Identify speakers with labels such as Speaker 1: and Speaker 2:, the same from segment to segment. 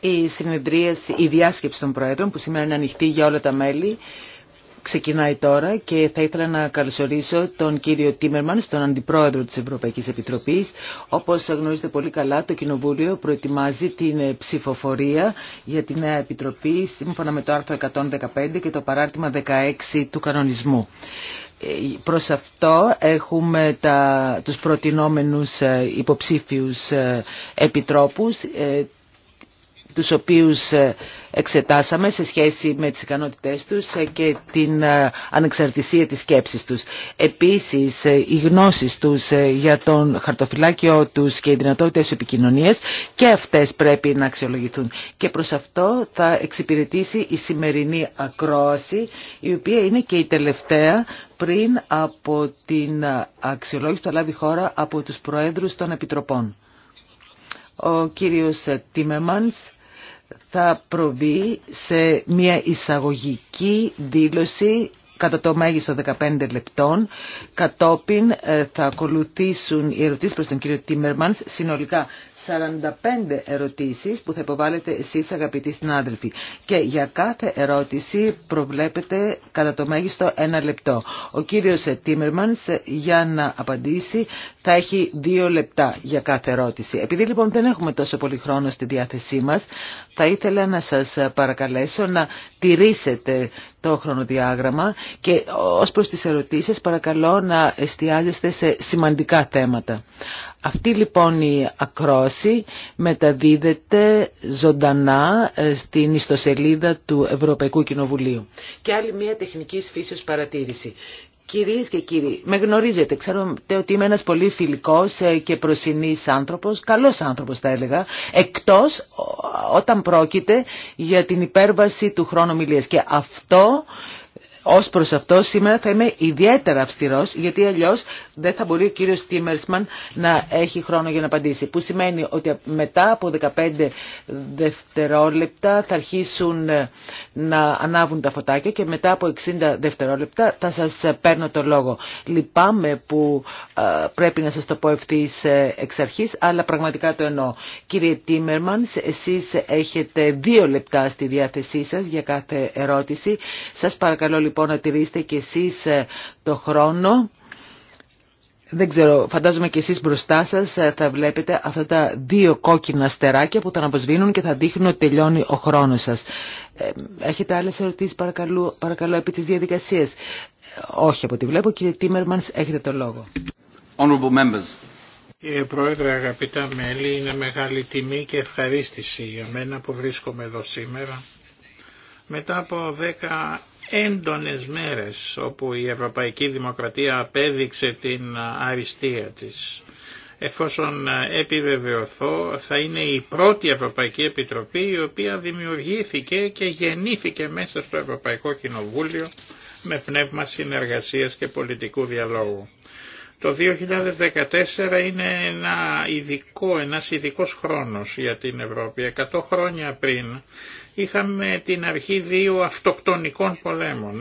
Speaker 1: η συνεδρίαση, η διάσκεψη των Προέδρων που σήμερα είναι ανοιχτή για όλα τα μέλη ξεκινάει τώρα και θα ήθελα να καλωσορίσω τον κύριο Τίμερμαν, τον Αντιπρόεδρο της Ευρωπαϊκής Επιτροπής. Όπως γνωρίζετε πολύ καλά, το Κοινοβούλιο προετοιμάζει την ε, ψηφοφορία για την νέα Επιτροπή σύμφωνα με το άρθρο 115 και το παράρτημα 16 του κανονισμού. Ε, προς αυτό έχουμε τα, τους προτινόμενους ε, υποψήφιους τους οποίους ε, εξετάσαμε σε σχέση με τις ικανότητές τους ε, και την ε, ανεξαρτησία της σκέψης τους. Επίσης, οι γνώσεις τους για τον χαρτοφυλάκιο τους και οι δυνατότητες επικοινωνίας και αυτές πρέπει να αξιολογηθούν. Και προς αυτό θα εξυπηρετήσει η σημερινή ακρόαση, η οποία είναι και η τελευταία πριν από την αξιολόγηση που θα λάβει χώρα από τους Προέδρους των Επιτροπών. Ο κύριος Τίμεμανς θα προβεί σε μια εισαγωγική δήλωση κατά το μέγιστο 15 λεπτών. Κατόπιν ε, θα ακολουθήσουν οι ερωτήσεις προς τον κύριο Τίμερμανς, συνολικά 45 ερωτήσεις που θα υποβάλλετε εσείς αγαπητοί συνάδελφοι. Και για κάθε ερώτηση προβλέπετε κατά το μέγιστο ένα λεπτό. Ο κύριος ε, Τίμερμανς ε, για να απαντήσει θα έχει δύο λεπτά για κάθε ερώτηση. Επειδή λοιπόν δεν έχουμε τόσο πολύ χρόνο στη διάθεσή μας, θα ήθελα να σας παρακαλέσω να τηρήσετε το χρονοδιάγραμμα και ως προς τις ερωτήσεις παρακαλώ να εστιάζεστε σε σημαντικά θέματα. Αυτή λοιπόν η ακρόση μεταδίδεται ζωντανά ε, στην ιστοσελίδα του Ευρωπαϊκού Κοινοβουλίου. Και άλλη μια τεχνικής φύσεως παρατήρηση. Κυρίες και κύριοι, με γνωρίζετε, ξέρω ότι είμαι ένας πολύ φιλικός ε, και προσινής άνθρωπος, καλός άνθρωπος θα έλεγα, εκτός όταν πρόκειται για την υπέρβαση του χρόνου μιλίας. Και αυτό ως προς αυτό σήμερα θα είμαι ιδιαίτερα αυστηρός γιατί αλλιώς δεν θα μπορεί ο κύριος Τίμερσμαν να έχει χρόνο για να απαντήσει. Που σημαίνει ότι μετά από 15 δευτερόλεπτα θα αρχίσουν ε, να ανάβουν τα φωτάκια και μετά από 60 δευτερόλεπτα θα σας ε, παίρνω το λόγο. Λυπάμαι που ε, πρέπει να σας το πω ευθύς εξ αρχής αλλά πραγματικά το εννοώ. Κύριε Τίμερμαν, εσείς έχετε δύο λεπτά στη διάθεσή σας για κάθε ερώτηση. Σας παρακαλώ λοιπόν, λοιπόν να τηρήσετε κι εσείς ε, το χρόνο. Δεν ξέρω, φαντάζομαι κι εσείς μπροστά σας ε, θα βλέπετε αυτά τα δύο κόκκινα στεράκια που τα αναποσβήνουν και θα δείχνουν ότι τελειώνει ο χρόνος σας. Ε, έχετε άλλες ερωτήσεις παρακαλώ, παρακαλώ επί της διαδικασίας. Όχι από ό,τι βλέπω. Κύριε Τίμερμανς, έχετε το λόγο.
Speaker 2: Κύριε Πρόεδρε, αγαπητά μέλη, είναι μεγάλη τιμή και ευχαρίστηση για μένα που βρίσκομαι εδώ σήμερα μετά από δέκα έντονες μέρες όπου η Ευρωπαϊκή Δημοκρατία απέδειξε την αριστεία της. Εφόσον επιβεβαιωθώ θα είναι η πρώτη Ευρωπαϊκή Επιτροπή η οποία δημιουργήθηκε και γεννήθηκε μέσα στο Ευρωπαϊκό Κοινοβούλιο με πνεύμα συνεργασίας και πολιτικού διαλόγου. Το 2014 είναι ένα ειδικό, ένας ειδικός χρόνος για την Ευρώπη. Εκατό χρόνια πριν είχαμε την αρχή δύο αυτοκτονικών πολέμων.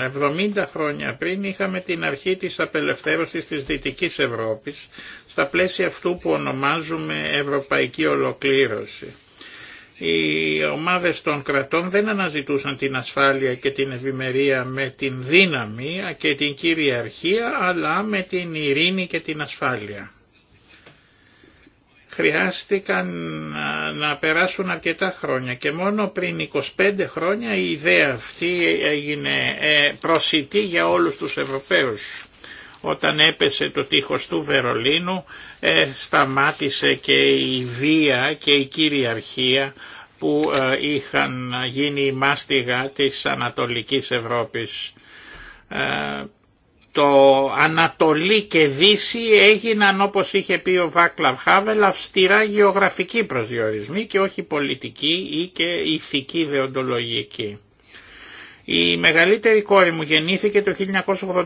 Speaker 2: 70 χρόνια πριν είχαμε την αρχή της απελευθέρωσης της Δυτικής Ευρώπης στα πλαίσια αυτού που ονομάζουμε Ευρωπαϊκή Ολοκλήρωση. Οι ομάδες των κρατών δεν αναζητούσαν την ασφάλεια και την ευημερία με την δύναμη και την κυριαρχία αλλά με την ειρήνη και την ασφάλεια χρειάστηκαν να περάσουν αρκετά χρόνια και μόνο πριν 25 χρόνια η ιδέα αυτή έγινε ε, προσιτή για όλους τους Ευρωπαίους. Όταν έπεσε το τείχος του Βερολίνου ε, σταμάτησε και η βία και η κυριαρχία που ε, είχαν γίνει η μάστιγα της Ανατολικής Ευρώπης το Ανατολή και Δύση έγιναν όπως είχε πει ο Βάκλαβ Χάβελ αυστηρά γεωγραφικοί προσδιορισμοί και όχι πολιτικοί ή και ηθικοί δεοντολογικοί. Η μεγαλύτερη κόρη μου γεννήθηκε το 1986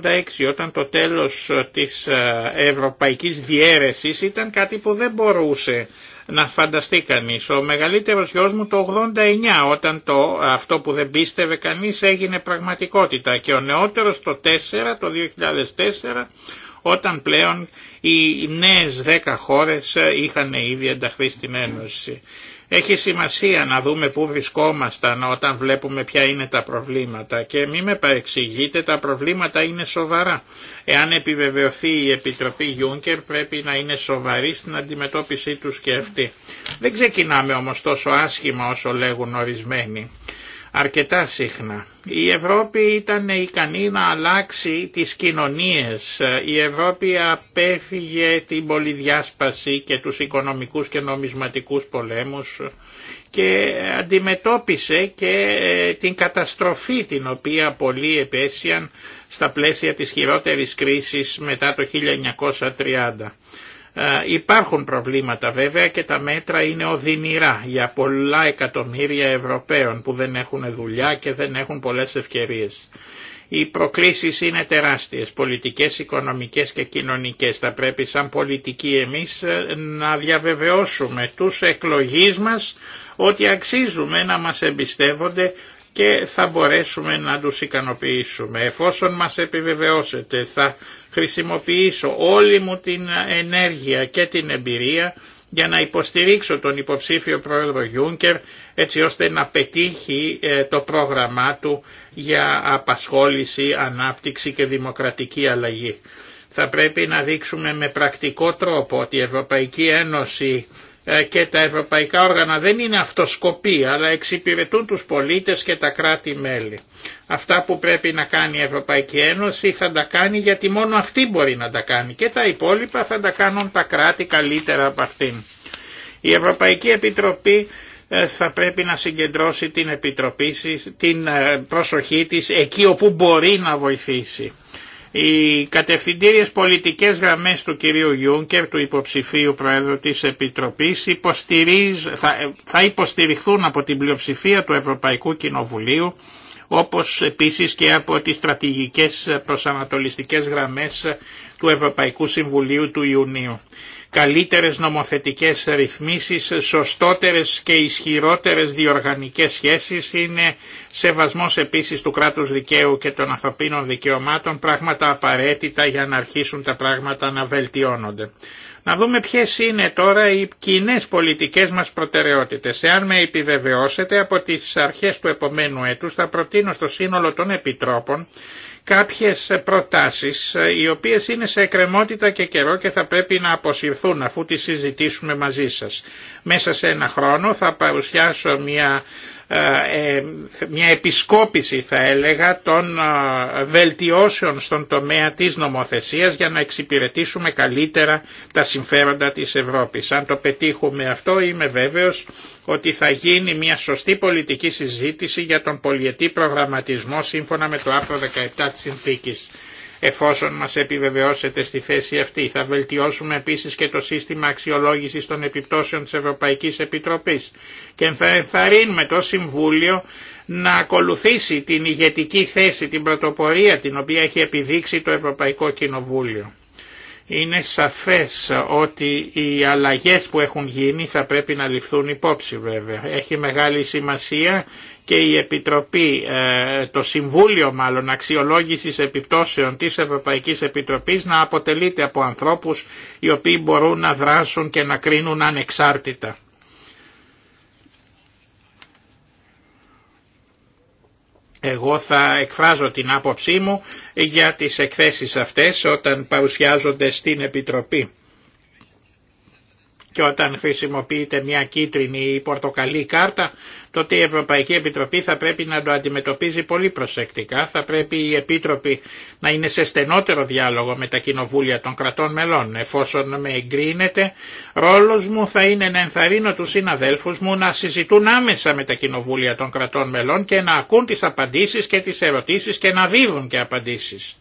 Speaker 2: όταν το τέλος της ε, ευρωπαϊκής διέρεσης ήταν κάτι που δεν μπορούσε να φανταστεί κανείς. Ο μεγαλύτερος γιος μου το 89 όταν το, αυτό που δεν πίστευε κανείς έγινε πραγματικότητα και ο νεότερος το 4, το 2004 όταν πλέον οι νέες 10 χώρες είχαν ήδη ενταχθεί στην Ένωση. Έχει σημασία να δούμε πού βρισκόμασταν όταν βλέπουμε ποια είναι τα προβλήματα και μη με παρεξηγείτε τα προβλήματα είναι σοβαρά. Εάν επιβεβαιωθεί η Επιτροπή Γιούνκερ πρέπει να είναι σοβαρή στην αντιμετώπιση τους και αυτή. Δεν ξεκινάμε όμως τόσο άσχημα όσο λέγουν ορισμένοι αρκετά συχνά. Η Ευρώπη ήταν ικανή να αλλάξει τις κοινωνίες. Η Ευρώπη απέφυγε την πολυδιάσπαση και τους οικονομικούς και νομισματικούς πολέμους και αντιμετώπισε και ε, την καταστροφή την οποία πολλοί επέσιαν στα πλαίσια της χειρότερης κρίσης μετά το 1930. Ε, υπάρχουν προβλήματα βέβαια και τα μέτρα είναι οδυνηρά για πολλά εκατομμύρια Ευρωπαίων που δεν έχουν δουλειά και δεν έχουν πολλές ευκαιρίες. Οι προκλήσεις είναι τεράστιες, πολιτικές, οικονομικές και κοινωνικές. Θα πρέπει σαν πολιτικοί εμείς ε, να διαβεβαιώσουμε τους εκλογείς μας ότι αξίζουμε να μας εμπιστεύονται και θα μπορέσουμε να τους ικανοποιήσουμε. Εφόσον μας επιβεβαιώσετε θα χρησιμοποιήσω όλη μου την ενέργεια και την εμπειρία για να υποστηρίξω τον υποψήφιο πρόεδρο Γιούνκερ έτσι ώστε να πετύχει ε, το πρόγραμμά του για απασχόληση, ανάπτυξη και δημοκρατική αλλαγή. Θα πρέπει να δείξουμε με πρακτικό τρόπο ότι η Ευρωπαϊκή Ένωση ε, και τα ευρωπαϊκά όργανα δεν είναι αυτοσκοπή αλλά εξυπηρετούν τους πολίτες και τα κράτη-μέλη. Αυτά που πρέπει να κάνει η Ευρωπαϊκή Ένωση θα τα κάνει γιατί μόνο αυτή μπορεί να τα κάνει και τα υπόλοιπα θα τα κάνουν τα κράτη καλύτερα από αυτήν. Η Ευρωπαϊκή Επιτροπή ε, θα πρέπει να συγκεντρώσει την, επιτροπή, την ε, προσοχή της εκεί όπου μπορεί να βοηθήσει. Οι κατευθυντήριες πολιτικές γραμμές του κυρίου Γιούνκερ, του υποψηφίου Προέδρου της Επιτροπής, θα υποστηριχθούν από την πλειοψηφία του Ευρωπαϊκού Κοινοβουλίου, όπως επίσης και από τις στρατηγικές προσανατολιστικές γραμμές του Ευρωπαϊκού Συμβουλίου του Ιουνίου καλύτερες νομοθετικές ρυθμίσεις, σωστότερες και ισχυρότερες διοργανικές σχέσεις, είναι σεβασμός επίσης του κράτους δικαίου και των ανθρωπίνων δικαιωμάτων, πράγματα απαραίτητα για να αρχίσουν τα πράγματα να βελτιώνονται. Να δούμε ποιες είναι τώρα οι κοινέ πολιτικές μας προτεραιότητες. Εάν με επιβεβαιώσετε από τις αρχές του επομένου έτους θα προτείνω στο σύνολο των επιτρόπων κάποιες προτάσεις ε, οι οποίες είναι σε εκκρεμότητα και καιρό και θα πρέπει να αποσυρθούν αφού τις συζητήσουμε μαζί σας. Μέσα σε ένα χρόνο θα παρουσιάσω μια ε, ε, μια επισκόπηση θα έλεγα των ε, βελτιώσεων στον τομέα της νομοθεσίας για να εξυπηρετήσουμε καλύτερα τα συμφέροντα της Ευρώπης. Αν το πετύχουμε αυτό είμαι βέβαιος ότι θα γίνει μια σωστή πολιτική συζήτηση για τον πολιετή προγραμματισμό σύμφωνα με το άρθρο 17 της συνθήκης εφόσον μας επιβεβαιώσετε στη θέση αυτή. Θα βελτιώσουμε επίσης και το σύστημα αξιολόγησης των επιπτώσεων της Ευρωπαϊκής Επιτροπής και θα ενθαρρύνουμε το Συμβούλιο να ακολουθήσει την ηγετική θέση, την πρωτοπορία την οποία έχει επιδείξει το Ευρωπαϊκό Κοινοβούλιο. Είναι σαφές ότι οι αλλαγές που έχουν γίνει θα πρέπει να ληφθούν υπόψη βέβαια. Έχει μεγάλη σημασία και η Επιτροπή, ε, το Συμβούλιο μάλλον αξιολόγησης επιπτώσεων της Ευρωπαϊκής Επιτροπής να αποτελείται από ανθρώπους οι οποίοι μπορούν να δράσουν και να κρίνουν ανεξάρτητα. Εγώ θα εκφράζω την άποψή μου για τις εκθέσεις αυτές όταν παρουσιάζονται στην Επιτροπή και όταν χρησιμοποιείται μια κίτρινη ή πορτοκαλί κάρτα τότε η Ευρωπαϊκή Επιτροπή θα πρέπει να το αντιμετωπίζει πολύ προσεκτικά, θα πρέπει η Επίτροπη να είναι σε στενότερο διάλογο με τα κοινοβούλια των κρατών μελών. Εφόσον με εγκρίνεται, ρόλος μου θα είναι να ενθαρρύνω τους συναδέλφους μου να συζητούν άμεσα με τα κοινοβούλια των κρατών μελών και να ακούν τις απαντήσεις και τις ερωτήσεις και να δίδουν και απαντήσεις.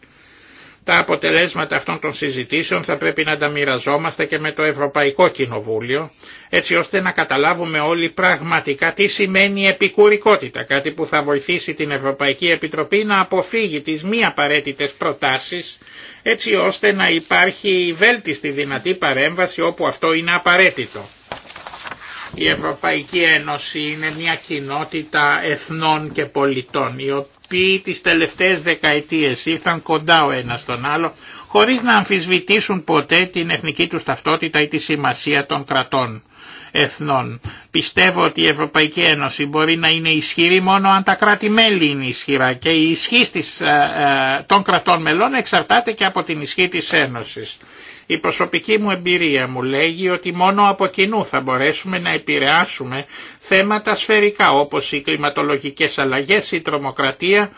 Speaker 2: Τα αποτελέσματα αυτών των συζητήσεων θα πρέπει να τα μοιραζόμαστε και με το Ευρωπαϊκό Κοινοβούλιο, έτσι ώστε να καταλάβουμε όλοι πραγματικά τι σημαίνει επικουρικότητα, κάτι που θα βοηθήσει την Ευρωπαϊκή Επιτροπή να αποφύγει τις μη απαραίτητε προτάσεις, έτσι ώστε να υπάρχει βέλτιστη δυνατή παρέμβαση όπου αυτό είναι απαραίτητο. Η Ευρωπαϊκή Ένωση είναι μια κοινότητα εθνών και πολιτών οποίοι τις τελευταίες δεκαετίες ήρθαν κοντά ο ένας τον άλλο χωρίς να αμφισβητήσουν ποτέ την εθνική τους ταυτότητα ή τη σημασία των κρατών εθνών. Πιστεύω ότι η Ευρωπαϊκή Ένωση μπορεί να είναι ισχυρή μόνο αν τα κράτη-μέλη είναι ισχυρά και η ισχύ ε, ε, των κρατών μελών εξαρτάται και από την ισχύ της Ένωσης. Η προσωπική μου εμπειρία μου λέγει ότι μόνο από κοινού θα μπορέσουμε να επηρεάσουμε θέματα σφαιρικά όπως οι κλιματολογικές αλλαγές, η τρομοκρατία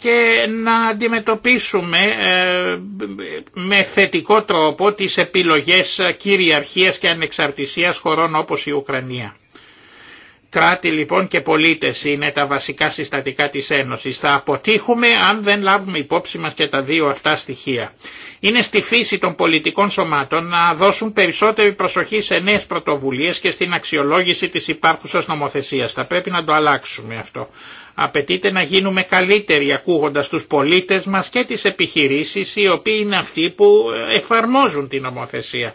Speaker 2: και να αντιμετωπίσουμε ε, με θετικό τρόπο τις επιλογές κυριαρχίας και ανεξαρτησίας χωρών όπως η Ουκρανία. Κράτη λοιπόν και πολίτες είναι τα βασικά συστατικά της Ένωσης. Θα αποτύχουμε αν δεν λάβουμε υπόψη μας και τα δύο αυτά στοιχεία. Είναι στη φύση των πολιτικών σωμάτων να δώσουν περισσότερη προσοχή σε νέες πρωτοβουλίες και στην αξιολόγηση της υπάρχουσας νομοθεσίας. Θα πρέπει να το αλλάξουμε αυτό. Απαιτείται να γίνουμε καλύτεροι ακούγοντας τους πολίτες μας και τις επιχειρήσεις οι οποίοι είναι αυτοί που εφαρμόζουν την νομοθεσία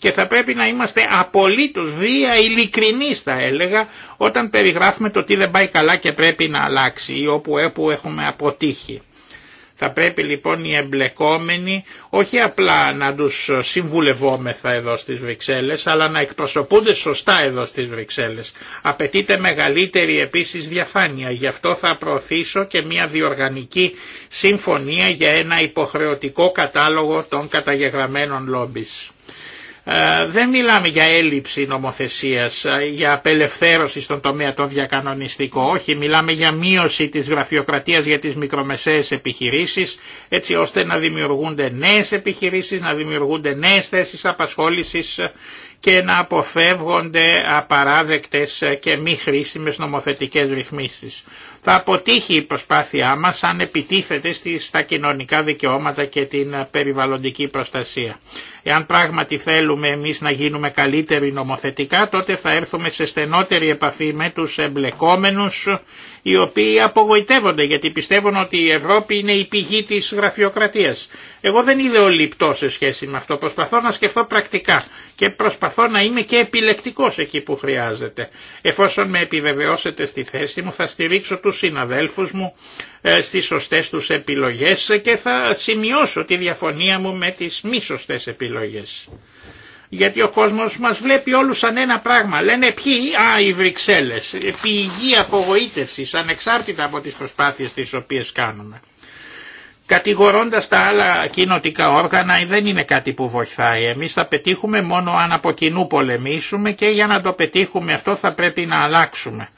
Speaker 2: και θα πρέπει να είμαστε απολύτως βία ειλικρινείς θα έλεγα όταν περιγράφουμε το τι δεν πάει καλά και πρέπει να αλλάξει ή όπου έπου έχουμε αποτύχει. Θα πρέπει λοιπόν οι εμπλεκόμενοι όχι απλά να τους συμβουλευόμεθα εδώ στις Βρυξέλλες αλλά να εκπροσωπούνται σωστά εδώ στις Βρυξέλλες. Απαιτείται μεγαλύτερη επίσης διαφάνεια. Γι' αυτό θα προωθήσω και μια διοργανική συμφωνία για ένα υποχρεωτικό κατάλογο των καταγεγραμμένων λόμπις. Ε, δεν μιλάμε για έλλειψη νομοθεσίας, ε, για απελευθέρωση στον τομέα το διακανονιστικό, όχι, μιλάμε για μείωση της γραφειοκρατίας για τις μικρομεσαίες επιχειρήσεις, έτσι ώστε να δημιουργούνται νέες επιχειρήσεις, να δημιουργούνται νέες θέσεις απασχόλησης ε, και να αποφεύγονται απαράδεκτες και μη χρήσιμες νομοθετικές ρυθμίσεις. Θα αποτύχει η προσπάθειά μας αν επιτίθεται στα κοινωνικά δικαιώματα και την περιβαλλοντική προστασία. Εάν πράγματι θέλουμε εμείς να γίνουμε καλύτεροι νομοθετικά τότε θα έρθουμε σε στενότερη επαφή με τους εμπλεκόμενους οι οποίοι απογοητεύονται γιατί πιστεύουν ότι η Ευρώπη είναι η πηγή της γραφειοκρατίας. Εγώ δεν είδε ολυπτό σε σχέση με αυτό. Προσπαθώ να σκεφτώ πρακτικά και προσπαθώ να είμαι και επιλεκτικός εκεί που χρειάζεται. Εφόσον με επιβεβαιώσετε στη θέση μου θα στηρίξω τους συναδέλφους μου ε, στις σωστές τους επιλογές και θα σημειώσω τη διαφωνία μου με τις μη σωστές επιλογές. Γιατί ο κόσμος μας βλέπει όλους σαν ένα πράγμα. Λένε ποιοι, α οι Βρυξέλλες, πηγή απογοήτευσης ανεξάρτητα από τις προσπάθειες τις οποίες κάνουμε. Κατηγορώντας τα άλλα κοινοτικά όργανα δεν είναι κάτι που βοηθάει. Εμείς θα πετύχουμε μόνο αν από κοινού πολεμήσουμε και για να το πετύχουμε αυτό θα πρέπει να αλλάξουμε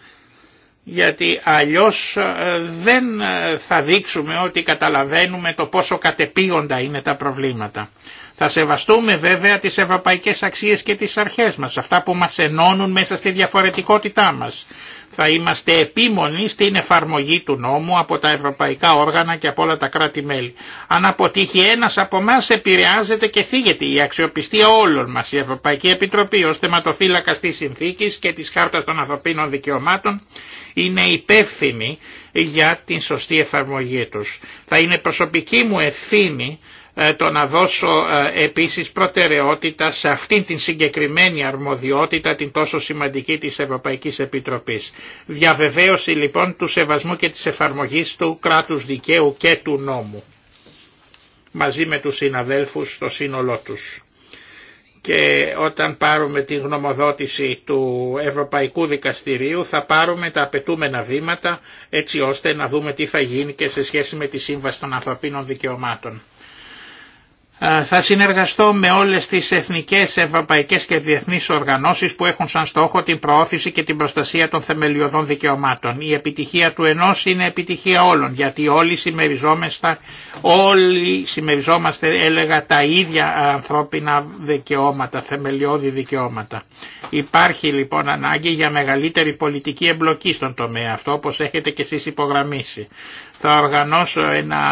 Speaker 2: γιατί αλλιώς ε, δεν ε, θα δείξουμε ότι καταλαβαίνουμε το πόσο κατεπίοντα είναι τα προβλήματα. Θα σεβαστούμε βέβαια τις ευρωπαϊκές αξίες και τις αρχές μας, αυτά που μας ενώνουν μέσα στη διαφορετικότητά μας θα είμαστε επίμονοι στην εφαρμογή του νόμου από τα ευρωπαϊκά όργανα και από όλα τα κράτη-μέλη. Αν αποτύχει ένας από εμά επηρεάζεται και θίγεται η αξιοπιστία όλων μας. Η Ευρωπαϊκή Επιτροπή ως θεματοφύλακας της συνθήκης και της Χάρτας των Ανθρωπίνων Δικαιωμάτων είναι υπεύθυνη για την σωστή εφαρμογή τους. Θα είναι προσωπική μου ευθύνη ε, το να δώσω ε, επίσης προτεραιότητα σε αυτήν την συγκεκριμένη αρμοδιότητα την τόσο σημαντική της Ευρωπαϊκής Επιτροπής. Διαβεβαίωση λοιπόν του σεβασμού και της εφαρμογής του κράτους δικαίου και του νόμου μαζί με τους συναδέλφους στο σύνολό τους. Και όταν πάρουμε την γνωμοδότηση του Ευρωπαϊκού Δικαστηρίου θα πάρουμε τα απαιτούμενα βήματα έτσι ώστε να δούμε τι θα γίνει και σε σχέση με τη Σύμβαση των Ανθρωπίνων Δικαιωμάτων. Ε, θα συνεργαστώ με όλες τις εθνικές, ευρωπαϊκές και διεθνείς οργανώσεις που έχουν σαν στόχο την προώθηση και την προστασία των θεμελιωδών δικαιωμάτων. Η επιτυχία του ενός είναι επιτυχία όλων, γιατί όλοι συμμεριζόμεστα Όλοι συμμεριζόμαστε έλεγα τα ίδια ανθρώπινα δικαιώματα, θεμελιώδη δικαιώματα. Υπάρχει λοιπόν ανάγκη για μεγαλύτερη πολιτική εμπλοκή στον τομέα αυτό όπως έχετε και εσείς υπογραμμίσει. Θα οργανώσω ένα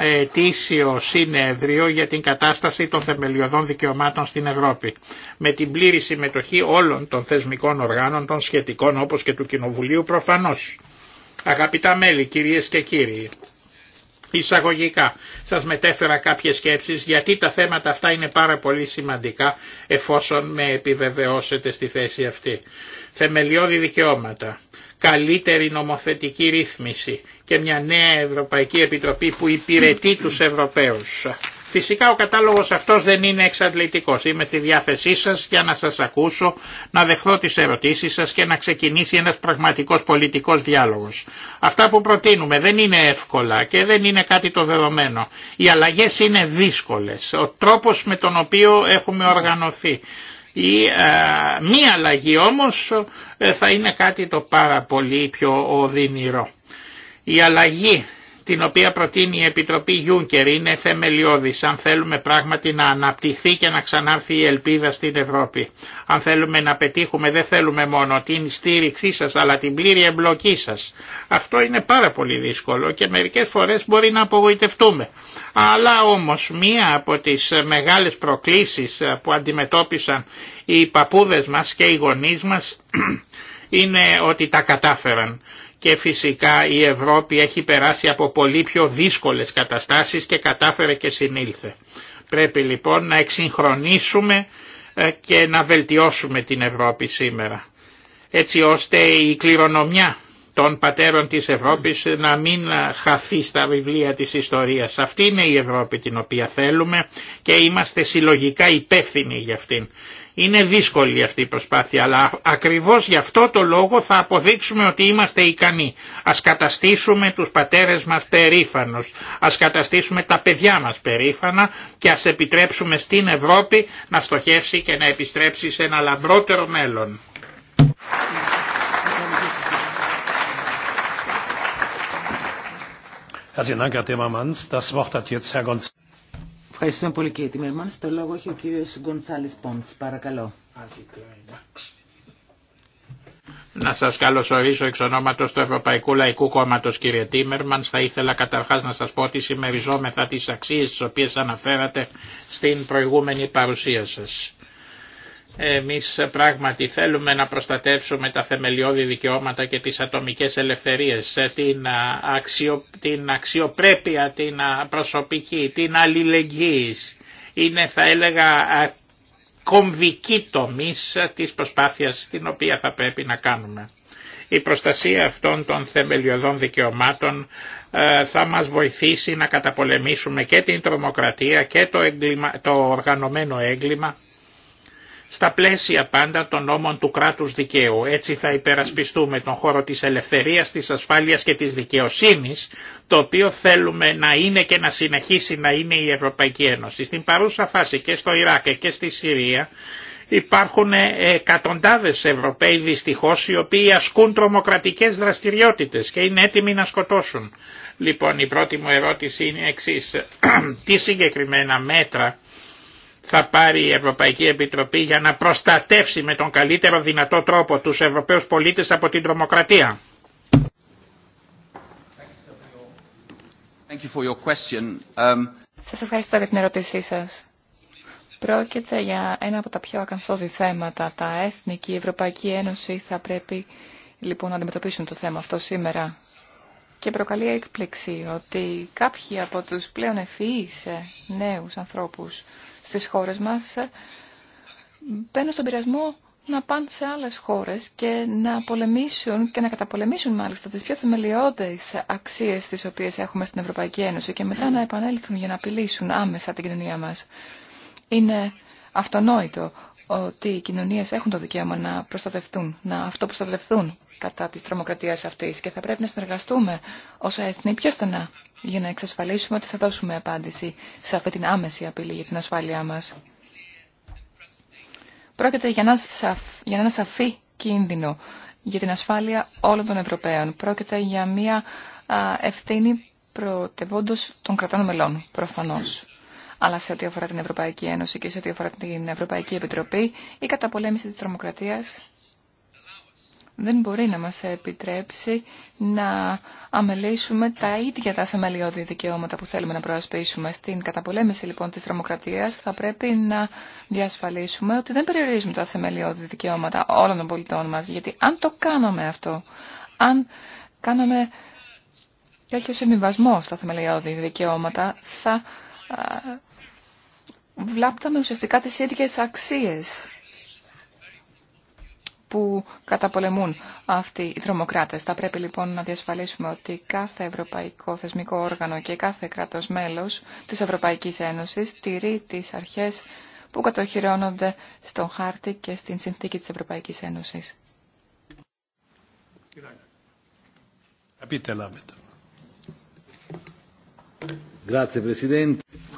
Speaker 2: ετήσιο συνέδριο για την κατάσταση των θεμελιωδών δικαιωμάτων στην Ευρώπη με την πλήρη συμμετοχή όλων των θεσμικών οργάνων, των σχετικών όπως και του Κοινοβουλίου προφανώς. Αγαπητά μέλη, κυρίες και κύριοι. Εισαγωγικά σας μετέφερα κάποιες σκέψεις γιατί τα θέματα αυτά είναι πάρα πολύ σημαντικά εφόσον με επιβεβαιώσετε στη θέση αυτή. Θεμελιώδη δικαιώματα, καλύτερη νομοθετική ρύθμιση και μια νέα Ευρωπαϊκή Επιτροπή που υπηρετεί τους Ευρωπαίους. Φυσικά ο κατάλογος αυτός δεν είναι εξαντλητικός. Είμαι στη διάθεσή σας για να σας ακούσω, να δεχθώ τις ερωτήσεις σας και να ξεκινήσει ένας πραγματικός πολιτικός διάλογος. Αυτά που προτείνουμε δεν είναι εύκολα και δεν είναι κάτι το δεδομένο. Οι αλλαγές είναι δύσκολες. Ο τρόπος με τον οποίο έχουμε οργανωθεί. Η μία αλλαγή όμως ε, θα είναι κάτι το πάρα πολύ πιο οδυνηρό. Η αλλαγή την οποία προτείνει η Επιτροπή Γιούνκερ είναι θεμελιώδης αν θέλουμε πράγματι να αναπτυχθεί και να ξανάρθει η ελπίδα στην Ευρώπη. Αν θέλουμε να πετύχουμε δεν θέλουμε μόνο την στήριξή σας αλλά την πλήρη εμπλοκή σας. Αυτό είναι πάρα πολύ δύσκολο και μερικές φορές μπορεί να απογοητευτούμε. Αλλά όμως μία από τις μεγάλες προκλήσεις που αντιμετώπισαν οι παππούδες μας και οι γονείς μας είναι ότι τα κατάφεραν και φυσικά η Ευρώπη έχει περάσει από πολύ πιο δύσκολες καταστάσεις και κατάφερε και συνήλθε. Πρέπει λοιπόν να εξυγχρονίσουμε ε, και να βελτιώσουμε την Ευρώπη σήμερα. Έτσι ώστε η κληρονομιά των πατέρων της Ευρώπης να μην χαθεί στα βιβλία της ιστορίας. Αυτή είναι η Ευρώπη την οποία θέλουμε και είμαστε συλλογικά υπεύθυνοι για αυτήν. Είναι δύσκολη αυτή η προσπάθεια, αλλά ακριβώς γι' αυτό το λόγο θα αποδείξουμε ότι είμαστε ικανοί. Ας καταστήσουμε τους πατέρες μας περήφανος, ας καταστήσουμε τα παιδιά μας περήφανα και ας επιτρέψουμε στην Ευρώπη να στοχεύσει και να επιστρέψει σε ένα λαμπρότερο μέλλον.
Speaker 1: Das Wort hat Ευχαριστούμε πολύ κύριε Τιμερμάν. Στο λόγο έχει ο κύριος Γκοντσάλης Πόντς. Παρακαλώ.
Speaker 2: Να σας καλωσορίσω εξ ονόματος του Ευρωπαϊκού Λαϊκού Κόμματος κύριε Τίμερμαν. Θα ήθελα καταρχάς να σας πω ότι συμμεριζόμεθα τις αξίες τις οποίες αναφέρατε στην προηγούμενη παρουσία σας. Εμείς πράγματι θέλουμε να προστατεύσουμε τα θεμελιώδη δικαιώματα και τις ατομικές ελευθερίες, την, αξιο, την αξιοπρέπεια, την προσωπική, την αλληλεγγύη. Είναι θα έλεγα κομβική τομή της προσπάθειας την οποία θα πρέπει να κάνουμε. Η προστασία αυτών των θεμελιωδών δικαιωμάτων ε, θα μας βοηθήσει να καταπολεμήσουμε και την τρομοκρατία και το, το οργανωμένο έγκλημα στα πλαίσια πάντα των νόμων του κράτους δικαίου. Έτσι θα υπερασπιστούμε τον χώρο της ελευθερίας, της ασφάλειας και της δικαιοσύνης, το οποίο θέλουμε να είναι και να συνεχίσει να είναι η Ευρωπαϊκή Ένωση. Στην παρούσα φάση και στο Ιράκ και στη Συρία υπάρχουν ε, εκατοντάδες Ευρωπαίοι δυστυχώς οι οποίοι ασκούν τρομοκρατικές δραστηριότητες και είναι έτοιμοι να σκοτώσουν. Λοιπόν η πρώτη μου ερώτηση είναι εξής. Τι συγκεκριμένα μέτρα θα πάρει η Ευρωπαϊκή Επιτροπή για να προστατεύσει με τον καλύτερο δυνατό τρόπο τους Ευρωπαίους πολίτες από την τρομοκρατία.
Speaker 3: Thank um,
Speaker 4: Σας ευχαριστώ για την ερώτησή σας. Πρόκειται για ένα από τα πιο ακαθόδη θέματα. Τα έθνη και η Ευρωπαϊκή Ένωση θα πρέπει λοιπόν να αντιμετωπίσουν το θέμα αυτό σήμερα. Και προκαλεί έκπληξη ότι κάποιοι από τους πλέον ευφυείς ε, νέους ανθρώπους στις χώρες μας μπαίνουν στον πειρασμό να πάνε σε άλλες χώρες και να πολεμήσουν και να καταπολεμήσουν μάλιστα τις πιο θεμελιώδεις αξίες τις οποίες έχουμε στην Ευρωπαϊκή Ένωση και μετά να επανέλθουν για να απειλήσουν άμεσα την κοινωνία μας. Είναι αυτονόητο ότι οι κοινωνίε έχουν το δικαίωμα να προστατευτούν, να αυτοπροστατευτούν κατά της τρομοκρατία αυτής και θα πρέπει να συνεργαστούμε ω έθνη πιο στενά για να εξασφαλίσουμε ότι θα δώσουμε απάντηση σε αυτή την άμεση απειλή για την ασφάλειά μας. Πρόκειται για ένα, σαφ... για σαφή κίνδυνο για την ασφάλεια όλων των Ευρωπαίων. Πρόκειται για μια ευθύνη πρωτευόντως των κρατών μελών, προφανώς αλλά σε ό,τι αφορά την Ευρωπαϊκή Ένωση και σε ό,τι αφορά την Ευρωπαϊκή Επιτροπή, η καταπολέμηση της τρομοκρατίας δεν μπορεί να μας επιτρέψει να αμελήσουμε τα ίδια τα θεμελιώδη δικαιώματα που θέλουμε να προασπίσουμε. Στην καταπολέμηση λοιπόν της τρομοκρατίας θα πρέπει να διασφαλίσουμε ότι δεν περιορίζουμε τα θεμελιώδη δικαιώματα όλων των πολιτών μας. Γιατί αν το κάνουμε αυτό, αν κάνουμε τέτοιο συμβιβασμό στα θεμελιώδη δικαιώματα, θα βλάπταμε ουσιαστικά τις ίδιες αξίες που καταπολεμούν αυτοί οι τρομοκράτες. Θα πρέπει λοιπόν να διασφαλίσουμε ότι κάθε ευρωπαϊκό θεσμικό όργανο και κάθε κράτος μέλος της Ευρωπαϊκής Ένωσης τηρεί τις αρχές που κατοχυρώνονται στον χάρτη και στην συνθήκη της Ευρωπαϊκής Ένωσης.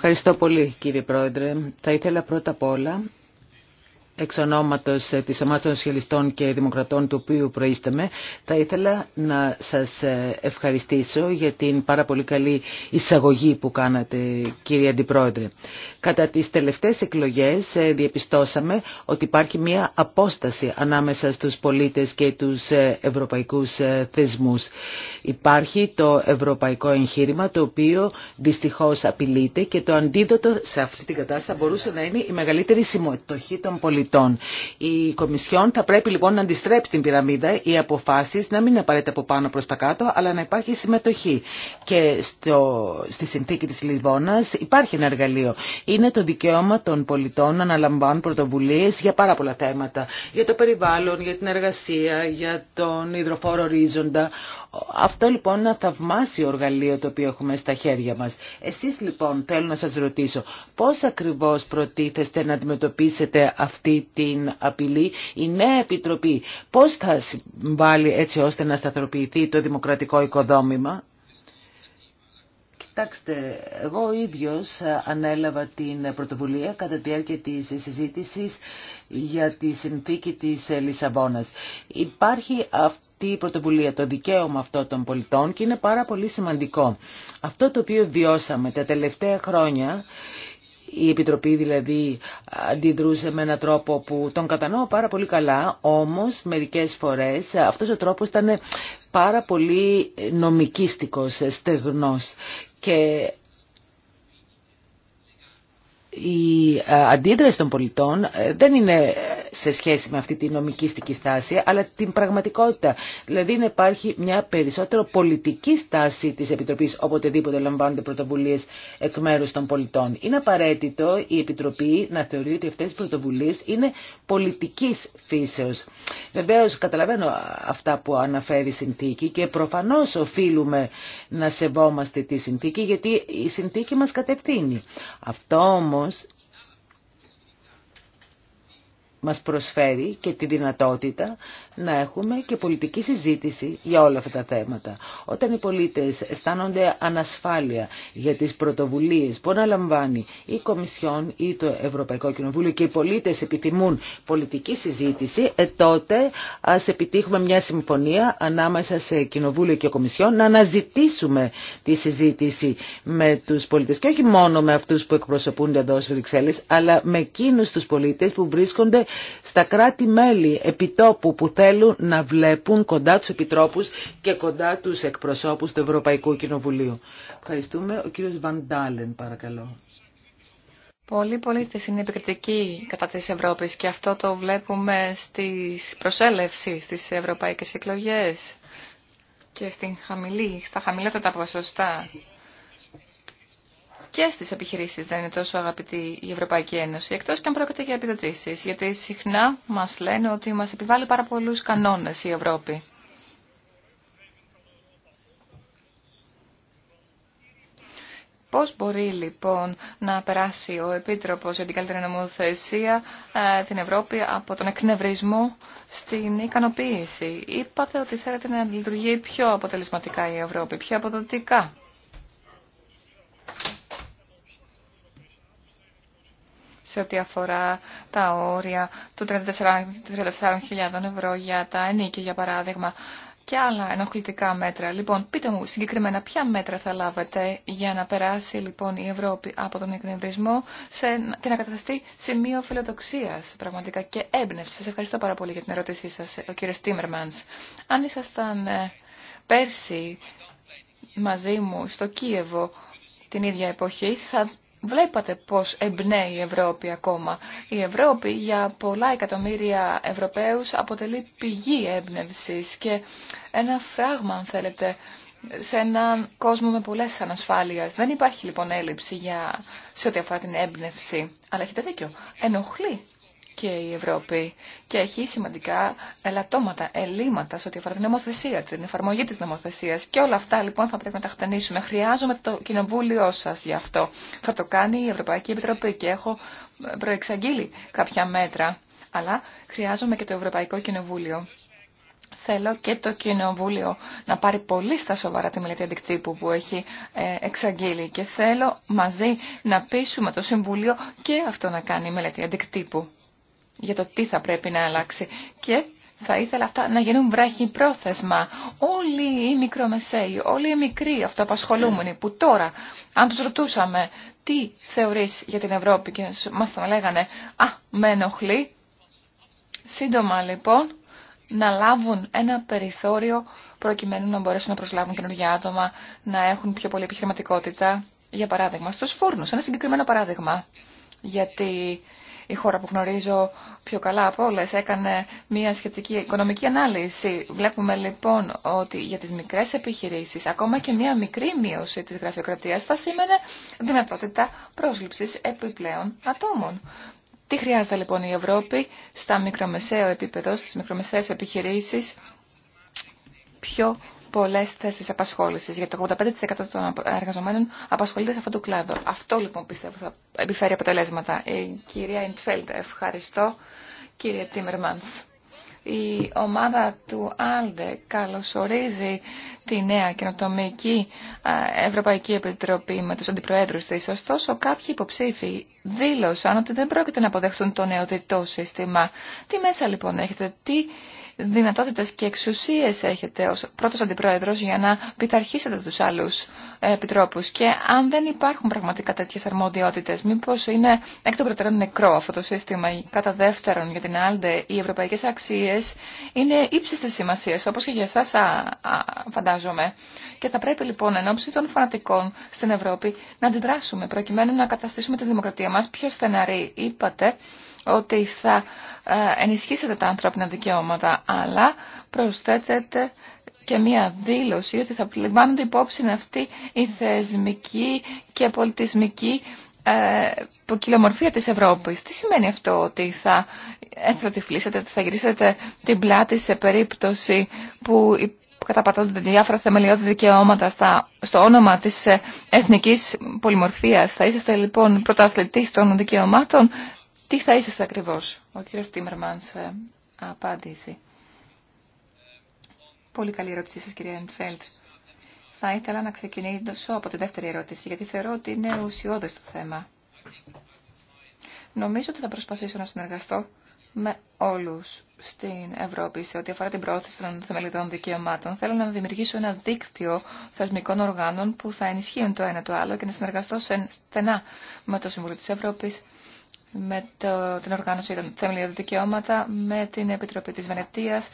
Speaker 1: Ευχαριστώ πολύ κύριε Πρόεδρε. Θα ήθελα πρώτα απ' όλα εξ ονόματος ε, της Ομάδας των Σοσιαλιστών και Δημοκρατών του οποίου με θα ήθελα να σας ε, ευχαριστήσω για την πάρα πολύ καλή εισαγωγή που κάνατε κύριε Αντιπρόεδρε. Κατά τις τελευταίες εκλογές ε, διαπιστώσαμε ότι υπάρχει μια απόσταση ανάμεσα στους πολίτες και τους ευρωπαϊκούς θεσμούς. Υπάρχει το ευρωπαϊκό εγχείρημα το οποίο δυστυχώς απειλείται και το αντίδοτο σε αυτή την κατάσταση θα μπορούσε να είναι η μεγαλύτερη συμμετοχή των πολιτών πολιτών. Η Κομισιόν θα πρέπει λοιπόν να αντιστρέψει την πυραμίδα, οι αποφάσεις να μην είναι απαραίτητα από πάνω προς τα κάτω, αλλά να υπάρχει συμμετοχή. Και στο, στη συνθήκη της Λιβόνας υπάρχει ένα εργαλείο. Είναι το δικαίωμα των πολιτών να αναλαμβάνουν πρωτοβουλίες για πάρα πολλά θέματα. Για το περιβάλλον, για την εργασία, για τον υδροφόρο ορίζοντα. Αυτό λοιπόν είναι ένα θαυμάσιο εργαλείο το οποίο έχουμε στα χέρια μας. Εσείς λοιπόν θέλω να σας ρωτήσω πώς ακριβώς προτίθεστε να αντιμετωπίσετε αυτή την απειλή η νέα επιτροπή. Πώς θα συμβάλλει έτσι ώστε να σταθεροποιηθεί το δημοκρατικό οικοδόμημα. Κοιτάξτε, εγώ ίδιος ανέλαβα την πρωτοβουλία κατά τη διάρκεια της συζήτησης για τη συνθήκη της Λισαβόνας. Υπάρχει αυτό αυτή πρωτοβουλία, το δικαίωμα αυτό των πολιτών και είναι πάρα πολύ σημαντικό. Αυτό το οποίο βιώσαμε τα τελευταία χρόνια η Επιτροπή δηλαδή αντιδρούσε με έναν τρόπο που τον κατανοώ πάρα πολύ καλά, όμως μερικές φορές αυτός ο τρόπος ήταν πάρα πολύ νομικίστικος, στεγνός και η ε, αντίδραση των πολιτών ε, δεν είναι σε σχέση με αυτή τη στική στάση, αλλά την πραγματικότητα. Δηλαδή να υπάρχει μια περισσότερο πολιτική στάση της Επιτροπής οποτεδήποτε λαμβάνονται πρωτοβουλίες εκ μέρους των πολιτών. Είναι απαραίτητο η Επιτροπή να θεωρεί ότι αυτές οι πρωτοβουλίες είναι πολιτικής φύσεως. Βεβαίως καταλαβαίνω αυτά που αναφέρει η συνθήκη και προφανώς οφείλουμε να σεβόμαστε τη συνθήκη γιατί η συνθήκη μας κατευθύνει. Αυτό όμως όμως μας προσφέρει και τη δυνατότητα να έχουμε και πολιτική συζήτηση για όλα αυτά τα θέματα. Όταν οι πολίτες αισθάνονται ανασφάλεια για τις πρωτοβουλίες που αναλαμβάνει η Κομισιόν ή το Ευρωπαϊκό Κοινοβούλιο και οι πολίτες επιθυμούν πολιτική συζήτηση, ε, τότε ας επιτύχουμε μια συμφωνία ανάμεσα σε Κοινοβούλιο και Κομισιόν να αναζητήσουμε τη συζήτηση με τους πολίτες και όχι μόνο με αυτούς που εκπροσωπούνται εδώ στις Βρυξέλλες, αλλά με εκείνους τους πολίτες που βρίσκονται στα κράτη-μέλη επιτόπου που θέλουν να βλέπουν κοντά τους επιτρόπους και κοντά τους εκπροσώπους του Ευρωπαϊκού Κοινοβουλίου. Ευχαριστούμε. Ο κύριος Βαντάλεν παρακαλώ.
Speaker 4: πολύ πολίτες είναι επικριτική κατά της Ευρώπης και αυτό το βλέπουμε στις προσέλευσεις στις ευρωπαϊκές εκλογές και στην χαμηλή, στα χαμηλότερα ποσοστά και στις επιχειρήσεις δεν είναι τόσο αγαπητή η Ευρωπαϊκή Ένωση, εκτός και αν πρόκειται για επιδοτήσεις, γιατί συχνά μας λένε ότι μας επιβάλλει πάρα πολλούς κανόνες η Ευρώπη. Πώς μπορεί λοιπόν να περάσει ο Επίτροπος για την καλύτερη νομοθεσία ε, την Ευρώπη από τον εκνευρισμό στην ικανοποίηση. Είπατε ότι θέλετε να λειτουργεί πιο αποτελεσματικά η Ευρώπη, πιο αποδοτικά. σε ό,τι αφορά τα όρια των 34.000 ευρώ για τα ενίκη, για παράδειγμα, και άλλα ενοχλητικά μέτρα. Λοιπόν, πείτε μου συγκεκριμένα ποια μέτρα θα λάβετε για να περάσει λοιπόν η Ευρώπη από τον εκνευρισμό σε, και να καταστεί σημείο φιλοδοξία πραγματικά και έμπνευση. Σα ευχαριστώ πάρα πολύ για την ερώτησή σα, ο κύριο Τίμερμαν. Αν ήσασταν ε, πέρσι μαζί μου στο Κίεβο την ίδια εποχή, θα Βλέπατε πώς εμπνέει η Ευρώπη ακόμα. Η Ευρώπη για πολλά εκατομμύρια Ευρωπαίους αποτελεί πηγή έμπνευση και ένα φράγμα, αν θέλετε, σε έναν κόσμο με πολλές ανασφάλειες. Δεν υπάρχει λοιπόν έλλειψη για... σε ό,τι αφορά την έμπνευση. Αλλά έχετε δίκιο. Ενοχλεί και η Ευρώπη και έχει σημαντικά ελαττώματα, ελλείμματα σε ό,τι αφορά την νομοθεσία, την εφαρμογή της νομοθεσίας και όλα αυτά λοιπόν θα πρέπει να τα χτενίσουμε. Χρειάζομαι το κοινοβούλιο σας γι' αυτό. Θα το κάνει η Ευρωπαϊκή Επιτροπή και έχω προεξαγγείλει κάποια μέτρα, αλλά χρειάζομαι και το Ευρωπαϊκό Κοινοβούλιο. Θέλω και το Κοινοβούλιο να πάρει πολύ στα σοβαρά τη μελέτη αντικτύπου που έχει ε, εξαγγείλει και θέλω μαζί να πείσουμε το Συμβούλιο και αυτό να κάνει η μελέτη αντικτύπου για το τι θα πρέπει να αλλάξει. Και θα ήθελα αυτά να γίνουν βράχοι πρόθεσμα. Όλοι οι μικρομεσαίοι, όλοι οι μικροί αυτοαπασχολούμενοι που τώρα, αν τους ρωτούσαμε τι θεωρείς για την Ευρώπη και μας θα λέγανε «Α, με ενοχλεί». Σύντομα λοιπόν να λάβουν ένα περιθώριο προκειμένου να μπορέσουν να προσλάβουν καινούργια άτομα, να έχουν πιο πολλή επιχειρηματικότητα. Για παράδειγμα, στους φούρνους, ένα συγκεκριμένο παράδειγμα. Γιατί η χώρα που γνωρίζω πιο καλά από όλες, έκανε μια σχετική οικονομική ανάλυση. Βλέπουμε λοιπόν ότι για τις μικρές επιχειρήσεις, ακόμα και μια μικρή μείωση της γραφειοκρατίας θα σήμαινε δυνατότητα πρόσληψης επιπλέον ατόμων. Τι χρειάζεται λοιπόν η Ευρώπη στα μικρομεσαίο επίπεδο, στις μικρομεσαίες επιχειρήσεις, πιο πολλέ θέσει απασχόληση. Για το 85% των εργαζομένων απασχολείται σε αυτό το κλάδο. Αυτό λοιπόν πιστεύω θα επιφέρει αποτελέσματα. Η κυρία Ιντφέλντ, ευχαριστώ. Κύριε Τίμερμαντ. Η ομάδα του Άλντε καλωσορίζει τη νέα καινοτομική Ευρωπαϊκή Επιτροπή με τους αντιπροέδρους της. Ωστόσο, κάποιοι υποψήφοι δήλωσαν ότι δεν πρόκειται να αποδεχτούν το νεοδητό σύστημα. Τι μέσα λοιπόν έχετε, τι δυνατότητες και εξουσίες έχετε ως πρώτος αντιπρόεδρος για να πειθαρχήσετε τους άλλους ε, επιτρόπους και αν δεν υπάρχουν πραγματικά τέτοιες αρμοδιότητες, μήπως είναι εκ των προτεραιών νεκρό αυτό το σύστημα. Κατά δεύτερον, για την ΑΛΔΕ, οι ευρωπαϊκές αξίες είναι τη σημασία, όπως και για εσάς φαντάζομαι. Και θα πρέπει λοιπόν εν ώψη των φανατικών στην Ευρώπη να αντιδράσουμε προκειμένου να καταστήσουμε τη δημοκρατία μας πιο στεναρή. Είπατε ότι θα ε, ενισχύσετε τα ανθρώπινα δικαιώματα, αλλά προσθέτετε και μία δήλωση ότι θα λαμβάνονται υπόψη αυτή η θεσμική και πολιτισμική ε, ποικιλομορφία της Ευρώπης. Τι σημαίνει αυτό ότι θα εθροτυφλήσετε, ότι θα γυρίσετε την πλάτη σε περίπτωση που καταπατώνται διάφορα θεμελιώδη δικαιώματα στα, στο όνομα της ε, εθνικής πολυμορφίας. Θα είσαστε λοιπόν πρωταθλητής των δικαιωμάτων τι θα είσαστε ακριβώς, ο κύριος Τίμερμανς ε, απάντηση. Πολύ καλή ερώτησή σας, κυρία Εντφέλτ. Θα ήθελα να ξεκινήσω από τη δεύτερη ερώτηση, γιατί θεωρώ ότι είναι ουσιώδες το θέμα. Νομίζω ότι θα προσπαθήσω να συνεργαστώ με όλους στην Ευρώπη σε ό,τι αφορά την πρόθεση των θεμελιδών δικαιωμάτων. Θέλω να δημιουργήσω ένα δίκτυο θεσμικών οργάνων που θα ενισχύουν το ένα το άλλο και να συνεργαστώ στενά με το Συμβούλιο τη Ευρώπη με το, την οργάνωση των θεμελιωδών δικαιώματα, με την Επιτροπή της Βενετίας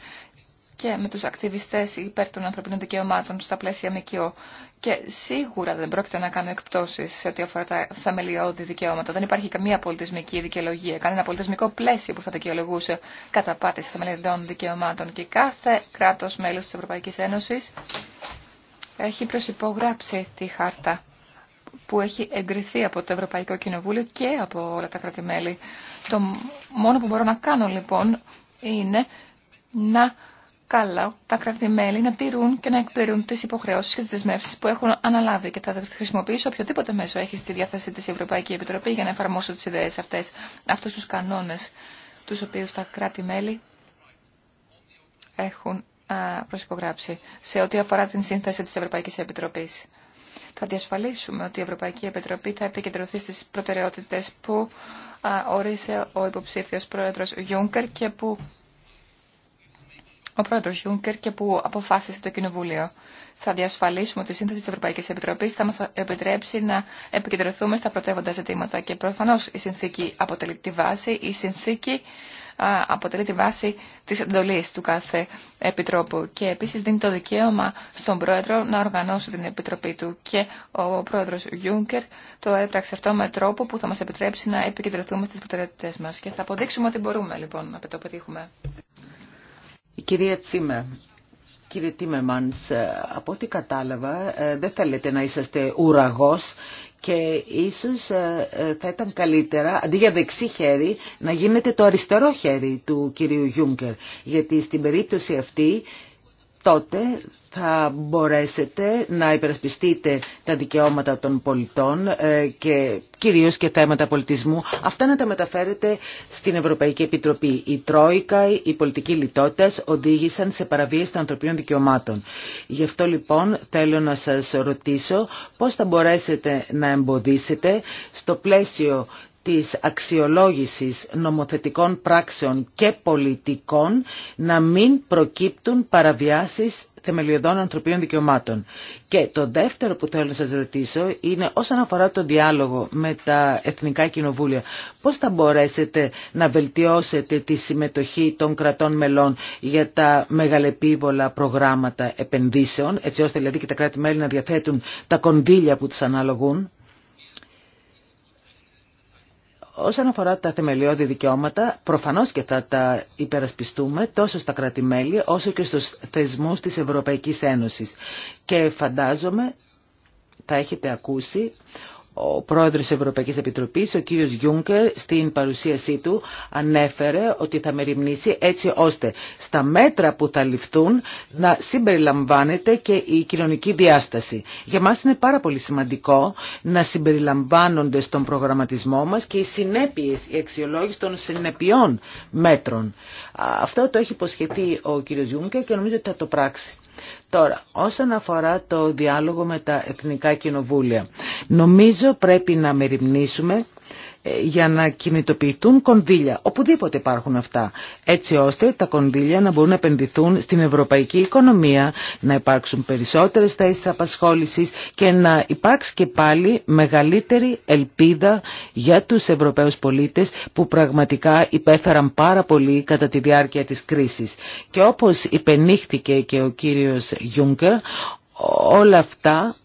Speaker 4: και με τους ακτιβιστές υπέρ των ανθρωπίνων δικαιωμάτων στα πλαίσια ΜΚΟ. Και σίγουρα δεν πρόκειται να κάνω εκπτώσεις σε ό,τι αφορά τα θεμελιώδη δικαιώματα. Δεν υπάρχει καμία πολιτισμική δικαιολογία, κανένα πολιτισμικό πλαίσιο που θα δικαιολογούσε κατά καταπάτηση θεμελιωδών δικαιωμάτων. Και κάθε κράτος μέλος της Ευρωπαϊκής Ένωσης έχει προσυπογράψει τη χάρτα που έχει εγκριθεί από το Ευρωπαϊκό Κοινοβούλιο και από όλα τα κράτη-μέλη. Το μόνο που μπορώ να κάνω λοιπόν είναι να καλά τα κράτη-μέλη να τηρούν και να εκπληρούν τις υποχρεώσεις και τις δεσμεύσεις που έχουν αναλάβει και θα χρησιμοποιήσω οποιοδήποτε μέσο έχει στη διάθεση της Ευρωπαϊκή Επιτροπή για να εφαρμόσω τις ιδέες αυτές, αυτούς τους κανόνες τους οποίους τα κράτη-μέλη έχουν προσυπογράψει σε ό,τι αφορά την σύνθεση της Ευρωπαϊκής Επιτροπής θα διασφαλίσουμε ότι η Ευρωπαϊκή Επιτροπή θα επικεντρωθεί στις προτεραιότητες που όρισε ο υποψήφιος πρόεδρος Γιούγκερ και που ο πρόεδρος Γιούγκερ και που αποφάσισε το Κοινοβούλιο. Θα διασφαλίσουμε ότι η σύνθεση της Ευρωπαϊκής Επιτροπής θα μας επιτρέψει να επικεντρωθούμε στα πρωτεύοντα ζητήματα και προφανώς η συνθήκη αποτελεί τη βάση, η συνθήκη αποτελεί τη βάση της εντολής του κάθε επιτρόπου και επίσης δίνει το δικαίωμα στον πρόεδρο να οργανώσει την επιτροπή του και ο πρόεδρος Γιούγκερ το έπραξε αυτό με τρόπο που θα μας επιτρέψει να επικεντρωθούμε στις προτεραιότητες μας και θα αποδείξουμε ότι μπορούμε λοιπόν να το πετύχουμε.
Speaker 1: Η κυρία Τσίμε, Κύριε Τίμεμανς, ε, από ό,τι κατάλαβα ε, δεν θέλετε να είσαστε ουραγός και ίσως ε, θα ήταν καλύτερα αντί για δεξί χέρι να γίνετε το αριστερό χέρι του κυρίου Γιούγκερ. Γιατί στην περίπτωση αυτή τότε θα μπορέσετε να υπερασπιστείτε τα δικαιώματα των πολιτών ε, και κυρίως και θέματα πολιτισμού. Αυτά να τα μεταφέρετε στην Ευρωπαϊκή Επιτροπή. Η Τρόικα, οι πολιτικοί λιτότητα οδήγησαν σε παραβίες των ανθρωπίνων δικαιωμάτων. Γι' αυτό λοιπόν θέλω να σας ρωτήσω πώς θα μπορέσετε να εμποδίσετε στο πλαίσιο της αξιολόγησης νομοθετικών πράξεων και πολιτικών να μην προκύπτουν παραβιάσεις θεμελιωδών ανθρωπίνων δικαιωμάτων. Και το δεύτερο που θέλω να σας ρωτήσω είναι όσον αφορά το διάλογο με τα Εθνικά Κοινοβούλια. Πώς θα μπορέσετε να βελτιώσετε τη συμμετοχή των κρατών μελών για τα μεγαλεπίβολα προγράμματα επενδύσεων, έτσι ώστε δηλαδή και τα κράτη-μέλη να διαθέτουν τα κονδύλια που τους αναλογούν. Όσον αφορά τα θεμελιώδη δικαιώματα, προφανώς και θα τα υπερασπιστούμε τόσο στα κράτη-μέλη όσο και στους θεσμούς της Ευρωπαϊκής Ένωσης. Και φαντάζομαι, θα έχετε ακούσει, ο πρόεδρος της Ευρωπαϊκής Επιτροπής, ο κύριος Γιούγκερ, στην παρουσίασή του ανέφερε ότι θα μεριμνήσει έτσι ώστε στα μέτρα που θα ληφθούν να συμπεριλαμβάνεται και η κοινωνική διάσταση. Για μας είναι πάρα πολύ σημαντικό να συμπεριλαμβάνονται στον προγραμματισμό μας και οι συνέπειες, οι αξιολόγηση των συνεπειών μέτρων. Αυτό το έχει υποσχεθεί ο κύριος Γιούγκερ και νομίζω ότι θα το πράξει. Τώρα, όσον αφορά το διάλογο με τα Εθνικά Κοινοβούλια, νομίζω πρέπει να μεριμνήσουμε ε, για να κινητοποιηθούν κονδύλια, οπουδήποτε υπάρχουν αυτά, έτσι ώστε τα κονδύλια να μπορούν να επενδυθούν στην ευρωπαϊκή οικονομία, να υπάρξουν περισσότερες θέσεις απασχόλησης και να υπάρξει και πάλι μεγαλύτερη ελπίδα για τους Ευρωπαίους πολίτες που πραγματικά υπέφεραν πάρα πολύ κατά τη διάρκεια της κρίσης. Και όπως υπενήχθηκε και ο κύριος Γιούγκερ, όλα αυτά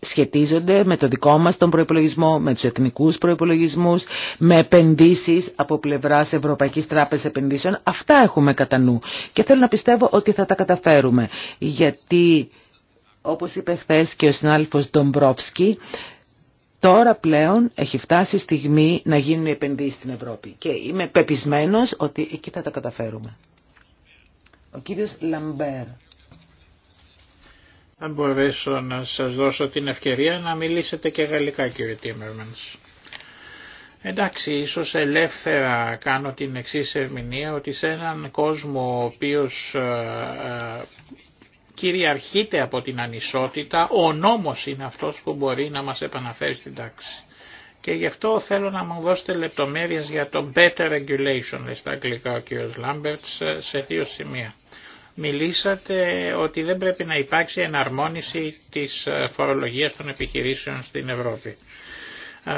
Speaker 1: σχετίζονται με το δικό μας τον προϋπολογισμό, με τους εθνικούς προϋπολογισμούς, με επενδύσεις από πλευράς Ευρωπαϊκής Τράπεζας Επενδύσεων. Αυτά έχουμε κατά νου και θέλω να πιστεύω ότι θα τα καταφέρουμε. Γιατί, όπως είπε χθε και ο συνάδελφος Ντομπρόφσκι, Τώρα πλέον έχει φτάσει η στιγμή να γίνουν οι επενδύσεις στην Ευρώπη και είμαι πεπισμένος ότι εκεί θα τα καταφέρουμε. Ο κύριος Λαμπέρ
Speaker 2: αν μπορέσω να σας δώσω την ευκαιρία να μιλήσετε και γαλλικά κύριε Τίμερμανς. Εντάξει, ίσως ελεύθερα κάνω την εξής ερμηνεία ότι σε έναν κόσμο ο οποίος ε, ε, κυριαρχείται από την ανισότητα, ο νόμος είναι αυτός που μπορεί να μας επαναφέρει στην τάξη. Και γι' αυτό θέλω να μου δώσετε λεπτομέρειες για το better regulation, λέει στα αγγλικά ο κ. Λάμπερτς, ε, σε δύο σημεία μιλήσατε ότι δεν πρέπει να υπάρξει εναρμόνιση της φορολογίας των επιχειρήσεων στην Ευρώπη.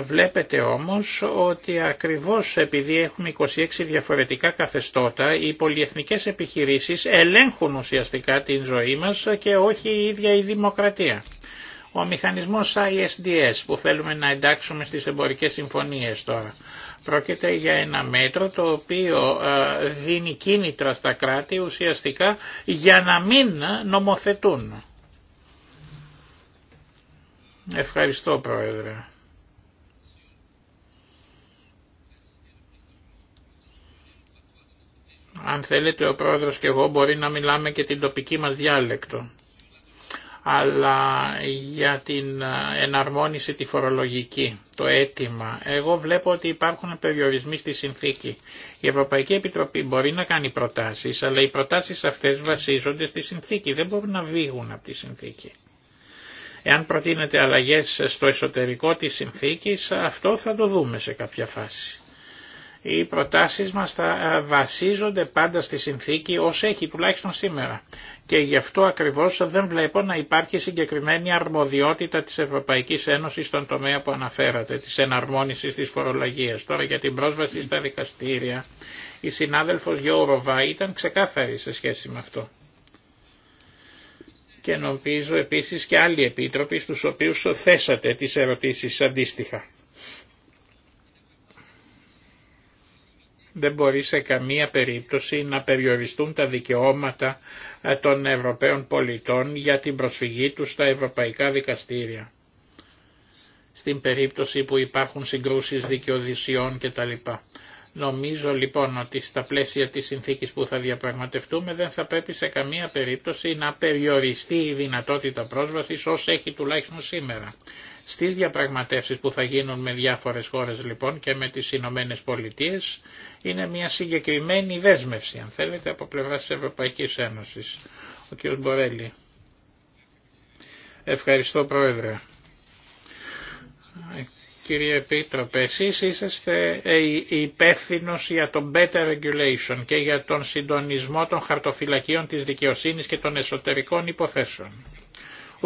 Speaker 2: Βλέπετε όμως ότι ακριβώς επειδή έχουμε 26 διαφορετικά καθεστώτα, οι πολυεθνικές επιχειρήσεις ελέγχουν ουσιαστικά την ζωή μας και όχι η ίδια η δημοκρατία. Ο μηχανισμός ISDS που θέλουμε να εντάξουμε στις εμπορικές συμφωνίες τώρα. Πρόκειται για ένα μέτρο το οποίο ε, δίνει κίνητρα στα κράτη ουσιαστικά για να μην νομοθετούν. Ευχαριστώ Πρόεδρε. Αν θέλετε ο Πρόεδρος και εγώ μπορεί να μιλάμε και την τοπική μας διάλεκτο αλλά για την ε, εναρμόνιση τη φορολογική, το αίτημα. Εγώ βλέπω ότι υπάρχουν περιορισμοί στη συνθήκη. Η Ευρωπαϊκή Επιτροπή μπορεί να κάνει προτάσεις, αλλά οι προτάσεις αυτές βασίζονται στη συνθήκη, δεν μπορούν να βήγουν από τη συνθήκη. Εάν προτείνεται αλλαγές στο εσωτερικό της συνθήκης, αυτό θα το δούμε σε κάποια φάση. Οι προτάσεις μας θα ε, βασίζονται πάντα στη συνθήκη όσο έχει τουλάχιστον σήμερα και γι' αυτό ακριβώς δεν βλέπω να υπάρχει συγκεκριμένη αρμοδιότητα της Ευρωπαϊκής Ένωσης στον τομέα που αναφέρατε, της εναρμόνισης της φορολογίας. Τώρα για την πρόσβαση στα δικαστήρια, η συνάδελφος Γιώργοβα ήταν ξεκάθαρη σε σχέση με αυτό. Και νομίζω επίσης και άλλοι επίτροποι στους οποίους θέσατε τις ερωτήσεις αντίστοιχα. δεν μπορεί σε καμία περίπτωση να περιοριστούν τα δικαιώματα ε, των Ευρωπαίων πολιτών για την προσφυγή τους στα ευρωπαϊκά δικαστήρια. Στην περίπτωση που υπάρχουν συγκρούσεις δικαιοδησιών κτλ. Νομίζω λοιπόν ότι στα πλαίσια της συνθήκης που θα διαπραγματευτούμε δεν θα πρέπει σε καμία περίπτωση να περιοριστεί η δυνατότητα πρόσβασης όσο έχει τουλάχιστον σήμερα. Στις διαπραγματεύσεις που θα γίνουν με διάφορες χώρες λοιπόν και με τις Ηνωμένε Πολιτείε είναι μια συγκεκριμένη δέσμευση αν θέλετε από πλευρά της Ευρωπαϊκής Ένωσης. Ο κ. Μπορέλη. Ευχαριστώ Πρόεδρε. Κύριε Επίτροπε, εσείς είσαστε ε, υπεύθυνο για το Better Regulation και για τον συντονισμό των χαρτοφυλακίων της δικαιοσύνης και των εσωτερικών υποθέσεων.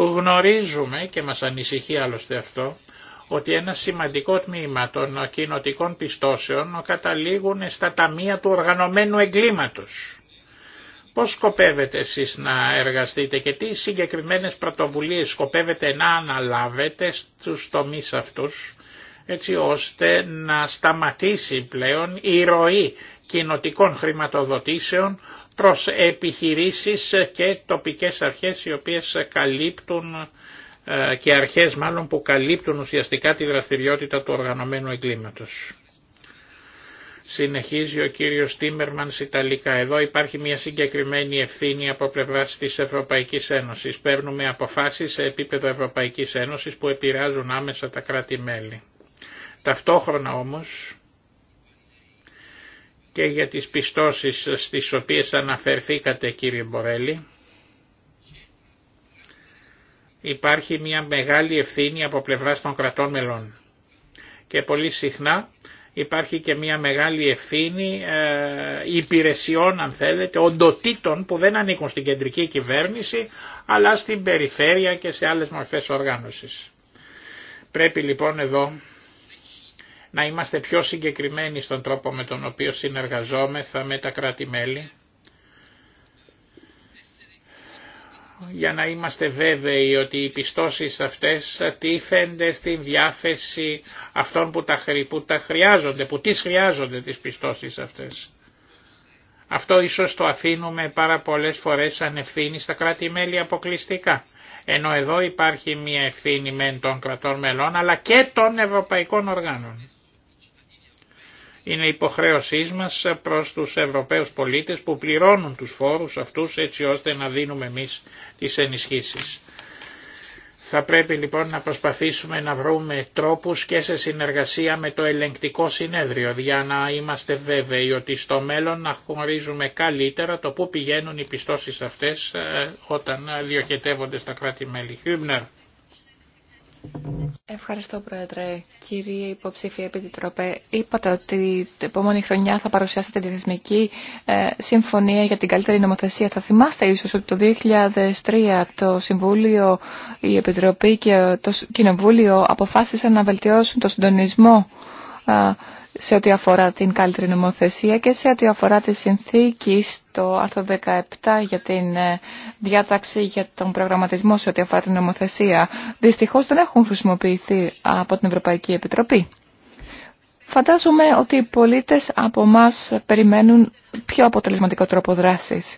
Speaker 2: Γνωρίζουμε και μας ανησυχεί άλλωστε αυτό ότι ένα σημαντικό τμήμα των κοινοτικών πιστώσεων καταλήγουν στα ταμεία του οργανωμένου εγκλήματος. Πώς σκοπεύετε εσείς να εργαστείτε και τι συγκεκριμένες πρωτοβουλίες σκοπεύετε να αναλάβετε στους τομείς αυτούς έτσι ώστε να σταματήσει πλέον η ροή κοινοτικών χρηματοδοτήσεων προς επιχειρήσεις και τοπικές αρχές οι οποίες καλύπτουν ε, και αρχές μάλλον που καλύπτουν ουσιαστικά τη δραστηριότητα του οργανωμένου εγκλήματος. Συνεχίζει ο κύριος Τίμερμαν Ιταλικά. Εδώ υπάρχει μια συγκεκριμένη ευθύνη από πλευρά της Ευρωπαϊκής Ένωσης. Παίρνουμε αποφάσεις σε επίπεδο Ευρωπαϊκής Ένωσης που επηρεάζουν άμεσα τα κράτη-μέλη. Ταυτόχρονα όμως και για τις πιστώσεις στις οποίες αναφερθήκατε κύριε Μπορέλη. Υπάρχει μια μεγάλη ευθύνη από πλευράς των κρατών μελών και πολύ συχνά υπάρχει και μια μεγάλη ευθύνη ε, υπηρεσιών αν θέλετε, οντοτήτων που δεν ανήκουν στην κεντρική κυβέρνηση αλλά στην περιφέρεια και σε άλλες μορφές οργάνωσης. Πρέπει λοιπόν εδώ να είμαστε πιο συγκεκριμένοι στον τρόπο με τον οποίο συνεργαζόμεθα με τα κράτη-μέλη, για να είμαστε βέβαιοι ότι οι πιστώσεις αυτές τίθενται στην διάθεση αυτών που τα, χρειάζονται, που τις χρειάζονται τις πιστώσεις αυτές. Αυτό ίσως το αφήνουμε πάρα πολλές φορές σαν ευθύνη στα κράτη-μέλη αποκλειστικά. Ενώ εδώ υπάρχει μια ευθύνη μεν των κρατών μελών αλλά και των ευρωπαϊκών οργάνων είναι υποχρέωσή μας προς τους Ευρωπαίους πολίτες που πληρώνουν τους φόρους αυτούς έτσι ώστε να δίνουμε εμείς τις ενισχύσεις. Θα πρέπει λοιπόν να προσπαθήσουμε να βρούμε τρόπους και σε συνεργασία με το ελεγκτικό συνέδριο για να είμαστε βέβαιοι ότι στο μέλλον να γνωρίζουμε καλύτερα το πού πηγαίνουν οι πιστώσεις αυτές ε, όταν διοχετεύονται στα κράτη-μέλη.
Speaker 4: Ευχαριστώ, Πρόεδρε. Κύριε Υποψήφια Επιτροπέ, είπατε ότι την επόμενη χρονιά θα παρουσιάσετε τη θεσμική ε, συμφωνία για την καλύτερη νομοθεσία. Θα θυμάστε ίσως ότι το 2003 το Συμβούλιο, η Επιτροπή και το Κοινοβούλιο αποφάσισαν να βελτιώσουν το συντονισμό ε, σε ό,τι αφορά την καλύτερη νομοθεσία και σε ό,τι αφορά τη συνθήκη στο άρθρο 17 για την ε, διάταξη για τον προγραμματισμό σε ό,τι αφορά την νομοθεσία. Δυστυχώς δεν έχουν χρησιμοποιηθεί από την Ευρωπαϊκή Επιτροπή. Φαντάζομαι ότι οι πολίτες από εμά περιμένουν πιο αποτελεσματικό τρόπο δράσης.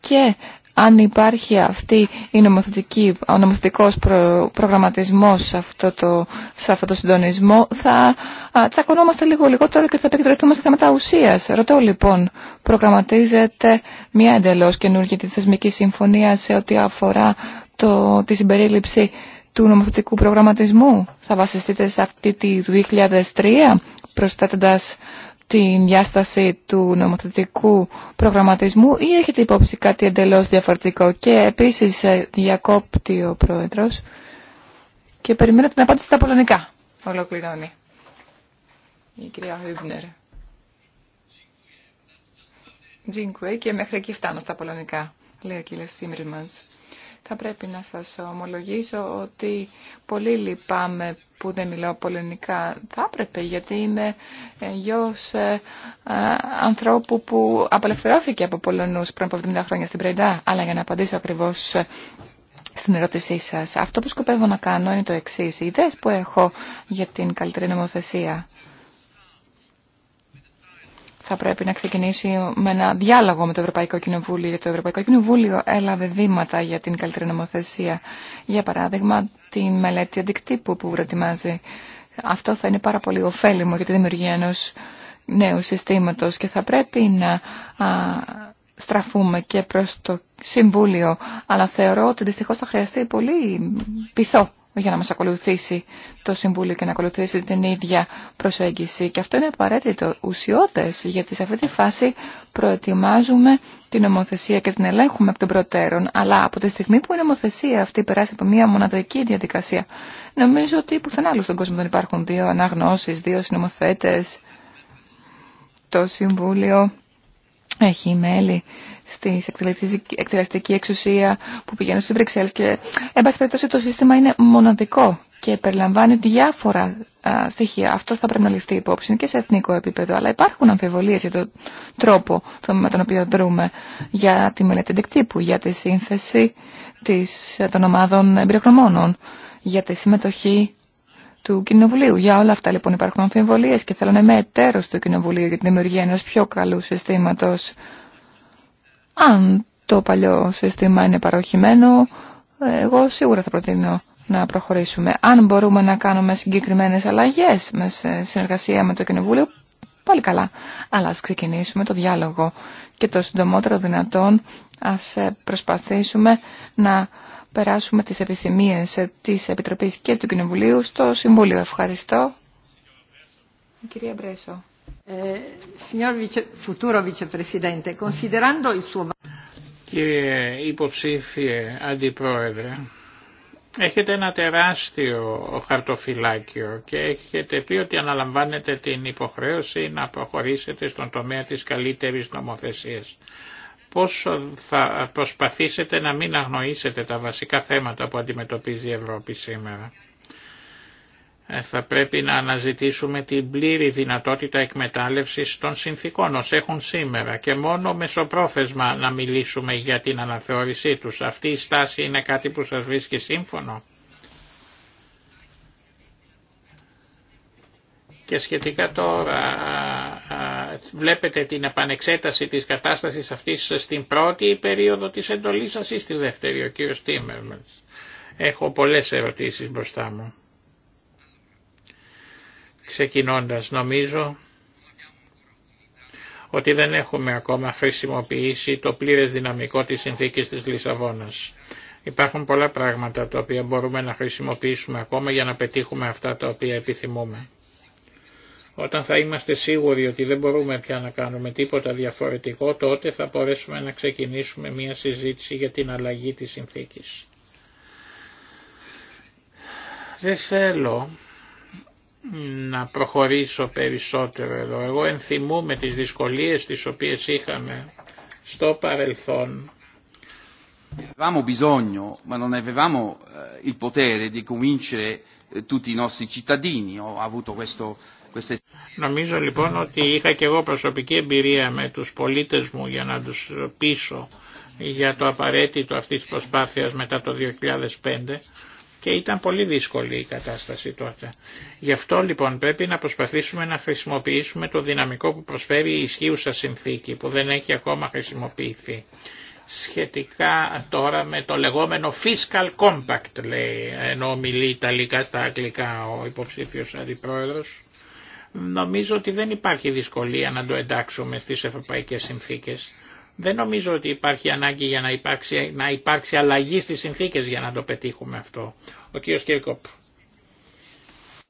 Speaker 4: Και αν υπάρχει αυτή η νομοθετική, ο νομοθετικός προ, προγραμματισμός σε αυτό, το, σε αυτό το συντονισμό, θα α, τσακωνόμαστε λίγο λιγότερο και θα επικεντρωθούμε σε θέματα ουσίας. Ρωτώ λοιπόν, προγραμματίζεται μια εντελώς καινούργια τη θεσμική συμφωνία σε ό,τι αφορά το, τη συμπερίληψη του νομοθετικού προγραμματισμού. Θα βασιστείτε σε αυτή τη 2003, προσθέτοντα την διάσταση του νομοθετικού προγραμματισμού ή έχετε υπόψη κάτι εντελώς διαφορετικό και επίσης ε, διακόπτει ο Πρόεδρος και περιμένω την απάντηση στα πολωνικά. Ολοκληρώνει η κυρία Χούμπνερ. Τζίνκουε και μέχρι εκεί φτάνω στα πολωνικά, λέει ο κύριος τζινκουε και μεχρι εκει φτανω στα πολωνικα λεει ο κυριος σιμριμας Θα πρέπει να σας ομολογήσω ότι πολύ λυπάμαι που δεν μιλάω πολεμικά Θα έπρεπε γιατί είμαι γιος ε, ανθρώπου που απελευθερώθηκε από Πολωνούς πριν από 70 χρόνια στην Πρεντά. Αλλά για να απαντήσω ακριβώς ε, στην ερώτησή σας, αυτό που σκοπεύω να κάνω είναι το εξής. Οι ιδέες που έχω για την καλύτερη νομοθεσία θα πρέπει να ξεκινήσει με ένα διάλογο με το Ευρωπαϊκό Κοινοβούλιο, γιατί το Ευρωπαϊκό Κοινοβούλιο έλαβε βήματα για την καλύτερη νομοθεσία. Για παράδειγμα, την μελέτη αντικτύπου που προετοιμάζει. Αυτό θα είναι πάρα πολύ ωφέλιμο για τη δημιουργία ενό νέου συστήματος και θα πρέπει να στραφούμε και προ το Συμβούλιο, αλλά θεωρώ ότι δυστυχώς θα χρειαστεί πολύ πειθό για να μας ακολουθήσει το Συμβούλιο και να ακολουθήσει την ίδια προσέγγιση. Και αυτό είναι απαραίτητο ουσιώδες, γιατί σε αυτή τη φάση προετοιμάζουμε την νομοθεσία και την ελέγχουμε από τον προτέρων, αλλά από τη στιγμή που η νομοθεσία αυτή περάσει από μια μοναδική διαδικασία, νομίζω ότι πουθενά άλλο στον κόσμο δεν υπάρχουν δύο αναγνώσεις, δύο συνομοθέτες, το Συμβούλιο έχει μέλη στη εκτελεστική εξουσία που πηγαίνουν στι Βρυξέλλε. και εν πάση περιπτώσει το σύστημα είναι μοναδικό και περιλαμβάνει διάφορα α, στοιχεία. Αυτό θα πρέπει να ληφθεί υπόψη και σε εθνικό επίπεδο. Αλλά υπάρχουν αμφιβολίε για τον τρόπο με τον οποίο δρούμε για τη μελέτη εντεκτύπου, για τη σύνθεση της, των ομάδων εμπειρογνωμόνων, για τη συμμετοχή του Κοινοβουλίου. Για όλα αυτά λοιπόν υπάρχουν αμφιβολίε και θέλω να είμαι εταίρο του Κοινοβουλίου για τη δημιουργία ενό πιο καλού συστήματο. Αν το παλιό σύστημα είναι παροχημένο, εγώ σίγουρα θα προτείνω να προχωρήσουμε. Αν μπορούμε να κάνουμε συγκεκριμένες αλλαγές με συνεργασία με το Κοινοβούλιο, πολύ καλά. Αλλά ας ξεκινήσουμε το διάλογο και το συντομότερο δυνατόν ας ε, προσπαθήσουμε να περάσουμε τις επιθυμίες ε, της Επιτροπής και του Κοινοβουλίου στο Συμβούλιο. Ευχαριστώ. Κυρία Μπρέσο. Ε,
Speaker 2: Κύριε υποψήφιε αντιπρόεδρε, έχετε ένα τεράστιο χαρτοφυλάκιο και έχετε πει ότι αναλαμβάνετε την υποχρέωση να προχωρήσετε στον τομέα της καλύτερης νομοθεσίας. Πώς θα προσπαθήσετε να μην αγνοήσετε τα βασικά θέματα που αντιμετωπίζει η Ευρώπη σήμερα. Ε, θα πρέπει να αναζητήσουμε την πλήρη δυνατότητα εκμετάλλευσης των συνθήκων ως έχουν σήμερα και μόνο μεσοπρόθεσμα να μιλήσουμε για την αναθεώρησή τους. Αυτή η στάση είναι κάτι που σας βρίσκει σύμφωνο. Και σχετικά τώρα βλέπετε την επανεξέταση της κατάστασης αυτής στην πρώτη περίοδο της εντολής σας ή στη δεύτερη, ο κύριος Έχω πολλές ερωτήσεις μπροστά μου. Ξεκινώντας νομίζω ότι δεν έχουμε ακόμα χρησιμοποιήσει το πλήρες δυναμικό της συνθήκης της Λισαβόνας. Υπάρχουν πολλά πράγματα τα οποία μπορούμε να χρησιμοποιήσουμε ακόμα για να πετύχουμε αυτά τα οποία επιθυμούμε. Όταν θα είμαστε σίγουροι ότι δεν μπορούμε πια να κάνουμε τίποτα διαφορετικό, τότε θα μπορέσουμε να ξεκινήσουμε μία συζήτηση για την αλλαγή της συνθήκης. Δεν θέλω να προχωρήσω περισσότερο εδώ. Εγώ ενθυμούμαι τις δυσκολίες τις οποίες είχαμε στο παρελθόν. Νομίζω λοιπόν ότι είχα και εγώ προσωπική εμπειρία με τους πολίτες μου για να τους πείσω για το απαραίτητο αυτής της προσπάθειας μετά το 2005 και ήταν πολύ δύσκολη η κατάσταση τότε. Γι' αυτό λοιπόν πρέπει να προσπαθήσουμε να χρησιμοποιήσουμε το δυναμικό που προσφέρει η ισχύουσα συνθήκη που δεν έχει ακόμα χρησιμοποιηθεί. Σχετικά τώρα με το λεγόμενο fiscal compact λέει, ενώ μιλεί Ιταλικά στα Αγγλικά ο υποψήφιος αντιπρόεδρος. Νομίζω ότι δεν υπάρχει δυσκολία να το εντάξουμε στις ευρωπαϊκές συνθήκες δεν νομίζω ότι υπάρχει ανάγκη για να υπάρξει, να υπάρξει αλλαγή στις συνθήκες για να το πετύχουμε αυτό. Ο κύριος Κίρκοπ.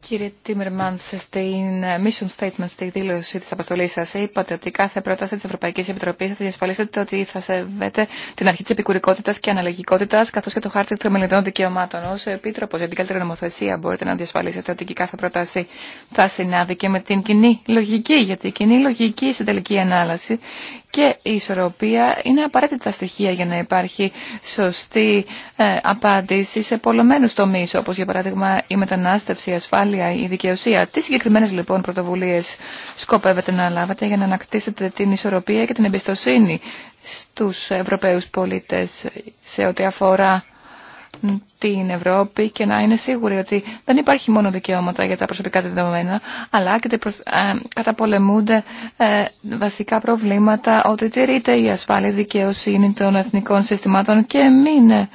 Speaker 4: Κύριε Τίμερμαν, στην ε, mission statement, στη δήλωση της αποστολή σας, είπατε ότι κάθε πρόταση της Ευρωπαϊκής Επιτροπής θα διασφαλίσετε ότι θα σεβέτε την αρχή της επικουρικότητας και αναλογικότητας, καθώς και το χάρτη θεμελιδών δικαιωμάτων. Ως επίτροπος για την καλύτερη νομοθεσία μπορείτε να διασφαλίσετε ότι και κάθε πρόταση θα συνάδει και με την κοινή λογική, γιατί η κοινή λογική στην τελική ανάλυση και η ισορροπία είναι απαραίτητα στοιχεία για να υπάρχει σωστή ε, απάντηση σε πολλωμένου τομεί, όπω για παράδειγμα η μετανάστευση, η ασφάλεια, η δικαιοσία. Τι συγκεκριμένε λοιπόν πρωτοβουλίε σκοπεύετε να λάβετε για να ανακτήσετε την ισορροπία και την εμπιστοσύνη στου Ευρωπαίους πολίτε σε ό,τι αφορά την Ευρώπη και να είναι σίγουροι ότι δεν υπάρχει μόνο δικαιώματα για τα προσωπικά δεδομένα, αλλά και ε, καταπολεμούνται ε, βασικά προβλήματα ότι τηρείται η ασφάλεια δικαιοσύνη των εθνικών συστημάτων και μην, ε,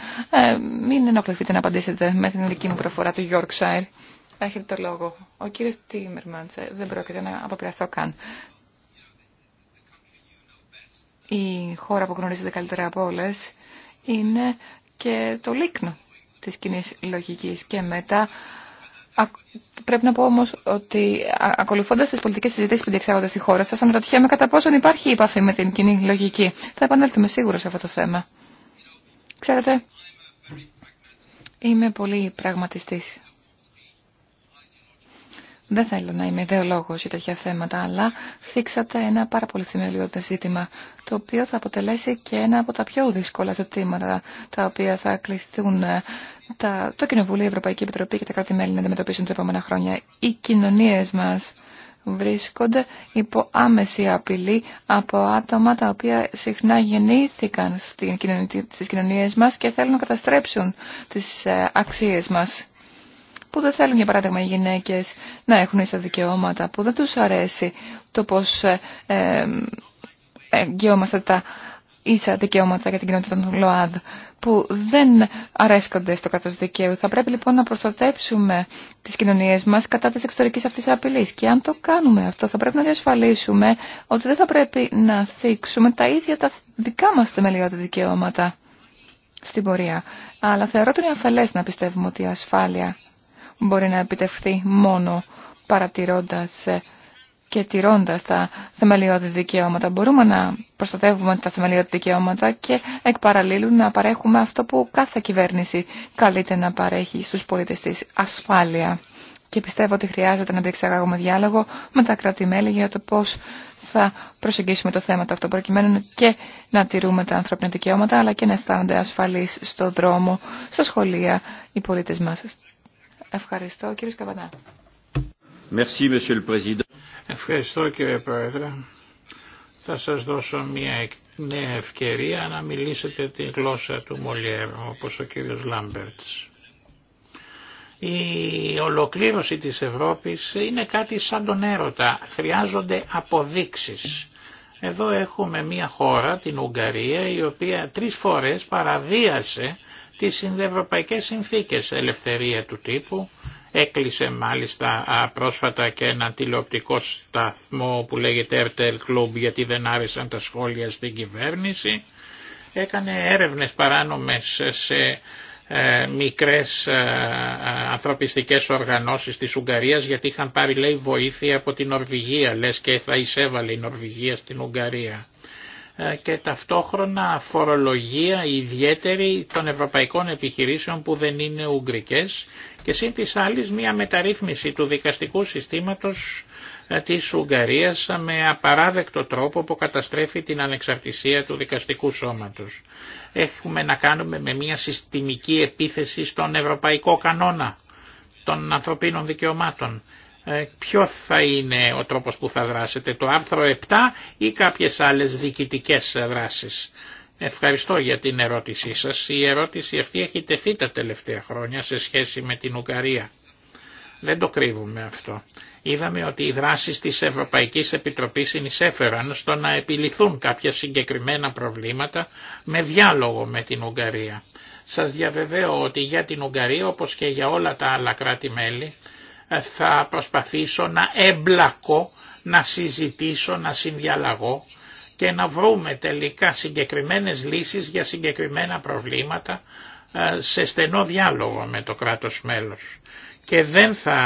Speaker 4: μην ενοχληθείτε να απαντήσετε με την δική μου προφορά του Yorkshire. Έχετε το λόγο. Ο κύριος Τίμερμαντς δεν πρόκειται να αποπειραθώ καν. Η χώρα που γνωρίζετε καλύτερα από όλες είναι και το λίκνο της κοινή λογικής και μετά Πρέπει να πω όμω ότι ακολουθώντα τι πολιτικέ συζητήσει που διεξάγονται στη χώρα σα, αναρωτιέμαι κατά πόσον υπάρχει επαφή με την κοινή λογική. Θα επανέλθουμε σίγουρα σε αυτό το θέμα. Ξέρετε, είμαι πολύ πραγματιστής. Δεν θέλω να είμαι ιδεολόγος για τέτοια θέματα, αλλά θίξατε ένα πάρα πολύ θεμελιώδες ζήτημα, το οποίο θα αποτελέσει και ένα από τα πιο δύσκολα ζητήματα, τα οποία θα κληθούν ε, τα, το Κοινοβούλιο, η Ευρωπαϊκή Επιτροπή και τα κράτη-μέλη να αντιμετωπίσουν τα επόμενα χρόνια. Οι κοινωνίες μας βρίσκονται υπό άμεση απειλή από άτομα τα οποία συχνά γεννήθηκαν στις κοινωνίες μας και θέλουν να καταστρέψουν τις ε, αξίες μας που δεν θέλουν για παράδειγμα οι γυναίκες να έχουν ίσα δικαιώματα, που δεν τους αρέσει το πώς ε, ε, εγγυόμαστε τα ίσα δικαιώματα για την κοινότητα των ΛΟΑΔ που δεν αρέσκονται στο κράτος δικαίου. Θα πρέπει λοιπόν να προστατέψουμε τις κοινωνίες μας κατά της εξωτερικής αυτής απειλής. Και αν το κάνουμε αυτό θα πρέπει να διασφαλίσουμε ότι δεν θα πρέπει να θίξουμε τα ίδια τα δικά μας θεμελιώδη δικαιώματα στην πορεία. Αλλά θεωρώ ότι είναι αφελές να πιστεύουμε ότι η ασφάλεια μπορεί να επιτευχθεί μόνο παρατηρώντας και τηρώντας τα θεμελιώδη δικαιώματα. Μπορούμε να προστατεύουμε τα θεμελιώδη δικαιώματα και εκ παραλλήλου να παρέχουμε αυτό που κάθε κυβέρνηση καλείται να παρέχει στους πολίτες της ασφάλεια. Και πιστεύω ότι χρειάζεται να διεξαγάγουμε διάλογο με τα κράτη-μέλη για το πώς θα προσεγγίσουμε το θέμα αυτό, προκειμένου και να τηρούμε τα ανθρώπινα δικαιώματα, αλλά και να αισθάνονται ασφαλείς στο δρόμο, στα σχολεία οι πολίτες μας. Ευχαριστώ κύριε Σκαβανά.
Speaker 2: Ευχαριστώ κύριε Πρόεδρε. Θα σας δώσω μια νέα ευκαιρία
Speaker 4: να μιλήσετε
Speaker 2: τη γλώσσα του Μολιέρου όπως ο κύριος Λάμπερτς. Η ολοκλήρωση της Ευρώπης είναι κάτι σαν τον έρωτα. Χρειάζονται αποδείξεις. Εδώ έχουμε μια χώρα, την Ουγγαρία, η οποία τρεις φορές παραβίασε τις συνδεευρωπαϊκές συνθήκες ελευθερία του τύπου. Έκλεισε μάλιστα πρόσφατα και ένα τηλεοπτικό σταθμό που λέγεται RTL Club γιατί δεν άρεσαν τα σχόλια στην κυβέρνηση. Έκανε έρευνες παράνομες σε ε, μικρές ε, ανθρωπιστικές οργανώσεις της Ουγγαρίας γιατί είχαν πάρει λέει βοήθεια από την Ορβηγία, λες και θα εισέβαλε η Νορβηγία στην Ουγγαρία. Ε, και ταυτόχρονα φορολογία ιδιαίτερη των ευρωπαϊκών επιχειρήσεων που δεν είναι ουγγρικές και σύν της άλλης μια μεταρρύθμιση του δικαστικού συστήματος ε, της Ουγγαρίας με απαράδεκτο τρόπο που καταστρέφει την ανεξαρτησία του δικαστικού σώματος. Έχουμε να κάνουμε με μια συστημική επίθεση στον ευρωπαϊκό κανόνα των ανθρωπίνων δικαιωμάτων ε, ποιο θα είναι ο τρόπος που θα δράσετε, το άρθρο 7 ή κάποιες άλλες διοικητικές δράσεις. Ευχαριστώ για την ερώτησή σας. Η ερώτηση αυτή έχει τεθεί τα τελευταία χρόνια σε σχέση με την Ουγγαρία. Δεν το κρύβουμε αυτό. Είδαμε ότι οι δράσεις της Ευρωπαϊκής Επιτροπής συνεισέφεραν στο να επιληθούν κάποια συγκεκριμένα προβλήματα με διάλογο με την Ουγγαρία. Σας διαβεβαίω ότι για την Ουγγαρία όπως και για όλα τα άλλα κράτη-μέλη θα προσπαθήσω να εμπλακώ, να συζητήσω, να συνδιαλλαγώ και να βρούμε τελικά συγκεκριμένες λύσεις για συγκεκριμένα προβλήματα ε, σε στενό διάλογο με το κράτος μέλος. Και δεν θα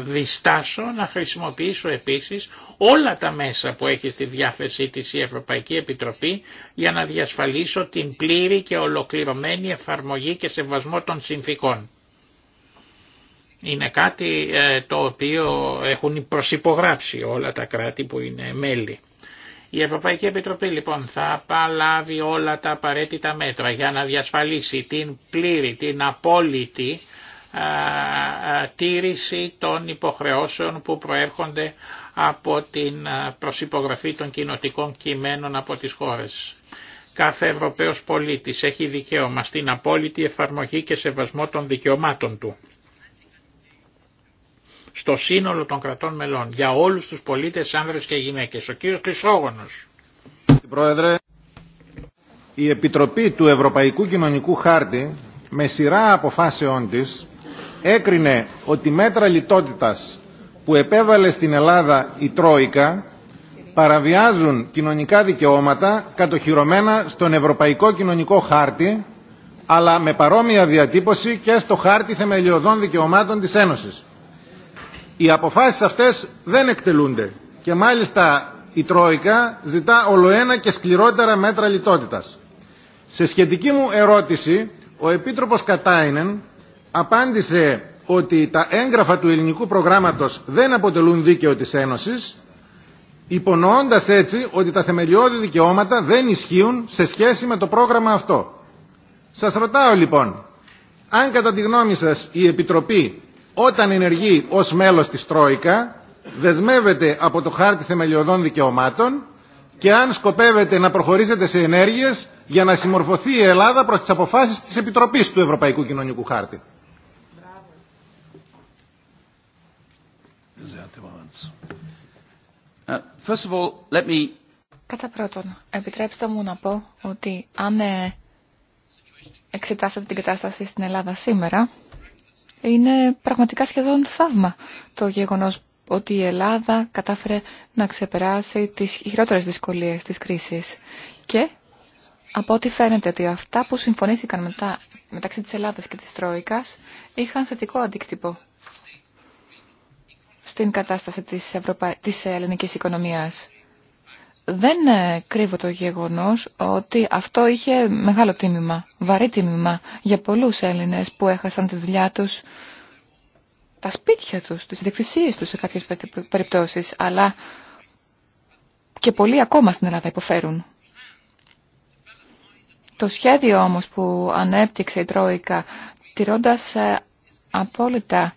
Speaker 2: ε, διστάσω να χρησιμοποιήσω επίσης όλα τα μέσα που έχει στη διάθεσή της η Ευρωπαϊκή Επιτροπή για να διασφαλίσω την πλήρη και ολοκληρωμένη εφαρμογή και σεβασμό των συνθήκων είναι κάτι ε, το οποίο έχουν προσυπογράψει όλα τα κράτη που είναι μέλη. Η Ευρωπαϊκή Επιτροπή λοιπόν θα παλάβει όλα τα απαραίτητα μέτρα για να διασφαλίσει την πλήρη, την απόλυτη τήρηση των υποχρεώσεων που προέρχονται από την προσυπογραφή των κοινοτικών κειμένων από τις χώρες. Κάθε Ευρωπαίος πολίτης έχει δικαίωμα στην απόλυτη εφαρμογή και σεβασμό των δικαιωμάτων του στο σύνολο των κρατών μελών, για όλους τους πολίτες, άνδρες και γυναίκες. Ο κύριος Χρυσόγονος.
Speaker 3: Πρόεδρε, η Επιτροπή του Ευρωπαϊκού Κοινωνικού Χάρτη με σειρά αποφάσεών της έκρινε ότι μέτρα λιτότητας που επέβαλε στην Ελλάδα η Τρόικα παραβιάζουν κοινωνικά δικαιώματα κατοχυρωμένα στον Ευρωπαϊκό Κοινωνικό Χάρτη αλλά με παρόμοια διατύπωση και στο Χάρτη Θεμελιωδών Δικαιωμάτων της Ένωσης οι αποφάσεις αυτές δεν εκτελούνται και μάλιστα η Τρόικα ζητά ολοένα και σκληρότερα μέτρα λιτότητας. Σε σχετική μου ερώτηση, ο Επίτροπος Κατάινεν απάντησε ότι τα έγγραφα του ελληνικού προγράμματος δεν αποτελούν δίκαιο της Ένωσης, υπονοώντας έτσι ότι τα θεμελιώδη δικαιώματα δεν ισχύουν σε σχέση με το πρόγραμμα αυτό. Σας ρωτάω λοιπόν, αν κατά τη γνώμη σας η Επιτροπή όταν ενεργεί ως μέλος της Τρόικα δεσμεύεται από το χάρτη θεμελιωδών δικαιωμάτων και αν σκοπεύετε να προχωρήσετε σε ενέργειες για να συμμορφωθεί η Ελλάδα προς τις αποφάσεις της Επιτροπής του Ευρωπαϊκού Κοινωνικού Χάρτη. Uh,
Speaker 4: Κατά πρώτον, επιτρέψτε μου να πω ότι αν ε, εξετάσετε την κατάσταση στην Ελλάδα σήμερα, είναι πραγματικά σχεδόν θαύμα το γεγονός ότι η Ελλάδα κατάφερε να ξεπεράσει τις χειρότερες δυσκολίες της κρίσης. Και από ό,τι φαίνεται ότι αυτά που συμφωνήθηκαν μεταξύ της Ελλάδας και της Τρόικας είχαν θετικό αντίκτυπο στην κατάσταση της, Ευρωπα... της ελληνικής οικονομίας δεν ε, κρύβω το γεγονός ότι αυτό είχε μεγάλο τίμημα, βαρύ τίμημα για πολλούς Έλληνες που έχασαν τη δουλειά τους, τα σπίτια τους, τις διεκτησίες τους σε κάποιες περιπτώσεις, αλλά και πολλοί ακόμα στην Ελλάδα υποφέρουν. Το σχέδιο όμως που ανέπτυξε η Τρόικα, τηρώντας ε, απόλυτα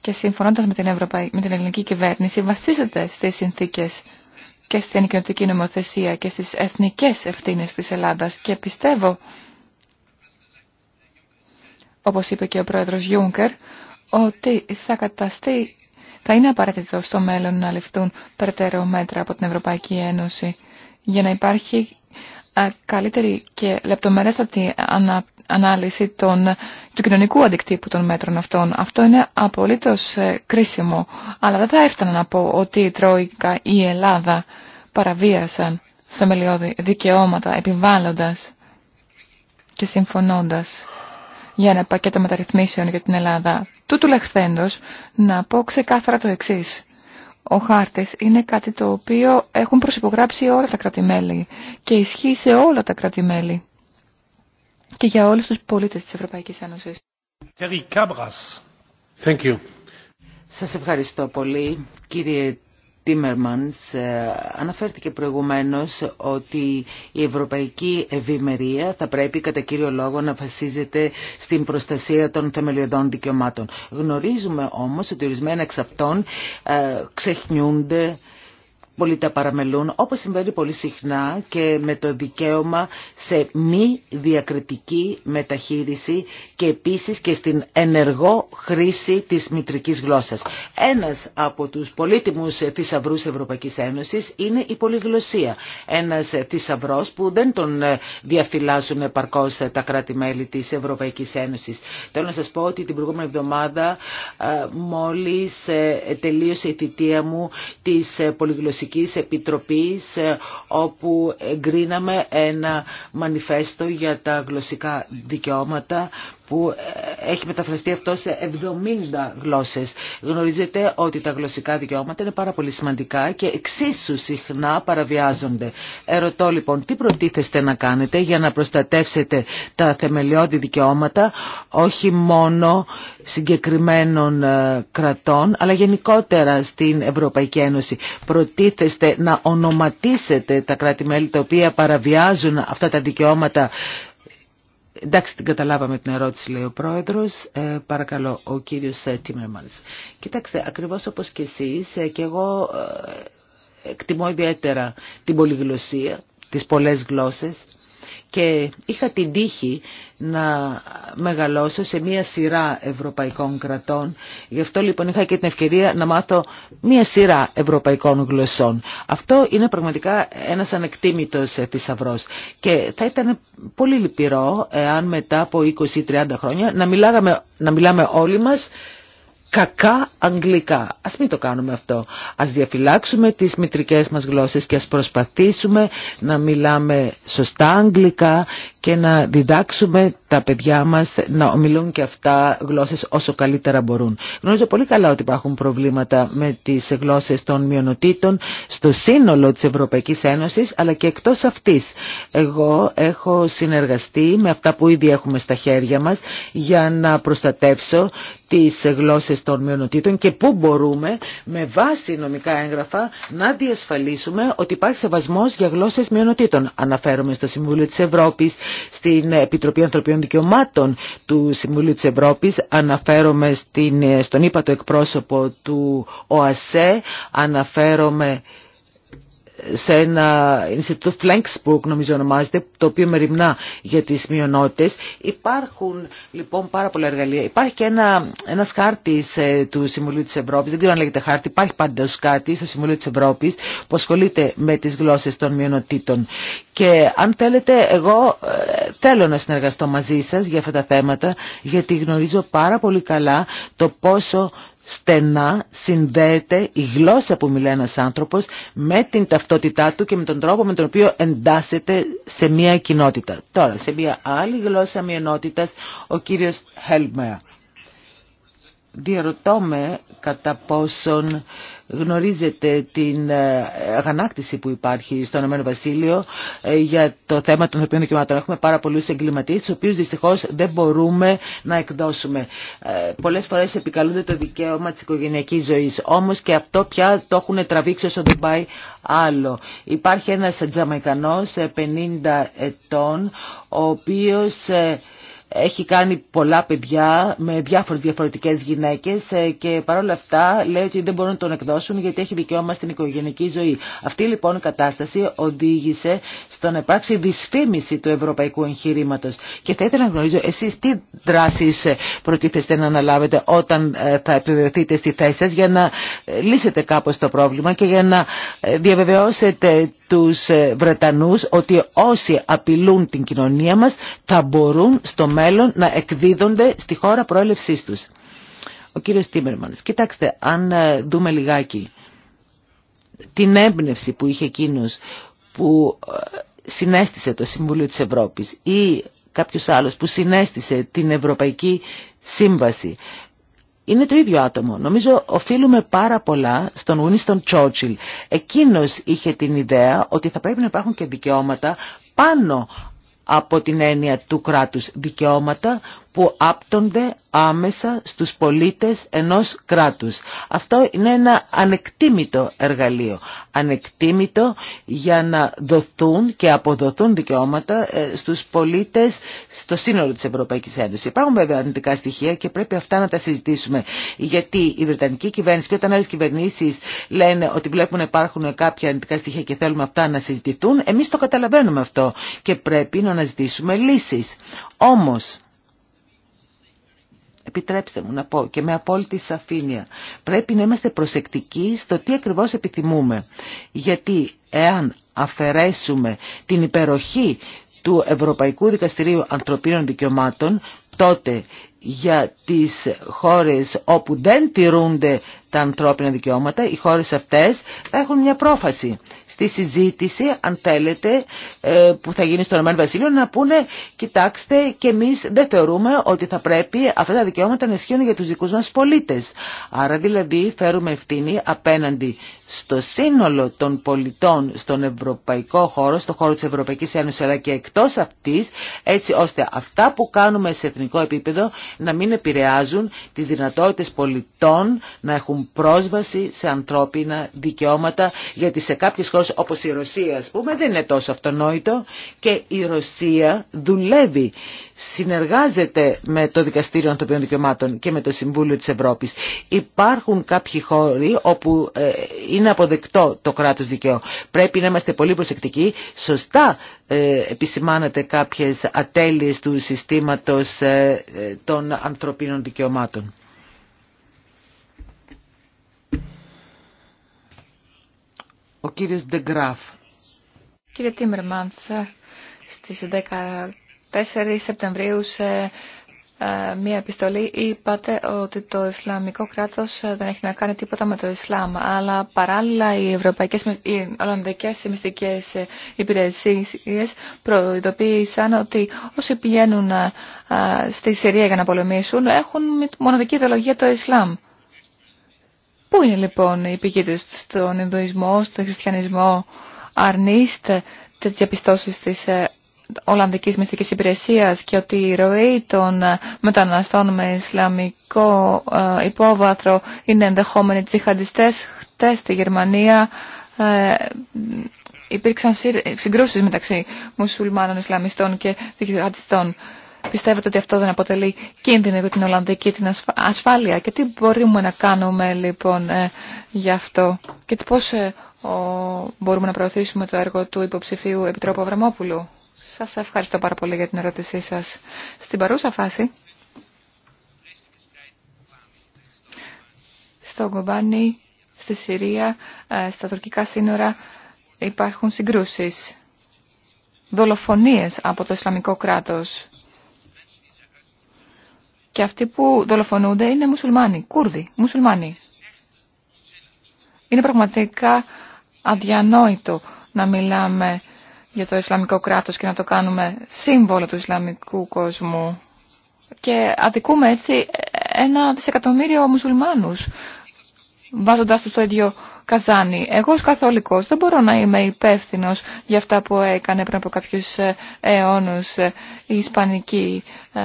Speaker 4: και συμφωνώντας με την, Ευρωπαϊ... με την ελληνική κυβέρνηση, βασίζεται στις συνθήκες και στην κοινωτική νομοθεσία και στις εθνικές ευθύνες της Ελλάδας και πιστεύω, όπως είπε και ο πρόεδρος Γιούγκερ, ότι θα καταστεί, θα είναι απαραίτητο στο μέλλον να ληφθούν περαιτέρω μέτρα από την Ευρωπαϊκή Ένωση για να υπάρχει καλύτερη και λεπτομερέστατη ανάπτυξη ανάλυση των, του κοινωνικού αντικτύπου των μέτρων αυτών. Αυτό είναι απολύτως ε, κρίσιμο. Αλλά δεν θα έφτανα να πω ότι η Τρόικα ή η Ελλάδα παραβίασαν θεμελιώδη δικαιώματα επιβάλλοντας και συμφωνώντας για ένα πακέτο μεταρρυθμίσεων για την Ελλάδα. Τούτου λεχθέντος να πω ξεκάθαρα το εξής. Ο χάρτης είναι κάτι το οποίο έχουν προσυπογράψει όλα τα κρατημέλη και ισχύει σε όλα τα κρατημέλη και για όλους τους πολίτες της Ευρωπαϊκής Ένωσης.
Speaker 3: Thank you.
Speaker 1: Σας ευχαριστώ πολύ κύριε Τίμερμανς ε, αναφέρθηκε προηγουμένως ότι η ευρωπαϊκή ευημερία θα πρέπει κατά κύριο λόγο να βασίζεται στην προστασία των θεμελιωδών δικαιωμάτων. Γνωρίζουμε όμως ότι ορισμένα εξ αυτών ε, ξεχνιούνται πολλοί παραμελούν, όπως συμβαίνει πολύ συχνά και με το δικαίωμα σε μη διακριτική μεταχείριση και επίσης και στην ενεργό χρήση της μητρικής γλώσσας. Ένας από τους πολύτιμους θησαυρού Ευρωπαϊκής Ένωσης είναι η πολυγλωσία. Ένας θησαυρό που δεν τον διαφυλάσσουν επαρκώς τα κράτη-μέλη της Ευρωπαϊκής Ένωσης. Θέλω να σας πω ότι την προηγούμενη εβδομάδα ε, μόλις ε, τελείωσε η θητεία μου της ε, Κοινοβουλευτικής Επιτροπής ε, όπου εγκρίναμε ένα μανιφέστο για τα γλωσσικά δικαιώματα που ε, έχει μεταφραστεί αυτό σε 70 γλώσσες. Γνωρίζετε ότι τα γλωσσικά δικαιώματα είναι πάρα πολύ σημαντικά και εξίσου συχνά παραβιάζονται. Ερωτώ λοιπόν τι προτίθεστε να κάνετε για να προστατεύσετε τα θεμελιώδη δικαιώματα όχι μόνο συγκεκριμένων ε, κρατών αλλά γενικότερα στην Ευρωπαϊκή Ένωση. Προτίθεστε να ονοματίσετε τα κράτη-μέλη τα οποία παραβιάζουν αυτά τα δικαιώματα Εντάξει, την καταλάβαμε την ερώτηση, λέει ο πρόεδρος. Ε, παρακαλώ, ο κύριος Τίμερμανς. Κοιτάξτε, ακριβώς όπως και εσείς, ε, και εγώ ε, εκτιμώ ιδιαίτερα την πολυγλωσία, τις πολλές γλώσσες και είχα την τύχη να μεγαλώσω σε μία σειρά ευρωπαϊκών κρατών. Γι' αυτό λοιπόν είχα και την ευκαιρία να μάθω μία σειρά ευρωπαϊκών γλωσσών. Αυτό είναι πραγματικά ένας ανεκτήμητος θησαυρό. Και θα ήταν πολύ λυπηρό εάν μετά από 20-30 χρόνια να, να μιλάμε όλοι μας κακά αγγλικά. Ας μην το κάνουμε αυτό. Ας διαφυλάξουμε τις μητρικές μας γλώσσες και ας προσπαθήσουμε να μιλάμε σωστά αγγλικά και να διδάξουμε τα παιδιά μας να ομιλούν και αυτά γλώσσες όσο καλύτερα μπορούν. Γνωρίζω πολύ καλά ότι υπάρχουν προβλήματα με τις γλώσσες των μειονοτήτων στο σύνολο της Ευρωπαϊκής Ένωσης αλλά και εκτός αυτής. Εγώ έχω συνεργαστεί με αυτά που ήδη έχουμε στα χέρια μας για να προστατεύσω τις γλώσσες των μειονοτήτων και πού μπορούμε με βάση νομικά έγγραφα να διασφαλίσουμε ότι υπάρχει σεβασμός για γλώσσες μειονοτήτων. Αναφέρομαι στο Συμβούλιο της Ευρώπης, στην Επιτροπή Ανθρωπίνων Δικαιωμάτων του Συμβουλίου της Ευρώπης. Αναφέρομαι στην, στον ύπατο εκπρόσωπο του ΟΑΣΕ, αναφέρομαι σε ένα Ινστιτούτο Φλέγκσπουργκ νομίζω ονομάζεται, το οποίο με ρημνά για τι μειονότητε. Υπάρχουν λοιπόν πάρα πολλά εργαλεία. Υπάρχει και ένα, ένας χάρτης ε, του Συμβουλίου τη Ευρώπη, δεν ξέρω αν λέγεται χάρτη, υπάρχει ω κάτι στο Συμβουλίο τη Ευρώπη που ασχολείται με τι γλώσσε των μειονοτήτων. Και αν θέλετε, εγώ ε, θέλω να συνεργαστώ μαζί σα για αυτά τα θέματα, γιατί γνωρίζω πάρα πολύ καλά το πόσο στενά συνδέεται η γλώσσα που μιλάει ένας άνθρωπος με την ταυτότητά του και με τον τρόπο με τον οποίο εντάσσεται σε μια κοινότητα. Τώρα, σε μια άλλη γλώσσα μειονότητας, ο κύριος Χέλμερ. Διαρωτώ με κατά πόσον Γνωρίζετε την ε, αγανάκτηση που υπάρχει στο Ηνωμένο Βασίλειο ε, για το θέμα των ανθρωπίνων δικαιωμάτων. Έχουμε πάρα πολλού εγκληματίες, του οποίου δυστυχώς δεν μπορούμε να εκδώσουμε. Ε, πολλές φορές επικαλούνται το δικαίωμα τη οικογένειακή ζωής. Όμως και αυτό πια το έχουν τραβήξει όσο δεν πάει άλλο. Υπάρχει ένα Τζαμαικανό 50 ετών, ο οποίο έχει κάνει πολλά παιδιά με διάφορες διαφορετικές γυναίκες ε, και παρόλα αυτά λέει ότι δεν μπορούν να τον εκδώσουν γιατί έχει δικαίωμα στην οικογενική ζωή. Αυτή λοιπόν η κατάσταση οδήγησε στο να υπάρξει δυσφήμιση του ευρωπαϊκού εγχειρήματο. Και θα ήθελα να γνωρίζω εσείς τι δράσεις ε, προτίθεστε να αναλάβετε όταν ε, θα επιβεβαιωθείτε στη θέση σας για να λύσετε κάπως το πρόβλημα και για να διαβεβαιώσετε τους Βρετανούς ότι όσοι απειλούν την κοινωνία μας θα μπορούν στο μέλλον μέλλον να εκδίδονται στη χώρα προέλευσής τους. Ο κύριος Τίμερμανς, κοιτάξτε, αν ε, δούμε λιγάκι την έμπνευση που είχε εκείνος που ε, συνέστησε το Συμβούλιο της Ευρώπης ή κάποιος άλλος που συνέστησε την Ευρωπαϊκή Σύμβαση. Είναι το ίδιο άτομο. Νομίζω οφείλουμε πάρα πολλά στον Winston Churchill. Εκείνος είχε την ιδέα ότι θα πρέπει να υπάρχουν και δικαιώματα πάνω από την έννοια του κράτους δικαιώματα που άπτονται άμεσα στους πολίτες ενός κράτους. Αυτό είναι ένα ανεκτήμητο εργαλείο. Ανεκτήμητο για να δοθούν και αποδοθούν δικαιώματα ε, στους πολίτες στο σύνολο της Ευρωπαϊκής Ένωσης. Υπάρχουν βέβαια αρνητικά στοιχεία και πρέπει αυτά να τα συζητήσουμε. Γιατί η Βρετανική κυβέρνηση και όταν άλλε κυβερνήσεις λένε ότι βλέπουν να υπάρχουν κάποια αρνητικά στοιχεία και θέλουμε αυτά να συζητηθούν, εμείς το καταλαβαίνουμε αυτό και πρέπει να αναζητήσουμε λύσεις. Όμως, επιτρέψτε μου να πω και με απόλυτη σαφήνεια, πρέπει να είμαστε προσεκτικοί στο τι ακριβώς επιθυμούμε. Γιατί εάν αφαιρέσουμε την υπεροχή του Ευρωπαϊκού Δικαστηρίου Ανθρωπίνων Δικαιωμάτων, τότε για τις χώρες όπου δεν τηρούνται τα ανθρώπινα δικαιώματα, οι χώρες αυτές θα έχουν μια πρόφαση στη συζήτηση, αν θέλετε, ε, που θα γίνει στον Ηνωμένο Βασίλειο, να πούνε, κοιτάξτε, και εμείς δεν θεωρούμε ότι θα πρέπει αυτά τα δικαιώματα να ισχύουν για τους δικούς μας πολίτες. Άρα δηλαδή φέρουμε ευθύνη απέναντι στο σύνολο των πολιτών στον ευρωπαϊκό χώρο, στον χώρο της Ευρωπαϊκής Ένωσης, αλλά και εκτός αυτής, έτσι ώστε αυτά που κάνουμε σε εθνικό εθνικό επίπεδο να μην επηρεάζουν τις δυνατότητες πολιτών να έχουν πρόσβαση σε ανθρώπινα δικαιώματα γιατί σε κάποιες χώρες όπως η Ρωσία ας πούμε δεν είναι τόσο αυτονόητο και η Ρωσία δουλεύει, συνεργάζεται με το Δικαστήριο ανθρωπιών Δικαιωμάτων και με το Συμβούλιο της Ευρώπης. Υπάρχουν κάποιοι χώροι όπου ε, είναι αποδεκτό το κράτος δικαίου. Πρέπει να είμαστε πολύ προσεκτικοί. Σωστά ε, επισημάνεται κάποιες ατέλειες του συστήματος ε, ε, των ανθρωπίνων δικαιωμάτων. Ο κύριος Ντεγκράφ.
Speaker 4: Κύριε Τίμερμαντς, στις 14 Σεπτεμβρίου ε, μία επιστολή είπατε ότι το Ισλαμικό κράτος ε, δεν έχει να κάνει τίποτα με το Ισλάμ, αλλά παράλληλα οι ευρωπαϊκές, οι ολλανδικές μυστικές ε, υπηρεσίες προειδοποίησαν ότι όσοι πηγαίνουν στη Συρία για να πολεμήσουν έχουν μοναδική ιδεολογία το Ισλάμ. Πού είναι λοιπόν η πηγή του στον Ινδουισμό, στον Χριστιανισμό, αρνείστε τέτοια πιστώσεις της Ολλανδικής Μυστικής Υπηρεσίας και ότι η ροή των μεταναστών με Ισλαμικό ε, υπόβαθρο είναι ενδεχόμενοι τσιχαντιστές. Χτες στη Γερμανία ε, υπήρξαν συγκρούσεις μεταξύ μουσουλμάνων Ισλαμιστών και τσιχαντιστών. Πιστεύετε ότι αυτό δεν αποτελεί κίνδυνο για την Ολλανδική την ασφάλεια και τι μπορούμε να κάνουμε λοιπόν ε, γι' αυτό και πώς μπορούμε να προωθήσουμε το έργο του υποψηφίου Επιτρόπου Αβραμόπουλου. Σας ευχαριστώ πάρα πολύ για την ερώτησή σας. Στην παρούσα φάση, στο Κομπάνι, στη Συρία, ε, στα τουρκικά σύνορα υπάρχουν συγκρούσεις, δολοφονίες από το Ισλαμικό κράτος. Και αυτοί που δολοφονούνται είναι μουσουλμάνοι, Κούρδοι, μουσουλμάνοι. Είναι πραγματικά αδιανόητο να μιλάμε για το Ισλαμικό κράτος και να το κάνουμε σύμβολο του Ισλαμικού κόσμου. Και αδικούμε έτσι ένα δισεκατομμύριο μουσουλμάνους βάζοντάς τους στο ίδιο καζάνι. Εγώ ως καθολικός δεν μπορώ να είμαι υπεύθυνο για αυτά που έκανε πριν από κάποιους ε, αιώνους ε, η Ισπανική ε,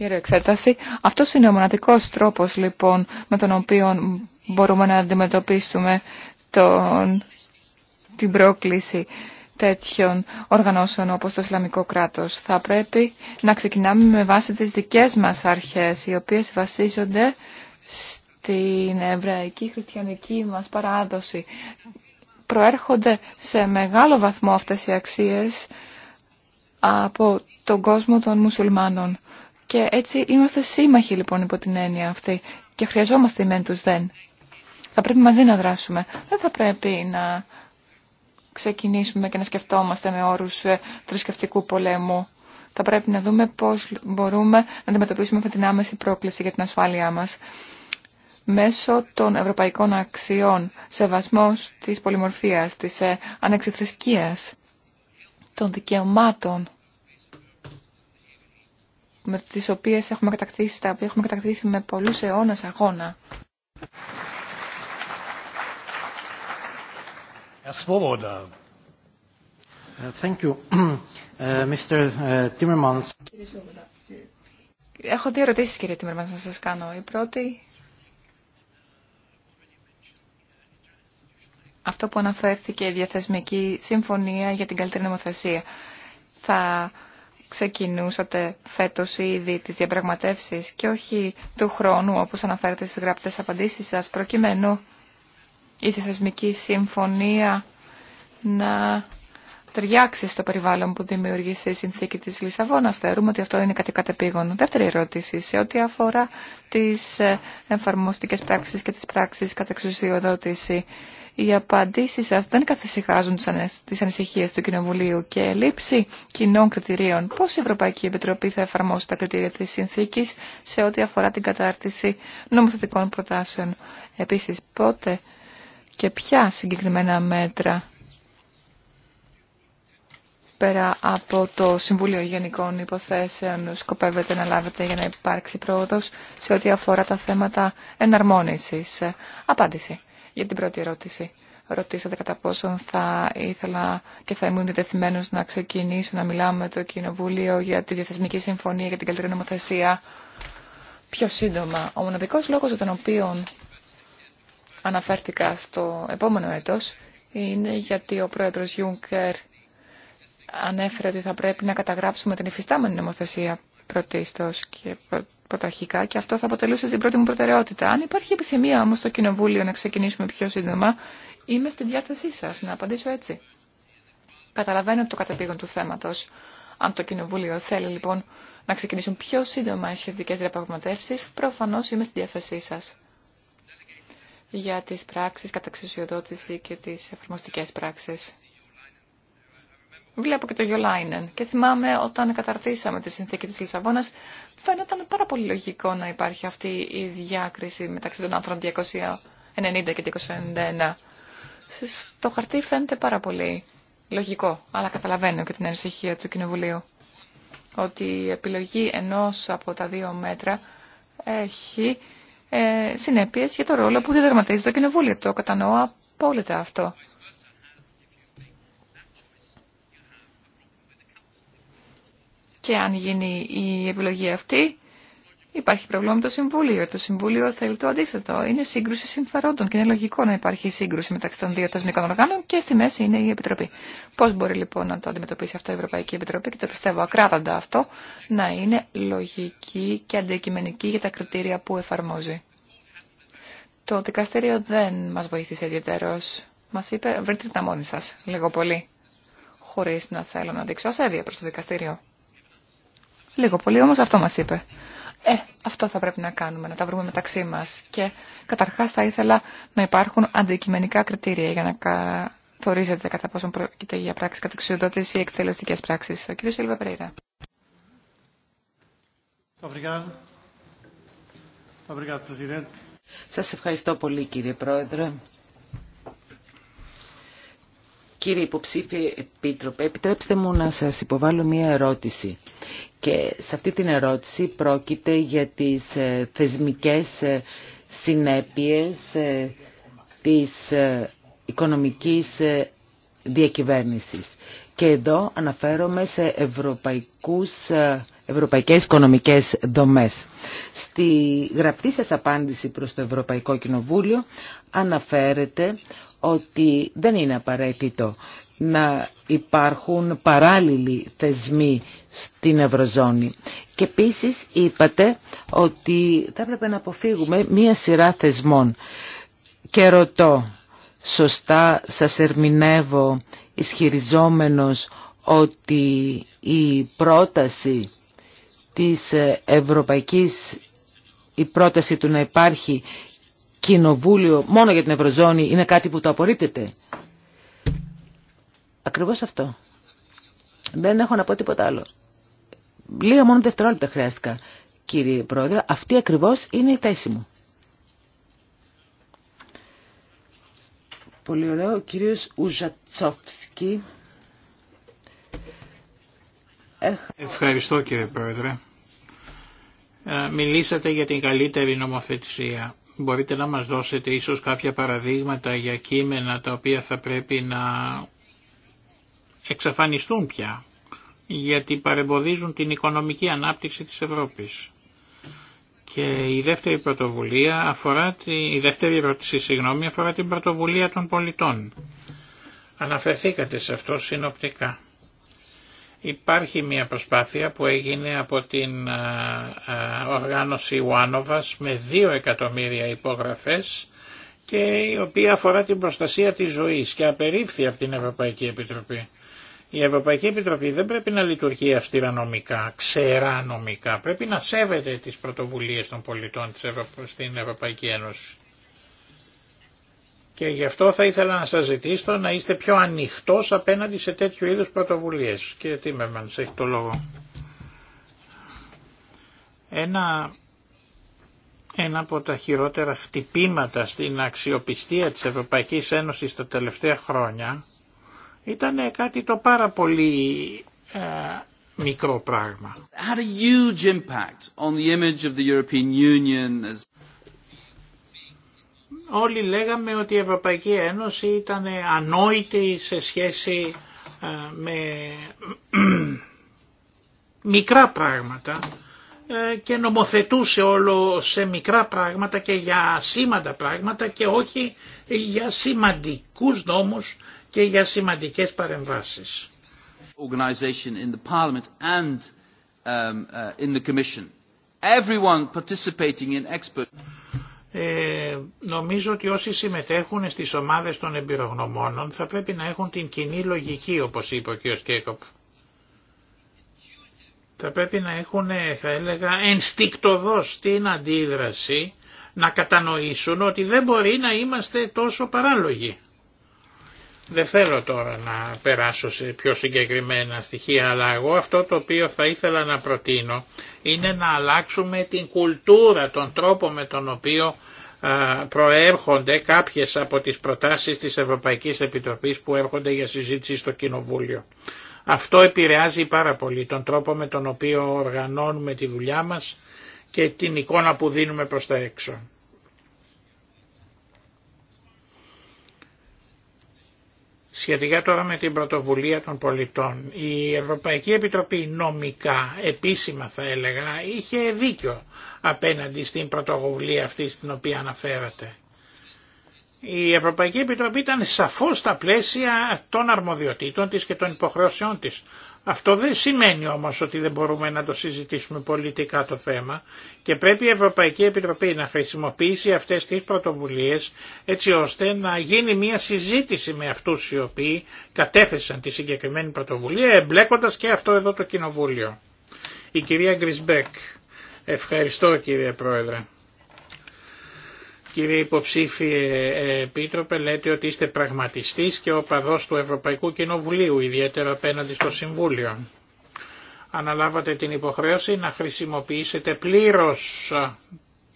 Speaker 4: Εξέταση. Αυτός είναι ο μοναδικός τρόπος λοιπόν με τον οποίο μπορούμε να αντιμετωπίσουμε τον, την πρόκληση τέτοιων οργανώσεων όπως το Ισλαμικό κράτος. Θα πρέπει να ξεκινάμε με βάση τις δικές μας αρχές, οι οποίες βασίζονται στην εβραϊκή χριστιανική μας παράδοση. Προέρχονται σε μεγάλο βαθμό αυτές οι αξίες από τον κόσμο των μουσουλμάνων. Και έτσι είμαστε σύμμαχοι λοιπόν υπό την έννοια αυτή και χρειαζόμαστε μεν τους δεν. Θα πρέπει μαζί να δράσουμε. Δεν θα πρέπει να ξεκινήσουμε και να σκεφτόμαστε με όρους ε, θρησκευτικού πολέμου. Θα πρέπει να δούμε πώς μπορούμε να αντιμετωπίσουμε αυτή την άμεση πρόκληση για την ασφάλειά μας. Μέσω των ευρωπαϊκών αξιών, σεβασμός της πολυμορφίας, της ε, ανεξιθρησκείας, των δικαιωμάτων, με τις οποίες έχουμε κατακτήσει, τα οποία έχουμε κατακτήσει με πολλούς αιώνας αγώνα.
Speaker 1: Uh, uh,
Speaker 2: uh,
Speaker 4: Έχω δύο ερωτήσει, κύριε Τίμερμανς να σα κάνω. Η πρώτη, αυτό που αναφέρθηκε η διαθεσμική συμφωνία για την καλύτερη νομοθεσία. Θα ξεκινούσατε φέτος ήδη τις διαπραγματεύσεις και όχι του χρόνου όπως αναφέρετε στις γραπτές απαντήσεις σας προκειμένου η θεσμική συμφωνία να ταιριάξει στο περιβάλλον που δημιουργήσε η συνθήκη της Λισαβόνας. Θεωρούμε ότι αυτό είναι κάτι κατεπήγον. Δεύτερη ερώτηση σε ό,τι αφορά τις ε, εφαρμοστικές πράξεις και τις πράξεις κατά εξουσιοδότηση. Οι απαντήσεις σας δεν καθησυχάζουν τις ανησυχίες του Κοινοβουλίου και λήψη κοινών κριτηρίων. Πώς η Ευρωπαϊκή Επιτροπή θα εφαρμόσει τα κριτήρια της συνθήκης σε ό,τι αφορά την κατάρτιση νομοθετικών προτάσεων. Επίσης, πότε και ποια συγκεκριμένα μέτρα πέρα από το Συμβούλιο Γενικών Υποθέσεων σκοπεύετε να λάβετε για να υπάρξει πρόοδος σε ό,τι αφορά τα θέματα εναρμόνισης. Απάντηση για την πρώτη ερώτηση. Ρωτήσατε κατά πόσον θα ήθελα και θα ήμουν διτεθειμένος να ξεκινήσω να μιλάω με το Κοινοβούλιο για τη Διαθεσμική Συμφωνία για την καλύτερη νομοθεσία πιο σύντομα. Ο μοναδικός λόγος για τον οποίο αναφέρθηκα στο επόμενο έτος είναι γιατί ο πρόεδρος Γιούνκερ ανέφερε ότι θα πρέπει να καταγράψουμε την υφιστάμενη νομοθεσία πρωτίστως και πρωταρχικά και αυτό θα αποτελούσε την πρώτη μου προτεραιότητα. Αν υπάρχει επιθυμία όμως στο Κοινοβούλιο να ξεκινήσουμε πιο σύντομα, είμαι στη διάθεσή σας να απαντήσω έτσι. Καταλαβαίνω το κατεπήγον του θέματος. Αν το Κοινοβούλιο θέλει λοιπόν να ξεκινήσουν πιο σύντομα οι σχετικές διαπραγματεύσεις, προφανώς είμαι στη διάθεσή σας για τις πράξεις κατά και τις εφαρμοστικές πράξεις. Βλέπω και το Γιολάινεν και θυμάμαι όταν καταρτήσαμε τη συνθήκη της Λισαβόνας φαίνονταν πάρα πολύ λογικό να υπάρχει αυτή η διάκριση μεταξύ των άνθρωπων 290 και 291. Στο χαρτί φαίνεται πάρα πολύ λογικό, αλλά καταλαβαίνω και την ανησυχία του Κοινοβουλίου ότι η επιλογή ενός από τα δύο μέτρα έχει ε, συνέπειες για το ρόλο που διαδραματίζει το Κοινοβούλιο. Το κατανοώ απόλυτα αυτό. Και αν γίνει η επιλογή αυτή, Υπάρχει πρόβλημα με το Συμβούλιο. Το Συμβούλιο θέλει το αντίθετο. Είναι σύγκρουση συμφερόντων και είναι λογικό να υπάρχει σύγκρουση μεταξύ των δύο θεσμικών οργάνων και στη μέση είναι η Επιτροπή. Πώ μπορεί λοιπόν να το αντιμετωπίσει αυτό η Ευρωπαϊκή Επιτροπή και το πιστεύω ακράδαντα αυτό να είναι λογική και αντικειμενική για τα κριτήρια που εφαρμόζει. Το δικαστήριο δεν μα βοήθησε ιδιαίτερω. Μα είπε βρείτε τα μόνοι σα, λίγο πολύ. Χωρί να θέλω να δείξω ασέβεια προ το δικαστήριο. Λίγο πολύ όμω αυτό μα είπε. Ε, αυτό θα πρέπει να κάνουμε, να τα βρούμε μεταξύ μας. Και καταρχάς θα ήθελα να υπάρχουν αντικειμενικά κριτήρια για να καθορίζεται κατά πόσο πρόκειται για πράξη κατεξιοδότηση ή εκτελεστικές πράξεις. Ο κ. Σίλβα
Speaker 1: Σας ευχαριστώ πολύ κύριε Πρόεδρε. Κύριε υποψήφιε επίτροπε, επιτρέψτε μου να σας υποβάλω μία ερώτηση. Και σε αυτή την ερώτηση πρόκειται για τις ε, θεσμικές ε, συνέπειες ε, της οικονομικής διακυβέρνησης. Και εδώ αναφέρομαι σε ευρωπαϊκούς, ε, ευρωπαϊκές οικονομικές δομές. Στη γραπτή σας απάντηση προς το Ευρωπαϊκό Κοινοβούλιο αναφέρεται ότι δεν είναι απαραίτητο να υπάρχουν παράλληλοι θεσμοί στην Ευρωζώνη. Και επίσης είπατε ότι θα έπρεπε να αποφύγουμε μία σειρά θεσμών. Και ρωτώ, σωστά σας ερμηνεύω ισχυριζόμενος ότι η πρόταση της Ευρωπαϊκής, η πρόταση του να υπάρχει κοινοβούλιο μόνο για την Ευρωζώνη είναι κάτι που το απορρίπτεται. Ακριβώς αυτό. Δεν έχω να πω τίποτα άλλο. Λίγα μόνο δευτερόλεπτα χρειάστηκα, κύριε Πρόεδρε. Αυτή ακριβώς είναι η θέση μου. Πολύ Ο κύριος Ουζατσόφσκι.
Speaker 2: Ευχαριστώ κύριε Πρόεδρε. Ε, μιλήσατε για την καλύτερη νομοθετησία. Μπορείτε να μας δώσετε ίσως κάποια παραδείγματα για κείμενα τα οποία θα πρέπει να εξαφανιστούν πια γιατί παρεμποδίζουν την οικονομική ανάπτυξη της Ευρώπης. Και η δεύτερη πρωτοβουλία αφορά τη, δεύτερη ερώτηση, συγγνώμη, αφορά την πρωτοβουλία των πολιτών. Αναφερθήκατε σε αυτό συνοπτικά. Υπάρχει μια προσπάθεια που έγινε από την ε, ε, οργάνωση Ουάνοβας με δύο εκατομμύρια υπογραφές και η οποία αφορά την προστασία της ζωής και απερίφθη από την Ευρωπαϊκή Επιτροπή. Η Ευρωπαϊκή Επιτροπή δεν πρέπει να λειτουργεί αυστηρανομικά, ξερανομικά. ξερά νομικά. Πρέπει να σέβεται τις πρωτοβουλίες των πολιτών της Ευρω... στην Ευρωπαϊκή Ένωση. Και γι' αυτό θα ήθελα να σας ζητήσω να είστε πιο ανοιχτός απέναντι σε τέτοιου είδους πρωτοβουλίες. Κύριε Τίμερμανς, έχει το λόγο. Ένα, ένα από τα χειρότερα χτυπήματα στην αξιοπιστία της Ευρωπαϊκής Ένωσης τα τελευταία χρόνια ήταν κάτι το πάρα πολύ ε, μικρό πράγμα. Had a huge impact on the image of the Όλοι λέγαμε ότι η Ευρωπαϊκή Ένωση ήταν ανόητη σε σχέση ε, με μικρά πράγματα ε, και νομοθετούσε όλο σε μικρά πράγματα και για σήμαντα πράγματα και όχι για σημαντικούς νόμους και για σημαντικές παρεμβάσεις.
Speaker 3: Organization in the Parliament and um, uh, in the Commission.
Speaker 2: Everyone participating in expert. Ε, νομίζω ότι όσοι συμμετέχουν στις ομάδες των εμπειρογνωμόνων θα πρέπει να έχουν την κοινή λογική όπως είπε ο κ. Σκέκοπ. Θα πρέπει να έχουν, θα έλεγα, ενστικτοδός την αντίδραση να κατανοήσουν ότι δεν μπορεί να είμαστε τόσο παράλογοι. Δεν θέλω τώρα να περάσω σε πιο συγκεκριμένα στοιχεία, αλλά εγώ αυτό το οποίο θα ήθελα να προτείνω είναι να αλλάξουμε την κουλτούρα, τον τρόπο με τον οποίο προέρχονται κάποιες από τις προτάσεις της Ευρωπαϊκής Επιτροπής που έρχονται για συζήτηση στο Κοινοβούλιο. Αυτό επηρεάζει πάρα πολύ τον τρόπο με τον οποίο οργανώνουμε τη δουλειά μας και την εικόνα που δίνουμε προς τα έξω. Σχετικά τώρα με την πρωτοβουλία των πολιτών, η Ευρωπαϊκή Επιτροπή νομικά, επίσημα θα έλεγα, είχε δίκιο απέναντι στην πρωτοβουλία αυτή στην οποία αναφέρατε. Η Ευρωπαϊκή Επιτροπή ήταν σαφώς στα πλαίσια των αρμοδιοτήτων της και των υποχρεώσεών της. Αυτό δεν σημαίνει όμως ότι δεν μπορούμε να το συζητήσουμε πολιτικά το θέμα και πρέπει η Ευρωπαϊκή Επιτροπή να χρησιμοποιήσει αυτές τις πρωτοβουλίες έτσι ώστε να γίνει μια συζήτηση με αυτούς οι οποίοι κατέθεσαν τη συγκεκριμένη πρωτοβουλία εμπλέκοντας και αυτό εδώ το κοινοβούλιο. Η κυρία Γκρισμπέκ. Ευχαριστώ κύριε Πρόεδρε. Κύριε υποψήφιε επίτροπε, λέτε ότι είστε πραγματιστής και ο παδός του Ευρωπαϊκού Κοινοβουλίου, ιδιαίτερα απέναντι στο Συμβούλιο. Αναλάβατε την υποχρέωση να χρησιμοποιήσετε πλήρως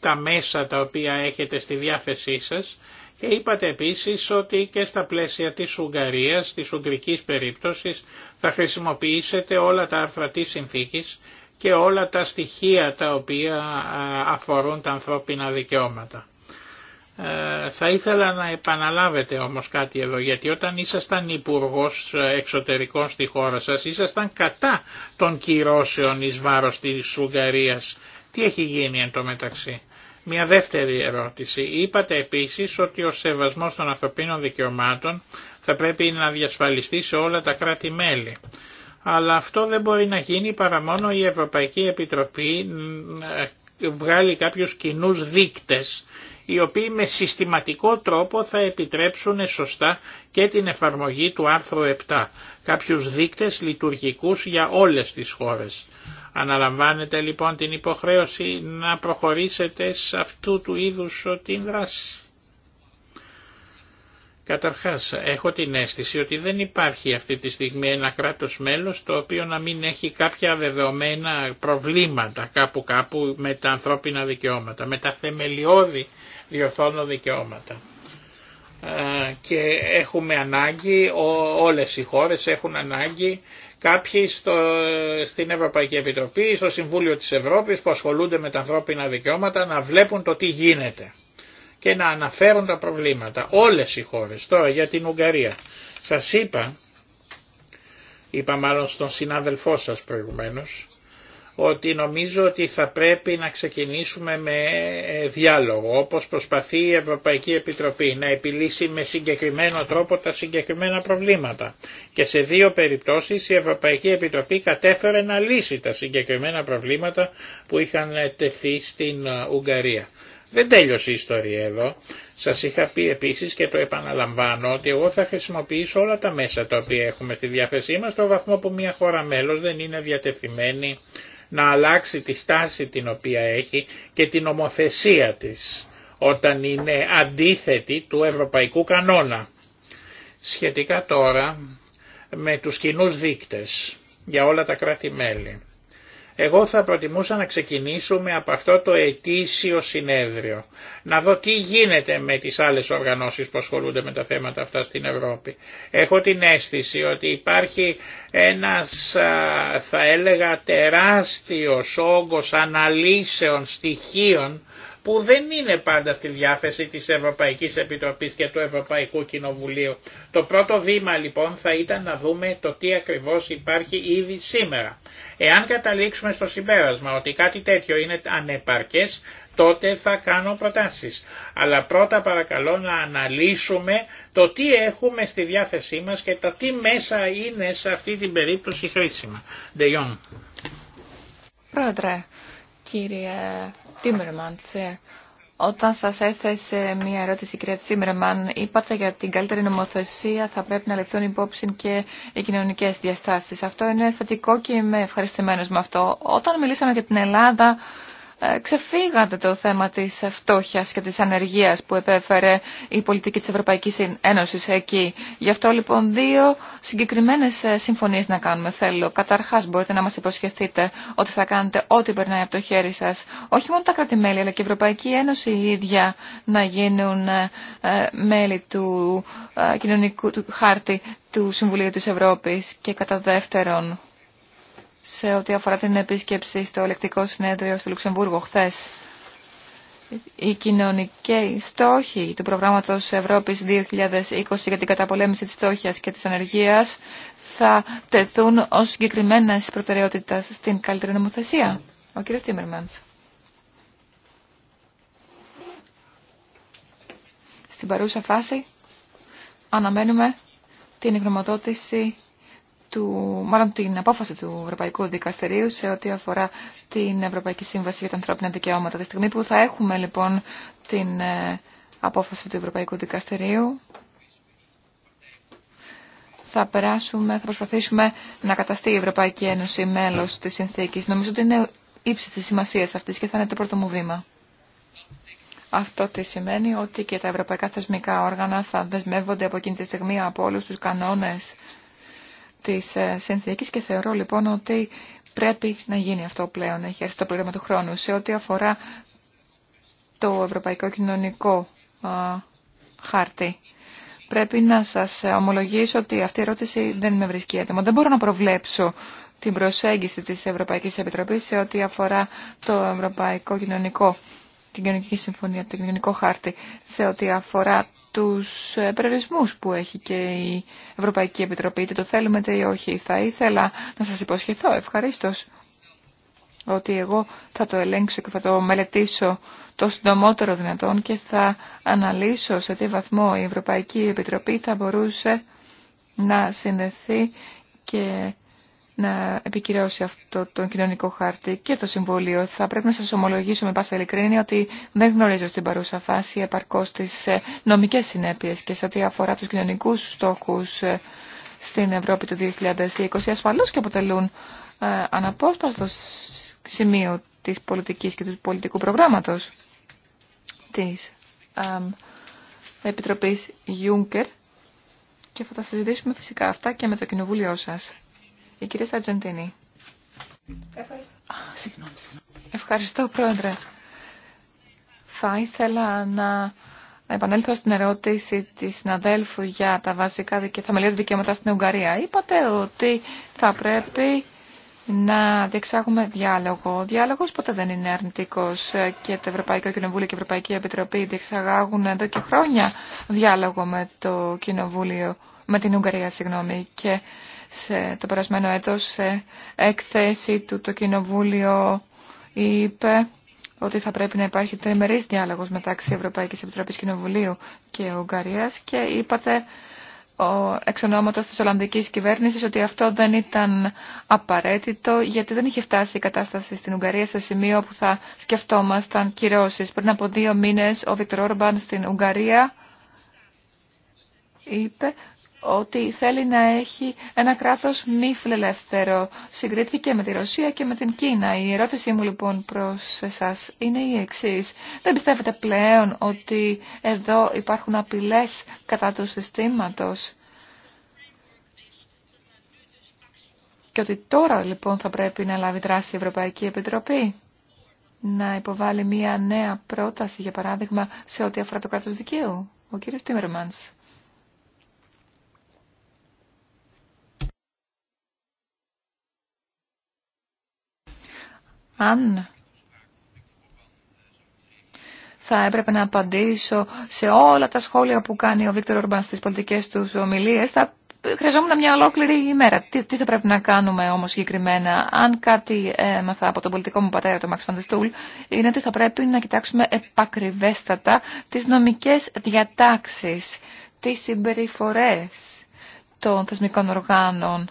Speaker 2: τα μέσα τα οποία έχετε στη διάθεσή σας και είπατε επίσης ότι και στα πλαίσια της Ουγγαρίας, της Ουγγρικής περίπτωσης, θα χρησιμοποιήσετε όλα τα άρθρα της συνθήκης και όλα τα στοιχεία τα οποία αφορούν τα ανθρώπινα δικαιώματα. Ε, θα ήθελα να επαναλάβετε όμως κάτι εδώ, γιατί όταν ήσασταν υπουργό ε, εξωτερικών στη χώρα σας, ήσασταν κατά των κυρώσεων εις βάρος της Ουγγαρίας. Τι έχει γίνει εν τω μεταξύ. Μια δεύτερη ερώτηση. Είπατε επίσης ότι ο σεβασμός των ανθρωπίνων δικαιωμάτων θα πρέπει να διασφαλιστεί σε όλα τα κράτη-μέλη. Αλλά αυτό δεν μπορεί να γίνει παρά μόνο η Ευρωπαϊκή Επιτροπή ε, βγάλει κάποιους κοινούς δείκτες οι οποίοι με συστηματικό τρόπο θα επιτρέψουν σωστά και την εφαρμογή του άρθρου 7, κάποιους δείκτες λειτουργικούς για όλες τις χώρες. Αναλαμβάνετε λοιπόν την υποχρέωση να προχωρήσετε σε αυτού του είδους την δράση. Καταρχάς, έχω την αίσθηση ότι δεν υπάρχει αυτή τη στιγμή ένα κράτος μέλος το οποίο να μην έχει κάποια δεδομένα προβλήματα κάπου κάπου με τα ανθρώπινα δικαιώματα, με τα θεμελιώδη διορθώνω δικαιώματα. Ε, και έχουμε ανάγκη, όλες οι χώρες έχουν ανάγκη, κάποιοι στην Ευρωπαϊκή Επιτροπή, στο Συμβούλιο της Ευρώπης που ασχολούνται με τα ανθρώπινα δικαιώματα να βλέπουν το τι γίνεται και να αναφέρουν τα προβλήματα. Όλες οι χώρες. Τώρα για την Ουγγαρία. Σας είπα, είπα μάλλον στον συνάδελφό σας προηγουμένως, ότι νομίζω ότι θα πρέπει να ξεκινήσουμε με ε, διάλογο, όπως προσπαθεί η Ευρωπαϊκή Επιτροπή να επιλύσει με συγκεκριμένο τρόπο τα συγκεκριμένα προβλήματα. Και σε δύο περιπτώσεις η Ευρωπαϊκή Επιτροπή κατέφερε να λύσει τα συγκεκριμένα προβλήματα που είχαν ε, τεθεί στην ε, Ουγγαρία. Δεν τέλειωσε η ιστορία εδώ. Σας είχα πει επίσης και το επαναλαμβάνω ότι εγώ θα χρησιμοποιήσω όλα τα μέσα τα οποία έχουμε στη διάθεσή μας στο βαθμό που μια χώρα μέλος δεν είναι διατεθειμένη να αλλάξει τη στάση την οποία έχει και την ομοθεσία της όταν είναι αντίθετη του ευρωπαϊκού κανόνα. Σχετικά τώρα με τους κοινούς δείκτες για όλα τα κράτη-μέλη. Εγώ θα προτιμούσα να ξεκινήσουμε από αυτό το ετήσιο συνέδριο. Να δω τι γίνεται με τις άλλες οργανώσεις που ασχολούνται με τα θέματα αυτά στην Ευρώπη. Έχω την αίσθηση ότι υπάρχει ένας θα έλεγα τεράστιος όγκος αναλύσεων στοιχείων που δεν είναι πάντα στη διάθεση της Ευρωπαϊκής Επιτροπής και του Ευρωπαϊκού Κοινοβουλίου. Το πρώτο βήμα λοιπόν θα ήταν να δούμε το τι ακριβώς υπάρχει ήδη σήμερα. Εάν καταλήξουμε στο συμπέρασμα ότι κάτι τέτοιο είναι ανεπαρκές, τότε θα κάνω προτάσεις. Αλλά πρώτα παρακαλώ να αναλύσουμε το τι έχουμε στη διάθεσή μας και το τι μέσα είναι σε αυτή την περίπτωση χρήσιμα.
Speaker 4: Πρόεδρε, κύριε Τίμερμαντς, ε, όταν σας έθεσε μία ερώτηση, κυρία Τσίμερμαν, είπατε για την καλύτερη νομοθεσία θα πρέπει να ληφθούν υπόψη και οι κοινωνικές διαστάσεις. Αυτό είναι θετικό και είμαι ευχαριστημένος με αυτό. Όταν μιλήσαμε για την Ελλάδα, ε, ξεφύγατε το θέμα της φτώχειας και της ανεργίας που επέφερε η πολιτική της Ευρωπαϊκής Ένωσης εκεί. Γι' αυτό λοιπόν δύο συγκεκριμένες ε, συμφωνίες να κάνουμε θέλω. Καταρχάς μπορείτε να μας υποσχεθείτε ότι θα κάνετε ό,τι περνάει από το χέρι σας. Όχι μόνο τα κράτη-μέλη αλλά και η Ευρωπαϊκή Ένωση η ίδια να γίνουν ε, μέλη του κοινωνικού χάρτη του Συμβουλίου της Ευρώπης και κατά δεύτερον σε ό,τι αφορά την επίσκεψη στο ελεκτικό συνέδριο στο Λουξεμβούργο χθε. Οι κοινωνικοί στόχοι του προγράμματος Ευρώπης 2020 για την καταπολέμηση της στόχιας και της ανεργίας θα τεθούν ως συγκεκριμένες προτεραιότητα στην καλύτερη νομοθεσία. Ο κ. Τίμερμαντ. Στην παρούσα φάση αναμένουμε την γνωμοδότηση του, μάλλον την απόφαση του Ευρωπαϊκού Δικαστηρίου σε ό,τι αφορά την Ευρωπαϊκή Σύμβαση για τα Ανθρώπινα Δικαιώματα. Τη στιγμή που θα έχουμε λοιπόν την ε, απόφαση του Ευρωπαϊκού Δικαστηρίου, θα περάσουμε, θα προσπαθήσουμε να καταστεί η Ευρωπαϊκή Ένωση μέλο τη συνθήκη. Νομίζω ότι είναι ύψη της σημασία αυτής και θα είναι το πρώτο μου βήμα. Αυτό τι σημαίνει ότι και τα ευρωπαϊκά θεσμικά όργανα θα δεσμεύονται από εκείνη τη στιγμή από όλους τους κανόνες της ε, συνθήκης και θεωρώ λοιπόν ότι πρέπει να γίνει αυτό πλέον. Έχει έρθει το πλήρωμα του χρόνου σε ό,τι αφορά το Ευρωπαϊκό Κοινωνικό Χάρτη. Πρέπει να σας ε, ομολογήσω ότι αυτή η ερώτηση δεν με βρίσκει έτοιμο. Δεν μπορώ να προβλέψω την προσέγγιση της Ευρωπαϊκής Επιτροπής σε ό,τι αφορά το Ευρωπαϊκό Κοινωνικό την Κοινωνική Συμφωνία, τον Κοινωνικό Χάρτη, σε ό,τι αφορά τους ε, περιορισμούς που έχει και η Ευρωπαϊκή Επιτροπή, είτε το θέλουμε είτε όχι. Θα ήθελα να σας υποσχεθώ ευχαρίστω ότι εγώ θα το ελέγξω και θα το μελετήσω το συντομότερο δυνατόν και θα αναλύσω σε τι βαθμό η Ευρωπαϊκή Επιτροπή θα μπορούσε να συνδεθεί και να επικυρώσει αυτό τον κοινωνικό χάρτη και το συμβολίο. Θα πρέπει να σας ομολογήσω με πάσα ειλικρίνη ότι δεν γνωρίζω στην παρούσα φάση επαρκώς τις ε, νομικές συνέπειες και σε ό,τι αφορά τους κοινωνικούς στόχους ε, στην Ευρώπη του 2020 ασφαλώς και αποτελούν ε, αναπόσπαστο σημείο της πολιτικής και του πολιτικού προγράμματος της Επιτροπής Juncker και θα τα συζητήσουμε φυσικά αυτά και με το κοινοβούλιο σας. Η κυρία Σαρτζεντίνη.
Speaker 1: Ευχαριστώ. Συγγνώμη,
Speaker 4: Ευχαριστώ, Πρόεδρε. Θα ήθελα να επανέλθω στην ερώτηση τη συναδέλφου για τα βασικά και δικαιώματα στην Ουγγαρία. Είπατε ότι θα πρέπει να διεξάγουμε διάλογο. Ο διάλογος ποτέ δεν είναι αρνητικό και το Ευρωπαϊκό Κοινοβούλιο και η Ευρωπαϊκή Επιτροπή διεξαγάγουν εδώ και χρόνια διάλογο με το Κοινοβούλιο, με την Ουγγαρία, συγγνώμη σε το περασμένο έτος σε έκθεση του το Κοινοβούλιο είπε ότι θα πρέπει να υπάρχει τριμερής διάλογος μεταξύ Ευρωπαϊκής Επιτροπής Κοινοβουλίου και Ουγγαρίας και είπατε ο, εξ ονόματος της Ολλανδικής Κυβέρνησης ότι αυτό δεν ήταν απαραίτητο γιατί δεν είχε φτάσει η κατάσταση στην Ουγγαρία σε σημείο που θα σκεφτόμασταν κυρώσεις. Πριν από δύο μήνες ο Βίκτορ στην Ουγγαρία είπε ότι θέλει να έχει ένα κράτος μη φιλελεύθερο. Συγκρίθηκε με τη Ρωσία και με την Κίνα. Η ερώτησή μου λοιπόν προς εσάς είναι η εξής. Δεν πιστεύετε πλέον ότι εδώ υπάρχουν απειλές κατά του συστήματος και ότι τώρα λοιπόν θα πρέπει να λάβει δράση η Ευρωπαϊκή Επιτροπή να υποβάλει μία νέα πρόταση, για παράδειγμα, σε ό,τι αφορά το κράτος δικαίου. Ο κύριος Τίμερμανς. αν θα έπρεπε να απαντήσω σε όλα τα σχόλια που κάνει ο Βίκτορ Ορμπάν στις πολιτικές του ομιλίες, θα χρειαζόμουν μια ολόκληρη ημέρα. Τι, τι θα πρέπει να κάνουμε όμως συγκεκριμένα, αν κάτι έμαθα από τον πολιτικό μου πατέρα, τον Μαξ Φαντεστούλ, είναι ότι θα πρέπει να κοιτάξουμε επακριβέστατα τις νομικές διατάξεις, τις συμπεριφορές των θεσμικών οργάνων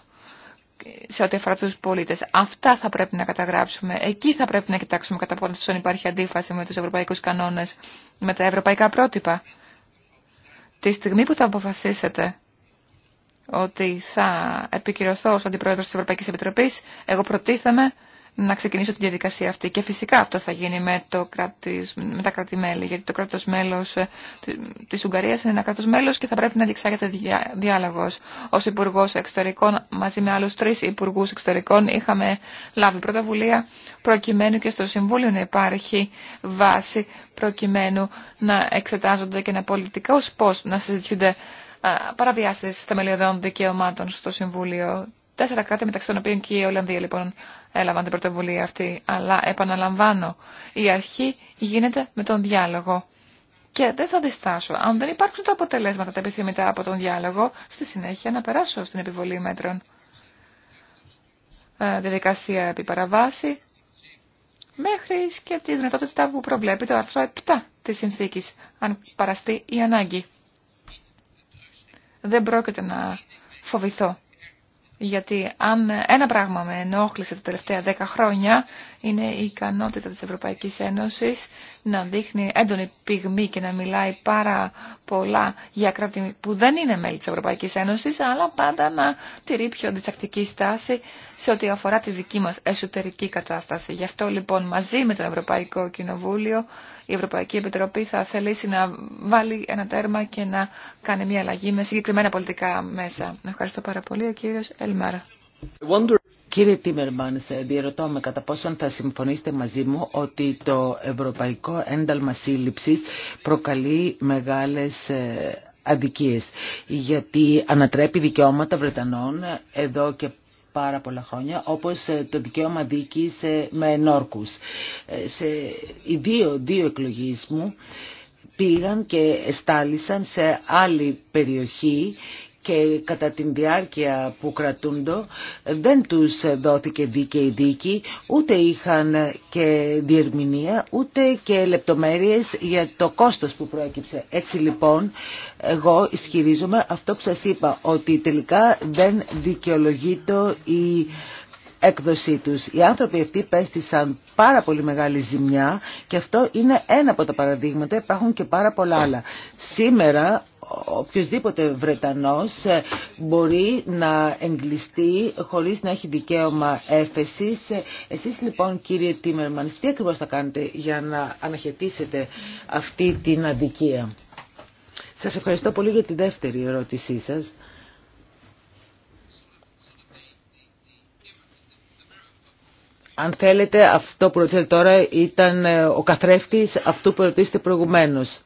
Speaker 4: σε ό,τι αφορά τους πολίτες. Αυτά θα πρέπει να καταγράψουμε. Εκεί θα πρέπει να κοιτάξουμε κατά πόσο υπάρχει αντίφαση με τους ευρωπαϊκούς κανόνες, με τα ευρωπαϊκά πρότυπα. Τη στιγμή που θα αποφασίσετε ότι θα επικυρωθώ ως αντιπρόεδρος της Ευρωπαϊκής Επιτροπής, εγώ προτίθεμαι να ξεκινήσω τη διαδικασία αυτή. Και φυσικά αυτό θα γίνει με, το κρατης, με τα κράτη-μέλη, γιατί το κράτος μέλος ε, της Ουγγαρίας είναι ένα κράτος μέλος και θα πρέπει να διεξάγεται διά, διάλογος. Ως υπουργό Εξωτερικών, μαζί με άλλους τρεις υπουργούς Εξωτερικών, είχαμε λάβει πρωτοβουλία προκειμένου και στο Συμβούλιο να υπάρχει βάση προκειμένου να εξετάζονται και να πολιτικά ως πώς να συζητιούνται παραβιάσεις θεμελιωδών δικαιωμάτων στο Συμβούλιο Τέσσερα κράτη μεταξύ των οποίων και η Ολλανδία λοιπόν έλαβαν την πρωτοβουλία αυτή. Αλλά επαναλαμβάνω, η αρχή γίνεται με τον διάλογο. Και δεν θα διστάσω. Αν δεν υπάρξουν τα αποτελέσματα τα επιθυμητά από τον διάλογο, στη συνέχεια να περάσω στην επιβολή μέτρων. Ε, διαδικασία επί παραβάση, μέχρι και τη δυνατότητα που προβλέπει το άρθρο 7 της συνθήκης, αν παραστεί η ανάγκη. Δεν πρόκειται να φοβηθώ. Γιατί αν ένα πράγμα με ενόχλησε τα τελευταία δέκα χρόνια είναι η ικανότητα της Ευρωπαϊκής Ένωσης να δείχνει έντονη πυγμή και να μιλάει πάρα πολλά για κράτη που δεν είναι μέλη της Ευρωπαϊκής Ένωσης αλλά πάντα να τηρεί πιο διστακτική στάση σε ό,τι αφορά τη δική μας εσωτερική κατάσταση. Γι' αυτό λοιπόν μαζί με το Ευρωπαϊκό Κοινοβούλιο η Ευρωπαϊκή Επιτροπή θα θελήσει να βάλει ένα τέρμα και να κάνει μια αλλαγή με συγκεκριμένα πολιτικά μέσα. Ευχαριστώ πάρα πολύ, ο κύριος Ελμάρα.
Speaker 1: Κύριε Τίμερμαν, διερωτώ με κατά πόσον θα συμφωνήσετε μαζί μου ότι το Ευρωπαϊκό Ένταλμα Σύλληψης προκαλεί μεγάλες ε, αδικίες γιατί ανατρέπει δικαιώματα Βρετανών εδώ και πάρα πολλά χρόνια, όπως ε, το δικαίωμα δίκης ε, με ενόρκους. Ε, σε οι δύο, δύο μου πήγαν και στάλησαν σε άλλη περιοχή και κατά την διάρκεια που κρατούντο δεν τους δόθηκε δίκαιη δίκη, ούτε είχαν και διερμηνία, ούτε και λεπτομέρειες για το κόστος που προέκυψε. Έτσι λοιπόν, εγώ ισχυρίζομαι αυτό που σας είπα, ότι τελικά δεν δικαιολογείται η έκδοσή τους. Οι άνθρωποι αυτοί πέστησαν πάρα πολύ μεγάλη ζημιά και αυτό είναι ένα από τα παραδείγματα, υπάρχουν και πάρα πολλά άλλα. Σήμερα οποιοδήποτε Βρετανός ε, μπορεί να εγκλειστεί χωρίς να έχει δικαίωμα έφεσης. Ε, εσείς λοιπόν κύριε Τίμερμαν, τι ακριβώς θα κάνετε για να αναχαιτήσετε αυτή την αδικία. Σας ευχαριστώ πολύ για τη δεύτερη ερώτησή σας. αν θέλετε αυτό που ρωτήσατε τώρα ήταν ε, ο καθρέφτης αυτού που ρωτήσατε προηγουμένως.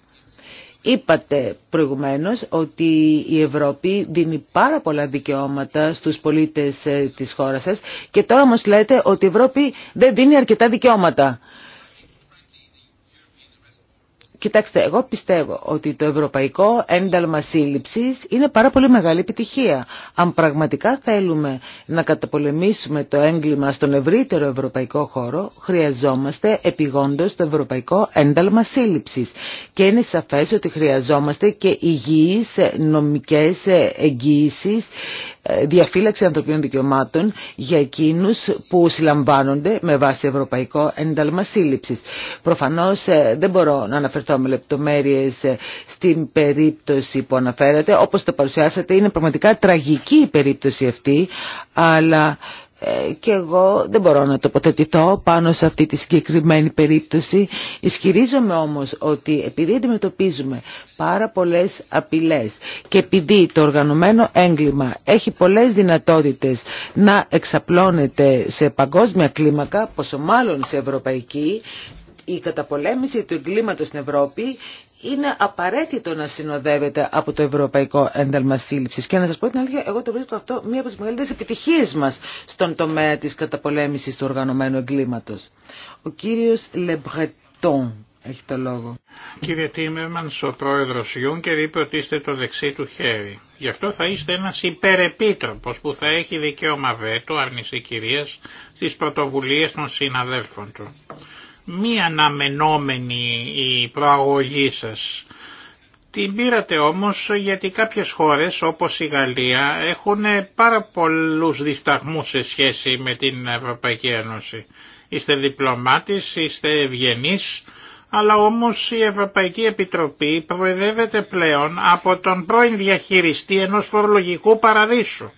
Speaker 1: Είπατε προηγουμένως ότι η Ευρώπη δίνει πάρα πολλά δικαιώματα στους πολίτες ε, της χώρας σας και τώρα όμω λέτε ότι η Ευρώπη δεν δίνει αρκετά δικαιώματα. Κοιτάξτε, εγώ πιστεύω ότι το ευρωπαϊκό ένταλμα σύλληψης είναι πάρα πολύ μεγάλη επιτυχία. Αν πραγματικά θέλουμε να καταπολεμήσουμε το έγκλημα στον ευρύτερο ευρωπαϊκό χώρο, χρειαζόμαστε επιγόντως το ευρωπαϊκό ένταλμα σύλληψης. Και είναι σαφές ότι χρειαζόμαστε και υγιείς νομικές εγγύησεις ε, διαφύλαξη ανθρωπίνων δικαιωμάτων για εκείνους που συλλαμβάνονται με βάση ευρωπαϊκό ένταλμα Προφανώς ε, δεν μπορώ να αναφερθώ με λεπτομέρειες ε, στην περίπτωση που αναφέρατε. Όπως το παρουσιάσατε είναι πραγματικά τραγική η περίπτωση αυτή, αλλά ε, και εγώ δεν μπορώ να τοποθετηθώ πάνω σε αυτή τη συγκεκριμένη περίπτωση. Ισχυρίζομαι όμως ότι επειδή αντιμετωπίζουμε πάρα πολλές απειλές και επειδή το οργανωμένο έγκλημα έχει πολλές δυνατότητες να εξαπλώνεται σε παγκόσμια κλίμακα, πόσο μάλλον σε ευρωπαϊκή, η καταπολέμηση του εγκλήματος στην Ευρώπη είναι απαραίτητο να συνοδεύεται από το Ευρωπαϊκό Ένταλμα Σύλληψη. Και να σα πω την αλήθεια, εγώ το βρίσκω αυτό μία από τι μεγαλύτερε επιτυχίε μα στον τομέα τη καταπολέμηση του οργανωμένου εγκλήματο. Ο κύριο Λεμπρετόν έχει το λόγο.
Speaker 2: Κύριε Τίμερμαν, ο πρόεδρο Γιούνκερ είπε ότι είστε το δεξί του χέρι. Γι' αυτό θα είστε ένα υπερεπίτροπο που θα έχει δικαίωμα βέτο, αρνησή κυρία, στι πρωτοβουλίε των συναδέλφων του μη αναμενόμενη η προαγωγή σας. Την πήρατε όμως γιατί κάποιες χώρες όπως η Γαλλία έχουν πάρα πολλούς δισταγμούς σε σχέση με την Ευρωπαϊκή Ένωση. Είστε διπλωμάτης, είστε ευγενής, αλλά όμως η Ευρωπαϊκή Επιτροπή προεδρεύεται πλέον από τον πρώην διαχειριστή ενός φορολογικού παραδείσου.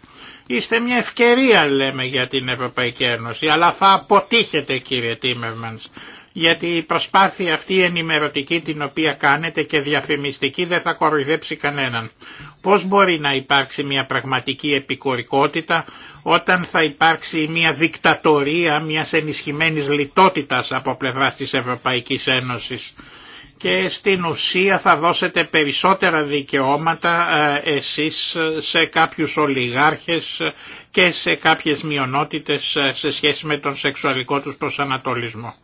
Speaker 2: Είστε μια ευκαιρία λέμε για την Ευρωπαϊκή Ένωση, αλλά θα αποτύχετε κύριε Τίμερμανς γιατί η προσπάθεια αυτή ενημερωτική την οποία κάνετε και διαφημιστική δεν θα κοροϊδέψει κανέναν. Πώς μπορεί να υπάρξει μια πραγματική επικορικότητα όταν θα υπάρξει μια δικτατορία μια ενισχυμένης λιτότητας από πλευρά της Ευρωπαϊκής Ένωσης και στην ουσία θα δώσετε περισσότερα δικαιώματα ε, εσείς σε κάποιους ολιγάρχες και σε κάποιες μειονότητες ε, σε σχέση με τον σεξουαλικό τους προσανατολισμό.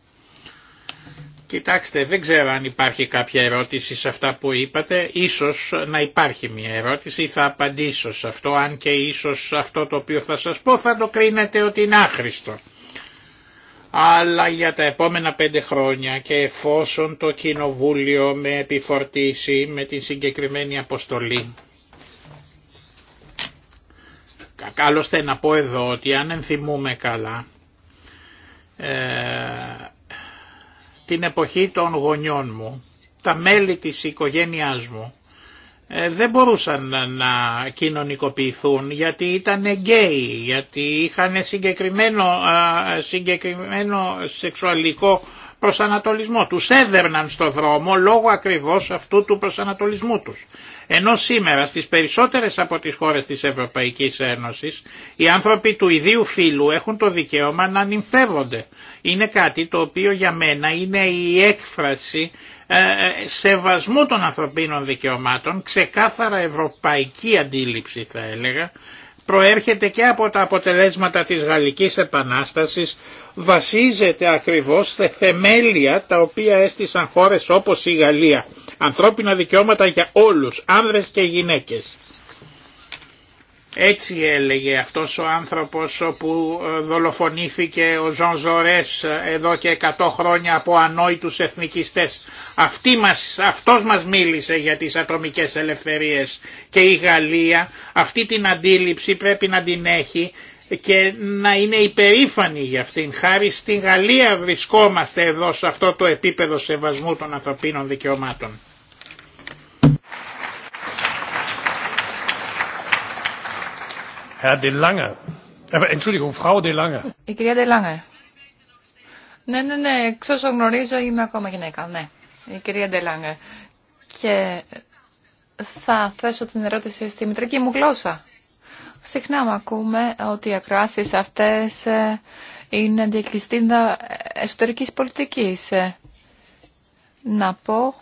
Speaker 2: Κοιτάξτε, δεν ξέρω αν υπάρχει κάποια ερώτηση σε αυτά που είπατε. Ίσως να υπάρχει μια ερώτηση, θα απαντήσω σε αυτό, αν και ίσως αυτό το οποίο θα σας πω θα το κρίνετε ότι είναι άχρηστο. Αλλά για τα επόμενα πέντε χρόνια και εφόσον το Κοινοβούλιο με επιφορτήσει με την συγκεκριμένη αποστολή, Άλλωστε να πω εδώ ότι αν ενθυμούμε καλά, ε, την εποχή των γονιών μου, τα μέλη της οικογένειάς μου, ε, δεν μπορούσαν να κοινωνικοποιηθούν γιατί ήταν γκέι, γιατί είχαν συγκεκριμένο, συγκεκριμένο σεξουαλικό προσανατολισμό. Τους έδερναν στο δρόμο λόγω ακριβώς αυτού του προσανατολισμού τους. Ενώ σήμερα στις περισσότερες από τις χώρες της Ευρωπαϊκής Ένωσης οι άνθρωποι του ιδίου φύλου έχουν το δικαίωμα να νυμφεύονται. Είναι κάτι το οποίο για μένα είναι η έκφραση ε, ε, σεβασμού των ανθρωπίνων δικαιωμάτων, ξεκάθαρα ευρωπαϊκή αντίληψη θα έλεγα, προέρχεται και από τα αποτελέσματα της Γαλλικής Επανάστασης, βασίζεται ακριβώς σε θεμέλια τα οποία έστησαν χώρες όπως η Γαλλία Ανθρώπινα δικαιώματα για όλους, άνδρες και γυναίκες. Έτσι έλεγε αυτός ο άνθρωπος που ε, δολοφονήθηκε ο Ζων Ζορές ε, εδώ και 100 χρόνια από ανόητους εθνικιστές. Αυτή μας, αυτός μας μίλησε για τις ατομικές ελευθερίες και η Γαλλία αυτή την αντίληψη πρέπει να την έχει και να είναι υπερήφανοι για αυτήν. Χάρη στην Γαλλία βρισκόμαστε εδώ σε αυτό το επίπεδο σεβασμού των ανθρωπίνων δικαιωμάτων. Äh,
Speaker 4: η κυρία Lange. Ναι, ναι, ναι, εξ όσο γνωρίζω είμαι ακόμα γυναίκα, ναι. Η κυρία Lange. Και θα θέσω την ερώτηση στη μητρική μου γλώσσα. Συχνά μου ακούμε ότι οι ακράσεις αυτές ε, είναι αντιεκλειστήντα εσωτερικής πολιτικής. Ε, να πω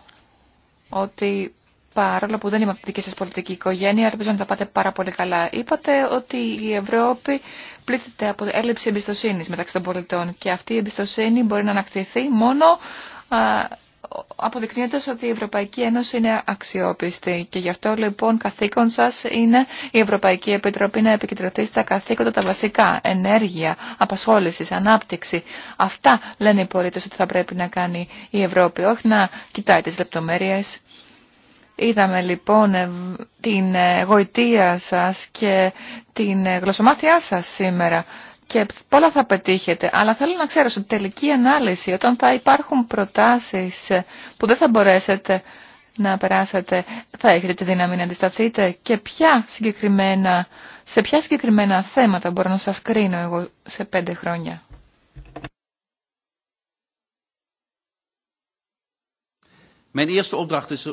Speaker 4: ότι παρόλο που δεν είμαι από δική σας πολιτική οικογένεια, ελπίζω να τα πάτε πάρα πολύ καλά. Είπατε ότι η Ευρώπη πλήττεται από έλλειψη εμπιστοσύνης μεταξύ των πολιτών και αυτή η εμπιστοσύνη μπορεί να ανακτηθεί μόνο αποδεικνύεται ότι η Ευρωπαϊκή Ένωση είναι αξιόπιστη και γι' αυτό λοιπόν καθήκον σας είναι η Ευρωπαϊκή Επιτροπή να επικεντρωθεί στα καθήκοντα τα βασικά, ενέργεια, απασχόληση, ανάπτυξη. Αυτά λένε οι πολίτες ότι θα πρέπει να κάνει η Ευρώπη, όχι να κοιτάει τις λεπτομέρειες. Είδαμε λοιπόν ε, την ε, γοητεία σας και την ε, γλωσσομάθειά σας σήμερα και πολλά θα πετύχετε, αλλά θέλω να ξέρω στην τελική ανάλυση, όταν θα υπάρχουν προτάσεις που δεν θα μπορέσετε να περάσετε, θα έχετε τη δύναμη να αντισταθείτε και ποια συγκεκριμένα, σε ποια συγκεκριμένα θέματα μπορώ να σας κρίνω εγώ σε πέντε χρόνια.
Speaker 2: Mijn eerste opdracht is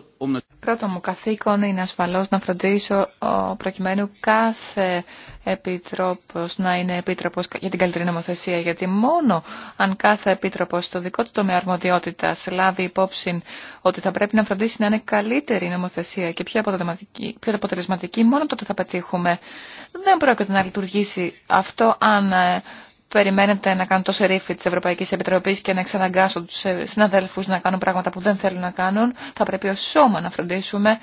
Speaker 4: Πρώτο μου καθήκον είναι ασφαλώς να φροντίσω προκειμένου κάθε επίτροπος να είναι επίτροπος για την καλύτερη νομοθεσία. Γιατί μόνο αν κάθε επίτροπος στο δικό του τομέα αρμοδιότητα λάβει υπόψη ότι θα πρέπει να φροντίσει να είναι καλύτερη η νομοθεσία και πιο αποτελεσματική, πιο αποτελεσματική μόνο τότε θα πετύχουμε. Δεν πρόκειται να λειτουργήσει αυτό αν ε, περιμένετε να κάνουν το σερίφι της Ευρωπαϊκής Επιτροπής και να εξαναγκάσουν τους ε, συναδέλφους να κάνουν πράγματα που δεν θέλουν να κάνουν. Θα πρέπει ως σώμα να φροντίσουμε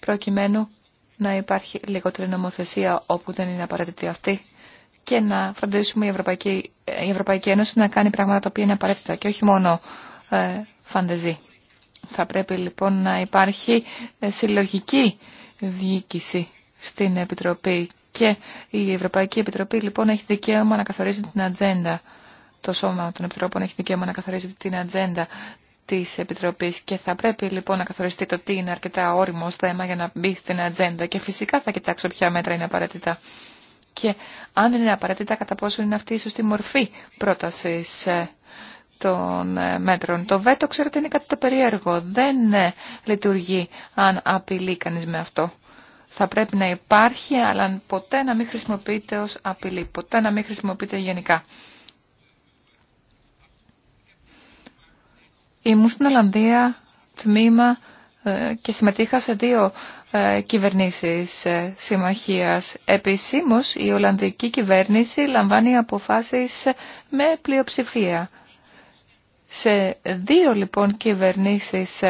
Speaker 4: προκειμένου να υπάρχει λιγότερη νομοθεσία όπου δεν είναι απαραίτητη αυτή και να φροντίσουμε η Ευρωπαϊκή, Ευρωπαϊκή Ένωση να κάνει πράγματα τα οποία είναι απαραίτητα και όχι μόνο ε, φανταζή. Θα πρέπει λοιπόν να υπάρχει ε, συλλογική διοίκηση στην Επιτροπή και η Ευρωπαϊκή Επιτροπή λοιπόν έχει δικαίωμα να καθορίζει την ατζέντα. Το Σώμα των Επιτρόπων έχει δικαίωμα να καθορίζει την ατζέντα τη Επιτροπή και θα πρέπει λοιπόν να καθοριστεί το τι είναι αρκετά όριμο θέμα για να μπει στην ατζέντα και φυσικά θα κοιτάξω ποια μέτρα είναι απαραίτητα και αν είναι απαραίτητα κατά πόσο είναι αυτή η σωστή μορφή πρόταση ε, των ε, μέτρων. Το βέτο ξέρετε είναι κάτι το περίεργο, δεν ε, λειτουργεί αν απειλεί κανεί με αυτό θα πρέπει να υπάρχει, αλλά ποτέ να μην χρησιμοποιείται ως απειλή, ποτέ να μην χρησιμοποιείται γενικά. Ήμουν στην Ολλανδία τμήμα ε, και συμμετείχα σε δύο ε, κυβερνήσεις ε, συμμαχίας. Επισήμως η Ολλανδική κυβέρνηση λαμβάνει αποφάσεις με πλειοψηφία. Σε δύο λοιπόν κυβερνήσεις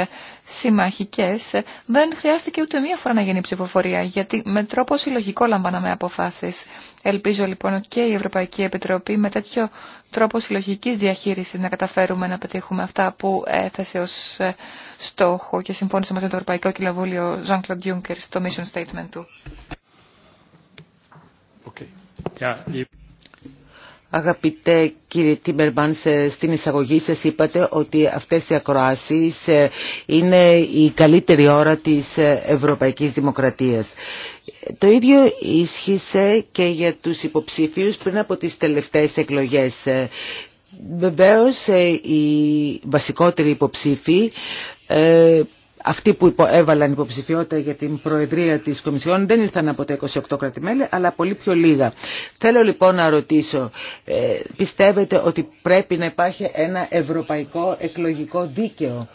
Speaker 4: συμμαχικές ε, δεν χρειάστηκε ούτε μία φορά να γίνει ψηφοφορία γιατί με τρόπο συλλογικό λαμβάναμε αποφάσεις. Ελπίζω λοιπόν και η Ευρωπαϊκή Επιτροπή με τέτοιο τρόπο συλλογικής διαχείρισης να καταφέρουμε να πετύχουμε αυτά που έθεσε ως ε, στόχο και συμφώνησε μαζί με το Ευρωπαϊκό Κοινοβούλιο Jean-Claude Juncker στο mission statement του. Okay.
Speaker 1: Αγαπητέ κύριε Τίμερμαν, στην εισαγωγή σας είπατε ότι αυτές οι ακροάσεις ε, είναι η καλύτερη ώρα της ε, Ευρωπαϊκής Δημοκρατίας. Το ίδιο ίσχυσε και για τους υποψήφιους πριν από τις τελευταίες εκλογές. Ε, βεβαίως οι βασικότεροι υποψήφοι αυτοί που έβαλαν υποψηφιότητα για την Προεδρία της Κομισιόν δεν ήρθαν από τα 28 κρατημέλη, αλλά πολύ πιο λίγα. Θέλω λοιπόν να ρωτήσω, ε, πιστεύετε ότι πρέπει να υπάρχει ένα ευρωπαϊκό εκλογικό δίκαιο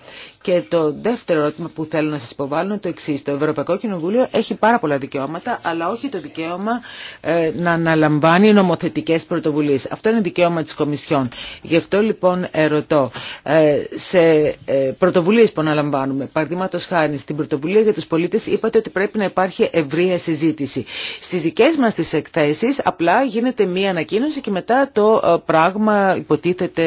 Speaker 1: και το δεύτερο ερώτημα που θέλω να σας υποβάλω είναι το εξή. Το Ευρωπαϊκό Κοινοβούλιο έχει πάρα πολλά δικαιώματα, αλλά όχι το δικαίωμα ε, να αναλαμβάνει νομοθετικές πρωτοβουλίες. Αυτό είναι δικαίωμα της Κομισιόν. Γι' αυτό λοιπόν ερωτώ, ε, σε ε, πρωτοβουλίες που αναλαμβάνουμε, παραδείγματος χάρη στην πρωτοβουλία για τους πολίτες, είπατε ότι πρέπει να υπάρχει ευρεία συζήτηση. Στις δικές μας τις εκθέσεις απλά γίνεται μία ανακοίνωση και μετά το πράγμα υποτίθεται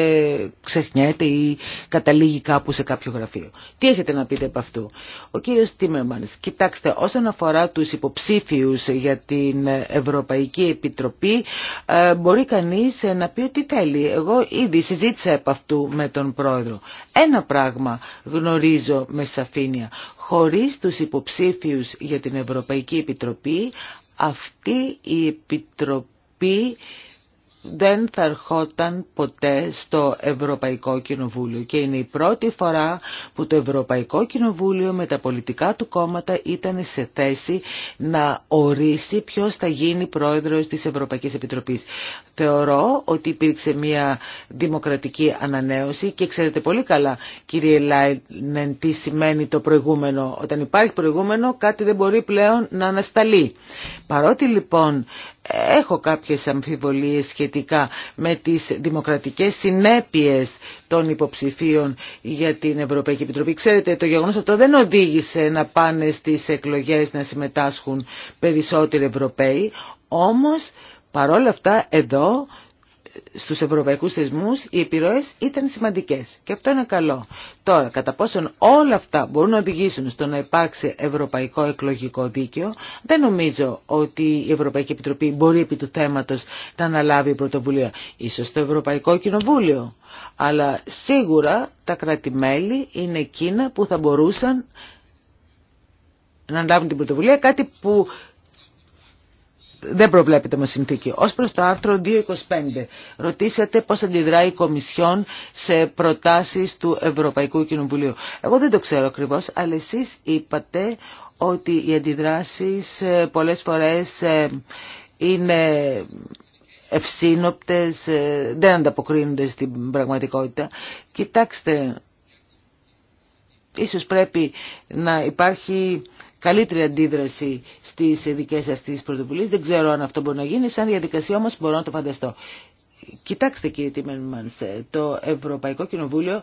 Speaker 1: ξεχνιέται ή καταλήγει κάπου σε κάποιο γραφείο. Τι έχετε να πείτε από αυτού. Ο κύριος Τίμερμανς, κοιτάξτε, όσον αφορά τους υποψήφιους για την Ευρωπαϊκή Επιτροπή, ε, μπορεί κανείς να πει ότι θέλει. Εγώ ήδη συζήτησα από αυτού με τον πρόεδρο. Ένα πράγμα γνωρίζω με σαφήνεια. Χωρίς τους υποψήφιους για την Ευρωπαϊκή Επιτροπή, αυτή η Επιτροπή δεν θα ερχόταν ποτέ στο Ευρωπαϊκό Κοινοβούλιο και είναι η πρώτη φορά που το Ευρωπαϊκό Κοινοβούλιο με τα πολιτικά του κόμματα ήταν σε θέση να ορίσει ποιος θα γίνει πρόεδρος της Ευρωπαϊκής Επιτροπής. Θεωρώ ότι υπήρξε μια δημοκρατική ανανέωση και ξέρετε πολύ καλά κύριε Λάινεν τι σημαίνει το προηγούμενο. Όταν υπάρχει προηγούμενο κάτι δεν μπορεί πλέον να ανασταλεί. Παρότι λοιπόν έχω κάποιες αμφιβολίες σχετικά με τις δημοκρατικές συνέπειες των υποψηφίων για την Ευρωπαϊκή Επιτροπή. Ξέρετε, το γεγονός αυτό δεν οδήγησε να πάνε στις εκλογές να συμμετάσχουν περισσότεροι Ευρωπαίοι, όμως παρόλα αυτά εδώ στους ευρωπαϊκούς θεσμούς οι επιρροές ήταν σημαντικές και αυτό είναι καλό. Τώρα, κατά πόσον όλα αυτά μπορούν να οδηγήσουν στο να υπάρξει ευρωπαϊκό εκλογικό δίκαιο, δεν νομίζω ότι η Ευρωπαϊκή Επιτροπή μπορεί επί του θέματος να αναλάβει πρωτοβουλία. Ίσως το Ευρωπαϊκό Κοινοβούλιο, αλλά σίγουρα τα κράτη-μέλη είναι εκείνα που θα μπορούσαν να αναλάβουν την πρωτοβουλία, κάτι που δεν προβλέπεται με συνθήκη. Ως προς το άρθρο 225, ρωτήσατε πώς αντιδράει η Κομισιόν σε προτάσεις του Ευρωπαϊκού Κοινοβουλίου. Εγώ δεν το ξέρω ακριβώς, αλλά εσείς είπατε ότι οι αντιδράσεις ε, πολλές φορές ε, είναι ευσύνοπτες, ε, δεν ανταποκρίνονται στην πραγματικότητα. Κοιτάξτε, ίσως πρέπει να υπάρχει καλύτερη αντίδραση στις δικές σας τις πρωτοβουλίες. Δεν ξέρω αν αυτό μπορεί να γίνει, σαν διαδικασία όμως μπορώ να το φανταστώ. Κοιτάξτε κύριε Τίμερμανς, το Ευρωπαϊκό Κοινοβούλιο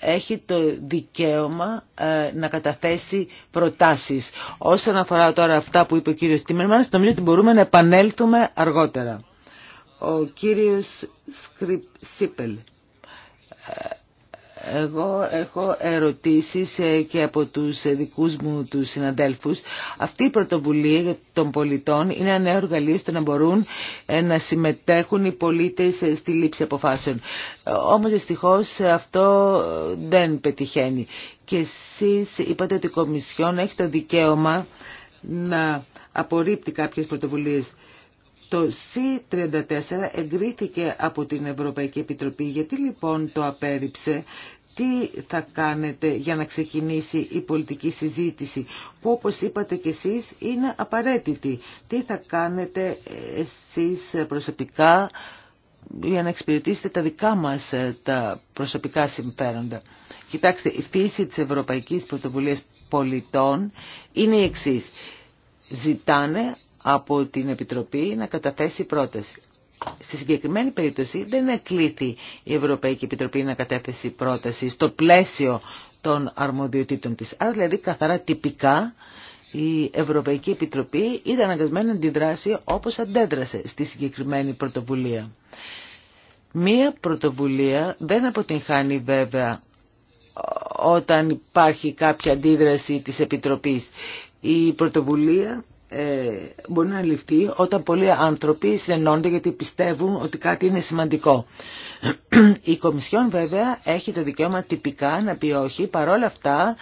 Speaker 1: έχει το δικαίωμα ε, να καταθέσει προτάσεις. Όσον αφορά τώρα αυτά που είπε ο κύριος Τίμερμανς, νομίζω ότι μπορούμε να επανέλθουμε αργότερα. Ο κύριος Σίπελ ε, εγώ έχω ερωτήσεις ε, και από τους δικούς μου του συναδέλφους. Αυτή η πρωτοβουλία των πολιτών είναι ένα νέο εργαλείο στο να μπορούν ε, να συμμετέχουν οι πολίτες ε, στη λήψη αποφάσεων. Όμως δυστυχώς αυτό δεν πετυχαίνει. Και εσείς είπατε ότι η Κομισιόν έχει το δικαίωμα να απορρίπτει κάποιες πρωτοβουλίες. Το C34 εγκρίθηκε από την Ευρωπαϊκή Επιτροπή. Γιατί λοιπόν το απέρριψε τι θα κάνετε για να ξεκινήσει η πολιτική συζήτηση που όπως είπατε κι εσείς είναι απαραίτητη. Τι θα κάνετε εσείς προσωπικά για να εξυπηρετήσετε τα δικά μας ε, τα προσωπικά συμφέροντα. Κοιτάξτε, η φύση της Ευρωπαϊκής Πρωτοβουλίας Πολιτών είναι η εξής. Ζητάνε από την Επιτροπή να καταθέσει πρόταση. Στη συγκεκριμένη περίπτωση δεν εκλήθη η Ευρωπαϊκή Επιτροπή να κατέθεσει πρόταση στο πλαίσιο των αρμοδιοτήτων της. Άρα δηλαδή καθαρά τυπικά η Ευρωπαϊκή Επιτροπή ήταν αναγκασμένη να αντιδράσει όπως αντέδρασε στη συγκεκριμένη πρωτοβουλία. Μία πρωτοβουλία δεν αποτυγχάνει βέβαια όταν υπάρχει κάποια αντίδραση της Επιτροπής. Η πρωτοβουλία ε, μπορεί να ληφθεί όταν πολλοί άνθρωποι συνενώνται γιατί πιστεύουν ότι κάτι είναι σημαντικό. Η Κομισιόν βέβαια έχει το δικαίωμα τυπικά να πει όχι, παρόλα αυτά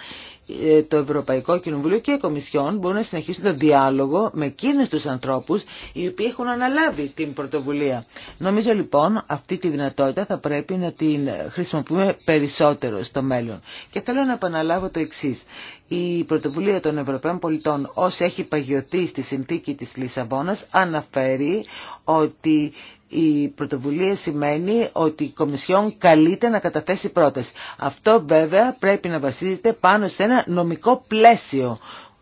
Speaker 1: ε, το Ευρωπαϊκό Κοινοβούλιο και οι Κομισιόν μπορούν να συνεχίσουν τον διάλογο με εκείνους τους ανθρώπους οι οποίοι έχουν αναλάβει την πρωτοβουλία. Νομίζω λοιπόν αυτή τη δυνατότητα θα πρέπει να την χρησιμοποιούμε περισσότερο στο μέλλον. Και θέλω να επαναλάβω το εξή. Η πρωτοβουλία των Ευρωπαίων πολιτών όσο έχει παγιωθεί στη συνθήκη της Λισαβόνας αναφέρει ότι η πρωτοβουλία σημαίνει ότι η Κομισιόν καλείται να καταθέσει πρόταση. Αυτό βέβαια πρέπει να βασίζεται πάνω σε ένα νομικό πλαίσιο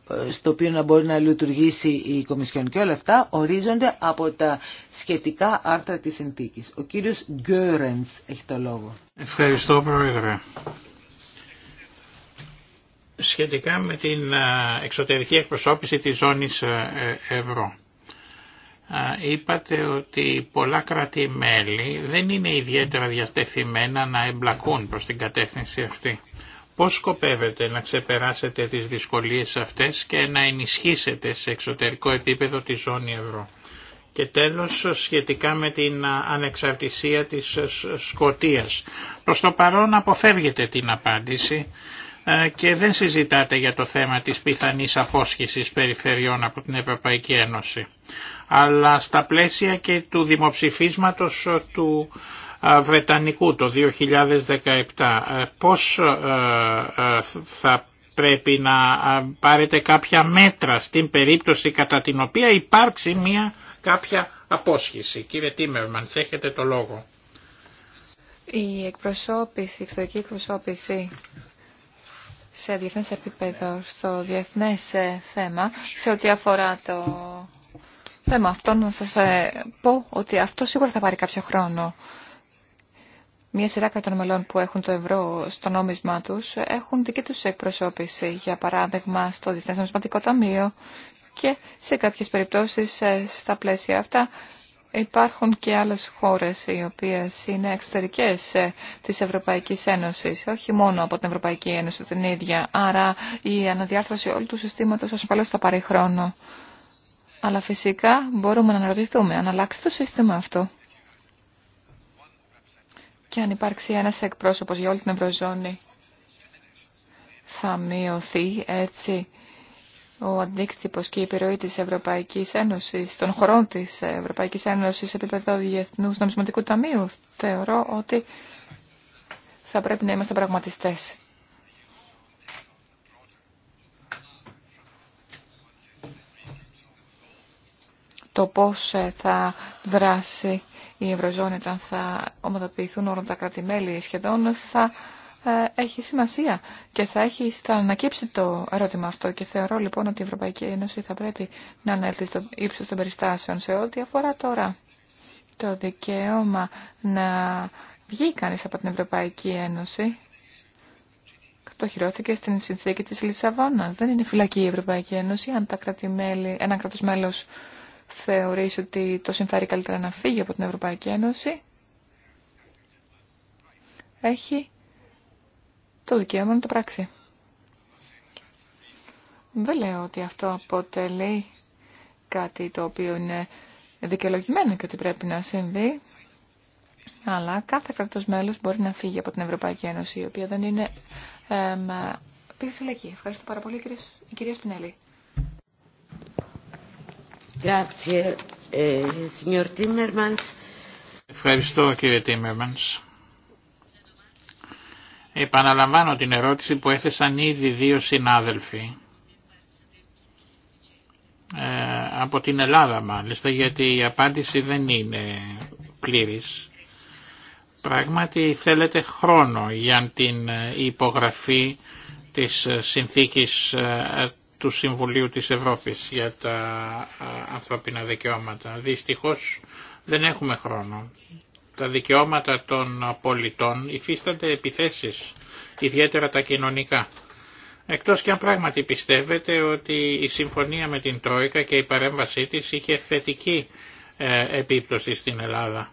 Speaker 1: ε, στο οποίο να μπορεί να λειτουργήσει η Κομισιόν και όλα αυτά ορίζονται από τα σχετικά άρθρα της συνθήκης. Ο κύριος Γκέρενς έχει το λόγο.
Speaker 2: Ευχαριστώ Πρόεδρε. Σχετικά με την ε, εξωτερική εκπροσώπηση της ζώνης ε, ευρώ είπατε ότι πολλά κράτη-μέλη δεν είναι ιδιαίτερα διατεθειμένα να εμπλακούν προς την κατεύθυνση αυτή. Πώς σκοπεύετε να ξεπεράσετε τις δυσκολίες αυτές και να ενισχύσετε σε εξωτερικό επίπεδο τη ζώνη ευρώ. Και τέλος σχετικά με την ανεξαρτησία της Σκοτίας. Προς το παρόν αποφεύγετε την απάντηση ε, και δεν συζητάτε για το θέμα της πιθανής απόσχησης περιφερειών από την Ευρωπαϊκή Ένωση αλλά στα πλαίσια και του δημοψηφίσματος του Βρετανικού το 2017. Ε, πώς ε, ε, θα πρέπει να πάρετε κάποια μέτρα στην περίπτωση κατά την οποία υπάρξει μια κάποια απόσχηση. Κύριε Τίμερμαντς, έχετε το λόγο.
Speaker 4: Η εκπροσώπηση, η εξωτερική εκπροσώπηση σε διεθνές επίπεδο, στο διεθνές θέμα, σε ό,τι αφορά το θέμα αυτό να σας ε, πω ότι αυτό σίγουρα θα πάρει κάποιο χρόνο. Μία σειρά κρατών μελών που έχουν το ευρώ στο νόμισμα τους έχουν δική τους εκπροσώπηση, για παράδειγμα στο Διεθνές Νομισματικό Ταμείο και σε κάποιες περιπτώσεις ε, στα πλαίσια αυτά υπάρχουν και άλλες χώρες οι οποίες είναι εξωτερικές ε, της Ευρωπαϊκής Ένωσης, όχι μόνο από την Ευρωπαϊκή Ένωση την ίδια. Άρα η αναδιάρθρωση όλου του συστήματος ασφαλώς θα πάρει χρόνο. Αλλά φυσικά μπορούμε να αναρωτηθούμε αν αλλάξει το σύστημα αυτό. Και αν υπάρξει ένας εκπρόσωπος για όλη την Ευρωζώνη, θα μειωθεί έτσι ο αντίκτυπος και η επιρροή της Ευρωπαϊκής Ένωσης, των χωρών της Ευρωπαϊκής Ένωσης σε επίπεδο διεθνού Νομισματικού Ταμείου. Θεωρώ ότι θα πρέπει να είμαστε πραγματιστές. το πώς ε, θα δράσει η Ευρωζώνη όταν θα ομοδοποιηθούν όλα τα κράτη-μέλη σχεδόν θα ε, έχει σημασία και θα, έχει, θα ανακύψει το ερώτημα αυτό και θεωρώ λοιπόν ότι η Ευρωπαϊκή Ένωση θα πρέπει να ανέλθει στο ύψο των περιστάσεων σε ό,τι αφορά τώρα το δικαίωμα να βγει κανείς από την Ευρωπαϊκή Ένωση το χειρώθηκε στην συνθήκη της Λισαβόνας. Δεν είναι φυλακή η Ευρωπαϊκή Ένωση αν ένα κράτος μέλος θεωρείς ότι το συμφέρει καλύτερα να φύγει από την Ευρωπαϊκή Ένωση, έχει το δικαίωμα να το πράξει. Δεν λέω ότι αυτό αποτελεί κάτι το οποίο είναι δικαιολογημένο και ότι πρέπει να συμβεί, αλλά κάθε κρατός μέλος μπορεί να φύγει από την Ευρωπαϊκή Ένωση, η οποία δεν είναι... Ε, φυλακή. Ευχαριστώ πάρα πολύ, κυρία Σπινέλη.
Speaker 1: Eh,
Speaker 2: Ευχαριστώ κύριε Τίμερμανς. Επαναλαμβάνω την ερώτηση που έθεσαν ήδη δύο συνάδελφοι ε, από την Ελλάδα μάλιστα γιατί η απάντηση δεν είναι πλήρης. Πράγματι θέλετε χρόνο για την ε, υπογραφή της ε, συνθήκης του Συμβουλίου της Ευρώπης για τα ανθρώπινα δικαιώματα. Δυστυχώς δεν έχουμε χρόνο. Τα δικαιώματα των πολιτών υφίστανται επιθέσεις, ιδιαίτερα τα κοινωνικά. Εκτός και αν πράγματι πιστεύετε ότι η συμφωνία με την Τρόικα και η παρέμβασή της είχε θετική ε, επίπτωση στην Ελλάδα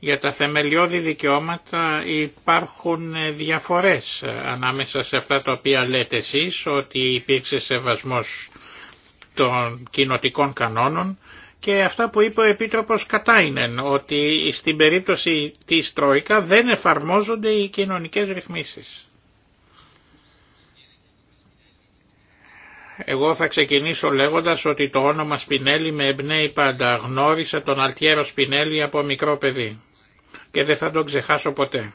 Speaker 2: για τα θεμελιώδη δικαιώματα υπάρχουν διαφορές ανάμεσα σε αυτά τα οποία λέτε εσείς ότι υπήρξε σεβασμός των κοινοτικών κανόνων και αυτά που είπε ο Επίτροπος Κατάινεν ότι στην περίπτωση της Τρόικα δεν εφαρμόζονται οι κοινωνικές ρυθμίσεις. Εγώ θα ξεκινήσω λέγοντας ότι το όνομα Σπινέλη με εμπνέει πάντα. Γνώρισα τον Αλτιέρο Σπινέλη από μικρό παιδί και δεν θα τον ξεχάσω ποτέ.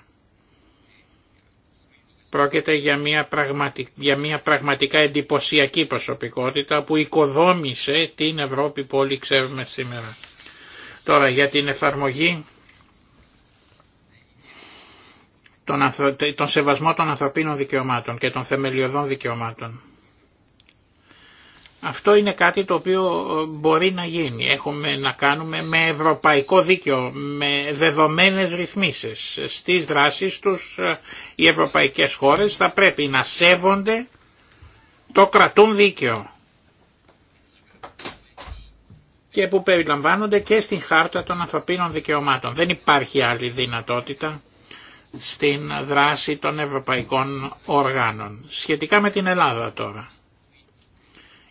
Speaker 2: Πρόκειται για μια, πραγματι... για μια πραγματικά εντυπωσιακή προσωπικότητα που οικοδόμησε την Ευρώπη που όλοι ξέρουμε σήμερα. Τώρα για την εφαρμογή, τον, τον σεβασμό των ανθρωπίνων δικαιωμάτων και των θεμελιωδών δικαιωμάτων. Αυτό είναι κάτι το οποίο ε, μπορεί να γίνει. Έχουμε να κάνουμε με ευρωπαϊκό δίκαιο, με δεδομένες ρυθμίσεις. Στις δράσεις τους ε, οι ευρωπαϊκές χώρες θα πρέπει να σέβονται το κρατούν δίκαιο και που περιλαμβάνονται και στην χάρτα των ανθρωπίνων δικαιωμάτων. Δεν υπάρχει άλλη δυνατότητα στην δράση των ευρωπαϊκών οργάνων. Σχετικά με την Ελλάδα τώρα.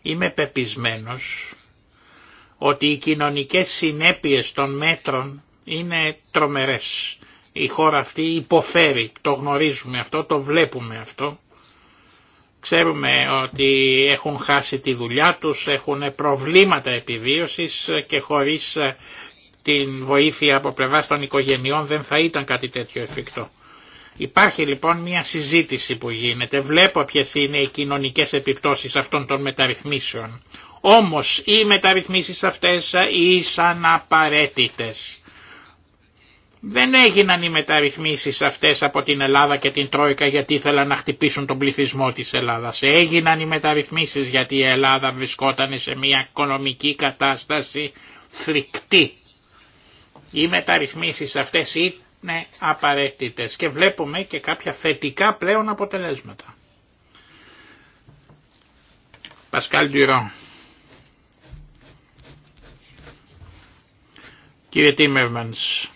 Speaker 2: Είμαι πεπισμένος ότι οι κοινωνικές συνέπειες των μέτρων είναι τρομερές. Η χώρα αυτή υποφέρει, το γνωρίζουμε αυτό, το βλέπουμε αυτό. Ξέρουμε ότι έχουν χάσει τη δουλειά τους, έχουν προβλήματα επιβίωσης και χωρίς την βοήθεια από πλευράς των οικογενειών δεν θα ήταν κάτι τέτοιο εφικτό. Υπάρχει λοιπόν μια συζήτηση που γίνεται, βλέπω ποιες είναι οι κοινωνικές επιπτώσεις αυτών των μεταρρυθμίσεων. Όμως οι μεταρρυθμίσεις αυτές ήσαν απαραίτητες. Δεν έγιναν οι μεταρρυθμίσεις αυτές από την Ελλάδα και την Τρόικα γιατί ήθελαν να χτυπήσουν τον πληθυσμό της Ελλάδας. Έγιναν οι μεταρρυθμίσεις γιατί η Ελλάδα βρισκόταν σε μια οικονομική κατάσταση φρικτή. Οι μεταρρυθμίσεις αυτές είναι απαραίτητες και βλέπουμε και κάποια θετικά πλέον αποτελέσματα. Πασκάλ Ντυρό. Κύριε Τίμερμανς,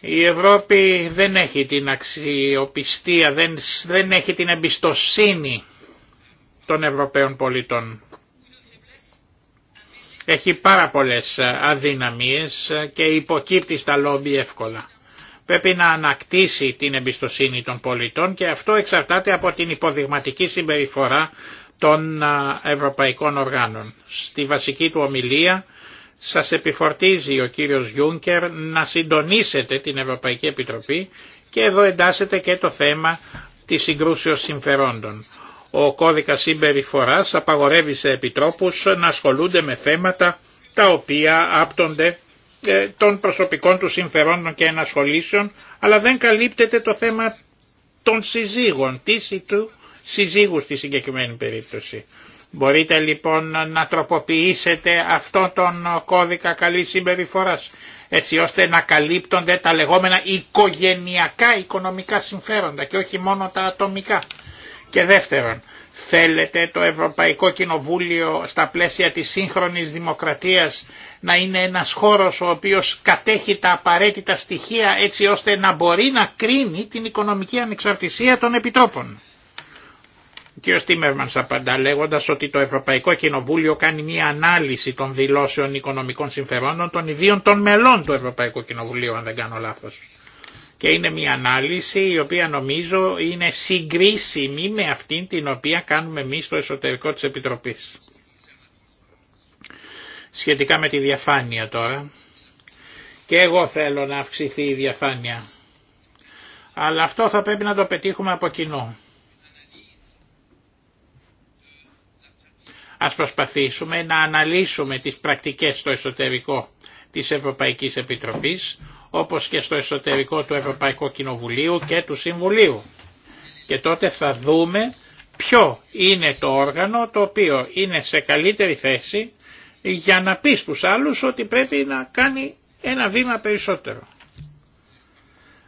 Speaker 2: η Ευρώπη δεν έχει την αξιοπιστία, δεν, δεν έχει την εμπιστοσύνη των Ευρωπαίων πολιτών έχει πάρα πολλές ε, αδυναμίες ε, και υποκύπτει στα λόμπι εύκολα. Πρέπει να ανακτήσει την εμπιστοσύνη των πολιτών και αυτό εξαρτάται από την υποδειγματική συμπεριφορά των ε, ευρωπαϊκών οργάνων. Στη βασική του ομιλία σας επιφορτίζει ο κύριος Γιούνκερ να συντονίσετε την Ευρωπαϊκή Επιτροπή και εδώ εντάσσεται και το θέμα της συγκρούσεως συμφερόντων. Ο κώδικας συμπεριφοράς απαγορεύει σε επιτρόπους να ασχολούνται με θέματα τα οποία άπτονται ε, των προσωπικών του συμφερόντων και ενασχολήσεων, αλλά δεν καλύπτεται το θέμα των συζύγων, της ή του συζύγου στη συγκεκριμένη περίπτωση. Μπορείτε λοιπόν να τροποποιήσετε αυτόν τον κώδικα καλής συμπεριφοράς, έτσι ώστε να καλύπτονται τα λεγόμενα οικογενειακά οικονομικά συμφέροντα και όχι μόνο τα ατομικά. Και δεύτερον, θέλετε το Ευρωπαϊκό Κοινοβούλιο στα πλαίσια της σύγχρονης δημοκρατίας να είναι ένας χώρος ο οποίος κατέχει τα απαραίτητα στοιχεία έτσι ώστε να μπορεί να κρίνει την οικονομική ανεξαρτησία των επιτόπων. Ο κ. Τίμερμανς απαντά λέγοντας ότι το Ευρωπαϊκό Κοινοβούλιο κάνει μια ανάλυση των δηλώσεων οικονομικών συμφερόντων των ιδίων των μελών του Ευρωπαϊκού Κοινοβουλίου αν δεν κάνω λάθος και είναι μια ανάλυση η οποία νομίζω είναι συγκρίσιμη με αυτήν την οποία κάνουμε εμεί στο εσωτερικό της Επιτροπής. Σχετικά με τη διαφάνεια τώρα. Και εγώ θέλω να αυξηθεί η διαφάνεια. Αλλά αυτό θα πρέπει να το πετύχουμε από κοινό. Ας προσπαθήσουμε να αναλύσουμε τις πρακτικές στο εσωτερικό της Ευρωπαϊκής Επιτροπής όπως και στο εσωτερικό του Ευρωπαϊκού Κοινοβουλίου και του Συμβουλίου. Και τότε θα δούμε ποιο είναι το όργανο το οποίο είναι σε καλύτερη θέση για να πει στους άλλους ότι πρέπει να κάνει ένα βήμα περισσότερο.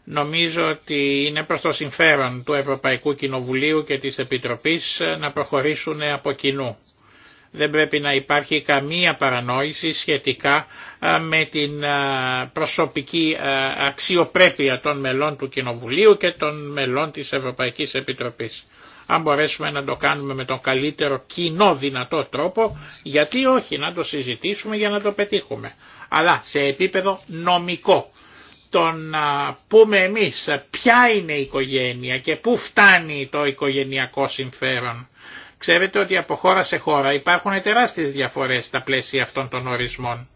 Speaker 2: Νομίζω ότι είναι προς το συμφέρον του Ευρωπαϊκού Κοινοβουλίου και της Επιτροπής να προχωρήσουν από κοινού δεν πρέπει να υπάρχει καμία παρανόηση σχετικά με την προσωπική αξιοπρέπεια των μελών του Κοινοβουλίου και των μελών της Ευρωπαϊκής Επιτροπής. Αν μπορέσουμε να το κάνουμε με τον καλύτερο κοινό δυνατό τρόπο, γιατί όχι να το συζητήσουμε για να το πετύχουμε. Αλλά σε επίπεδο νομικό το να πούμε εμείς ποια είναι η οικογένεια και πού φτάνει το οικογενειακό συμφέρον Ξέρετε ότι από χώρα σε χώρα υπάρχουν τεράστιες διαφορές στα πλαίσια αυτών των ορισμών.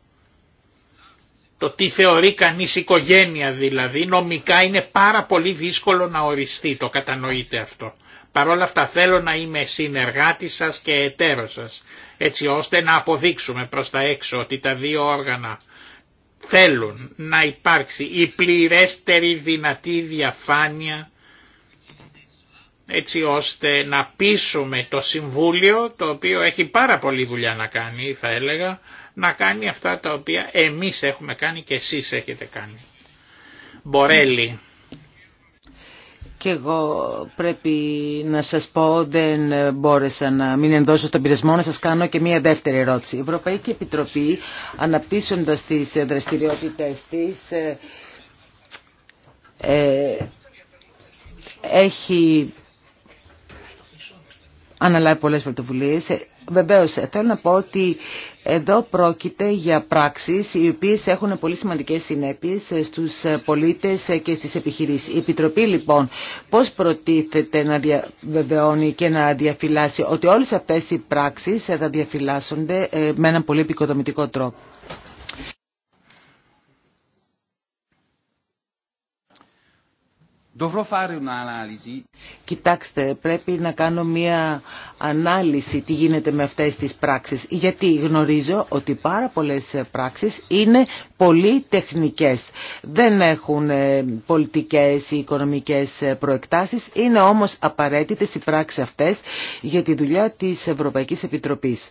Speaker 2: Το τι θεωρεί κανείς οικογένεια δηλαδή νομικά είναι πάρα πολύ δύσκολο να οριστεί, το κατανοείτε αυτό. Παρ' όλα αυτά θέλω να είμαι συνεργάτη σας και εταίρος σας, έτσι ώστε να αποδείξουμε προς τα έξω ότι τα δύο όργανα θέλουν να υπάρξει η πληρέστερη δυνατή διαφάνεια έτσι ώστε να πείσουμε το Συμβούλιο, το οποίο έχει πάρα πολλή δουλειά να κάνει, θα έλεγα, να κάνει αυτά τα οποία εμείς έχουμε κάνει και εσείς έχετε κάνει. Μπορέλη.
Speaker 1: Και εγώ πρέπει να σας πω δεν μπόρεσα να μην ενδώσω στον πειρασμό να σας κάνω και μία δεύτερη ερώτηση. Η Ευρωπαϊκή Επιτροπή αναπτύσσοντας τις δραστηριότητες της ε, ε, έχει αναλάβει πολλές πρωτοβουλίες. Ε, βεβαίως, θέλω να πω ότι εδώ πρόκειται για πράξεις οι οποίες έχουν πολύ σημαντικές συνέπειες στους πολίτες και στις επιχειρήσεις. Η Επιτροπή λοιπόν πώς προτίθεται να βεβαιώνει και να διαφυλάσει ότι όλες αυτές οι πράξεις θα διαφυλάσσονται ε, με έναν πολύ επικοδομητικό τρόπο. Κοιτάξτε, πρέπει να κάνω μία ανάλυση τι γίνεται με αυτές τις πράξεις. Γιατί γνωρίζω ότι πάρα πολλές πράξεις είναι πολύ τεχνικές. Δεν έχουν ε, πολιτικές ή οικονομικές ε, προεκτάσεις. Είναι όμως απαραίτητες οι πράξεις αυτές για τη δουλειά της Ευρωπαϊκής Επιτροπής.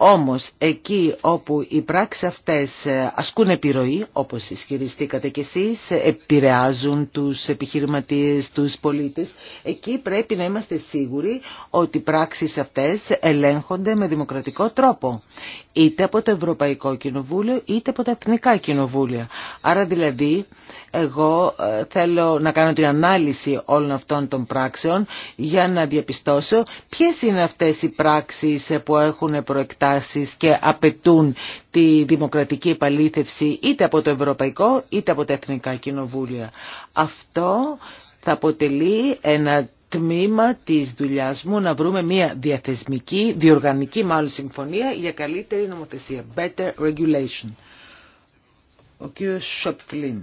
Speaker 1: Όμως εκεί όπου οι πράξεις αυτές ε, ασκούν επιρροή, όπως ισχυριστήκατε κι εσείς, ε, επηρεάζουν τους επιχειρηματίες, τους πολίτες, εκεί πρέπει να είμαστε σίγουροι ότι οι πράξεις αυτές ελέγχονται με δημοκρατικό τρόπο είτε από το Ευρωπαϊκό Κοινοβούλιο είτε από τα Εθνικά Κοινοβούλια. Άρα δηλαδή εγώ ε, θέλω να κάνω την ανάλυση όλων αυτών των πράξεων για να διαπιστώσω ποιες είναι αυτές οι πράξεις που έχουν προεκτάσεις και απαιτούν τη δημοκρατική επαλήθευση είτε από το Ευρωπαϊκό είτε από τα Εθνικά Κοινοβούλια. Αυτό θα αποτελεί ένα τμήμα της δουλειάς μου να βρούμε μια διαθεσμική, διοργανική μάλλον συμφωνία για καλύτερη νομοθεσία. Better regulation. Ο κύριος Σοπφλίν.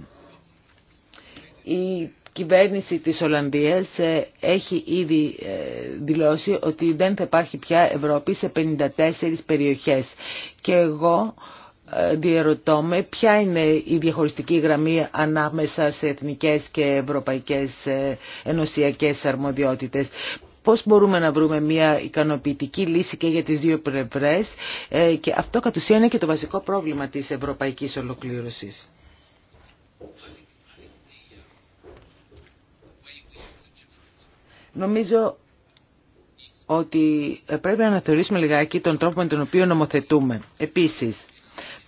Speaker 1: Η κυβέρνηση της Ολλανδίας ε, έχει ήδη ε, δηλώσει ότι δεν θα υπάρχει πια Ευρώπη σε 54 περιοχές. Και εγώ διερωτώ με ποια είναι η διαχωριστική γραμμή ανάμεσα σε εθνικές και ευρωπαϊκές ε, ενωσιακές αρμοδιότητες. Πώς μπορούμε να βρούμε μια ικανοποιητική λύση και για τις δύο πλευρές ε, και αυτό κατ' ουσία είναι και το βασικό πρόβλημα της ευρωπαϊκής ολοκλήρωσης. Νομίζω ότι πρέπει να αναθεωρήσουμε λιγάκι τον τρόπο με τον οποίο νομοθετούμε. Επίσης,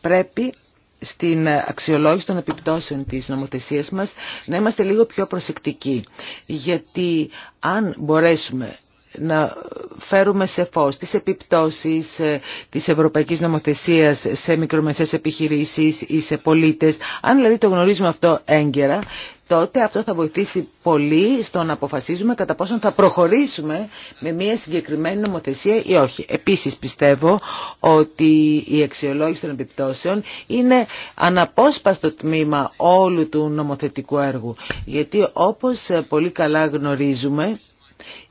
Speaker 1: πρέπει στην αξιολόγηση των επιπτώσεων της νομοθεσίας μας να είμαστε λίγο πιο προσεκτικοί. Γιατί αν μπορέσουμε να φέρουμε σε φως τις επιπτώσεις ε, της ευρωπαϊκής νομοθεσίας σε μικρομεσαίες επιχειρήσεις ή σε πολίτες. Αν δηλαδή το γνωρίζουμε αυτό έγκαιρα, τότε αυτό θα βοηθήσει πολύ στο να αποφασίζουμε κατά πόσον θα προχωρήσουμε με μια συγκεκριμένη νομοθεσία ή όχι. Επίσης πιστεύω ότι η αξιολόγηση των επιπτώσεων είναι αναπόσπαστο τμήμα όλου του νομοθετικού έργου. Γιατί όπως πολύ καλά γνωρίζουμε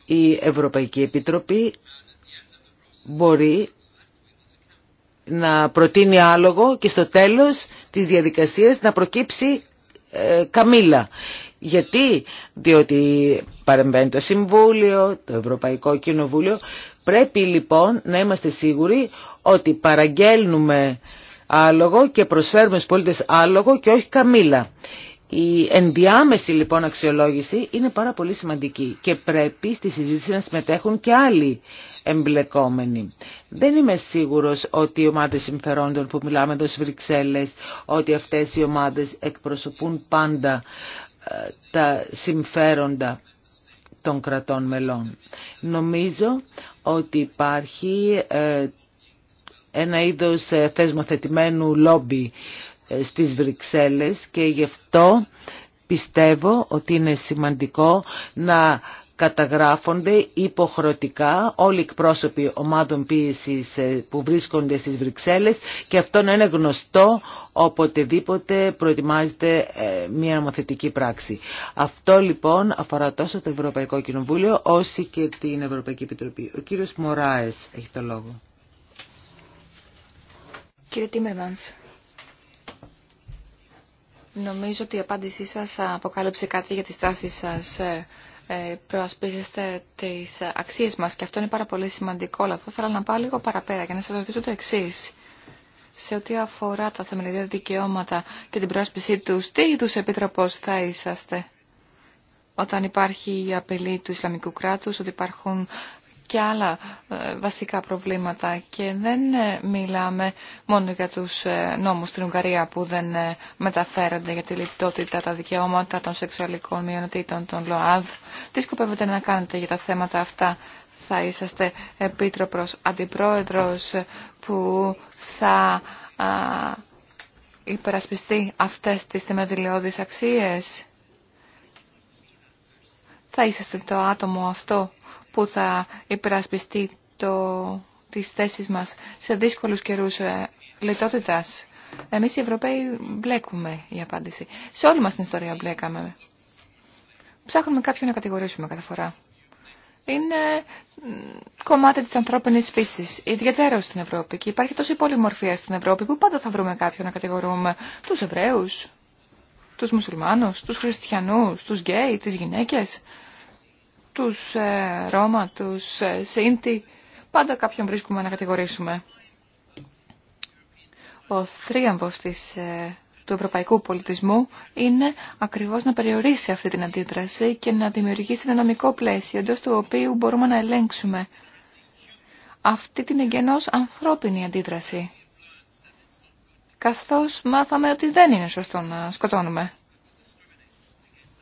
Speaker 1: η Ευρωπαϊκή Επιτροπή μπορεί να προτείνει άλογο και στο τέλος της διαδικασίας να προκύψει ε, Καμίλα. Γιατί, διότι παρεμβαίνει το Συμβούλιο, το Ευρωπαϊκό Κοινοβούλιο. Πρέπει λοιπόν να είμαστε σίγουροι ότι παραγγέλνουμε άλογο και προσφέρουμε στους πολίτες άλογο και όχι καμήλα. Η ενδιάμεση λοιπόν αξιολόγηση είναι πάρα πολύ σημαντική και πρέπει στη συζήτηση να συμμετέχουν και άλλοι εμπλεκόμενοι. Δεν είμαι σίγουρος ότι οι ομάδες συμφερόντων που μιλάμε εδώ στις Βρυξέλλες, ότι αυτές οι ομάδες εκπροσωπούν πάντα ε, τα συμφέροντα των κρατών μελών. Νομίζω ότι υπάρχει ε, ένα είδος ε, θεσμοθετημένου λόμπι στις Βρυξέλλες και γι' αυτό πιστεύω ότι είναι σημαντικό να καταγράφονται υποχρεωτικά όλοι οι εκπρόσωποι ομάδων ποιησης ε, που βρίσκονται στις Βρυξέλλες και αυτό να είναι γνωστό οποτεδήποτε προετοιμάζεται ε, μια νομοθετική πράξη. Αυτό λοιπόν αφορά τόσο το Ευρωπαϊκό Κοινοβούλιο όσο και την Ευρωπαϊκή Επιτροπή. Ο κύριος Μωράες έχει το λόγο.
Speaker 4: Κύριε Τίμερμανς, νομίζω ότι η απάντησή σας αποκάλυψε κάτι για τη στάση σας ε, ε, προασπίζεστε τις αξίες μα και αυτό είναι πάρα πολύ σημαντικό, αλλά θα ήθελα να πάω λίγο παραπέρα και να σα ρωτήσω το εξή. Σε ό,τι αφορά τα θεμελιώδη δικαιώματα και την προάσπιση του τι είδου επίτροπο θα είσαστε όταν υπάρχει η απειλή του Ισλαμικού κράτου, ότι υπάρχουν και άλλα ε, βασικά προβλήματα και δεν ε, μιλάμε μόνο για τους ε, νόμους στην Ουγγαρία που δεν μεταφέρονται για τη λιτότητα, τα δικαιώματα των σεξουαλικών μειονοτήτων, των ΛΟΑΔ. Τι σκοπεύετε να κάνετε για τα θέματα αυτά. Θα είσαστε επίτροπος, αντιπρόεδρος που θα υπερασπιστεί αυτές τις θεμελιώδεις αξίες. Θα είσαστε το άτομο αυτό που θα υπερασπιστεί το, τις θέσεις μας σε δύσκολους καιρούς ε, λιτότητας. Εμείς οι Ευρωπαίοι μπλέκουμε η απάντηση. Σε όλη μας την ιστορία μπλέκαμε. Ψάχνουμε κάποιον να κατηγορήσουμε κάθε φορά. Είναι κομμάτι της ανθρώπινης φύσης, ιδιαίτερα στην Ευρώπη. Και υπάρχει τόση πολυμορφία στην Ευρώπη που πάντα θα βρούμε κάποιον να κατηγορούμε. Τους Εβραίους, τους Μουσουλμάνους, τους Χριστιανούς, τους Γκέι, τις γυναίκες τους ε, Ρώμα, τους ε, ΣΥΝΤΙ, πάντα κάποιον βρίσκουμε να κατηγορήσουμε. Ο θρίαμβος της, ε, του ευρωπαϊκού πολιτισμού είναι ακριβώς να περιορίσει αυτή την αντίδραση και να δημιουργήσει ένα νομικό πλαίσιο εντός του οποίου μπορούμε να ελέγξουμε αυτή την εγγενώς ανθρώπινη αντίδραση. Καθώς μάθαμε ότι δεν είναι σωστό να σκοτώνουμε.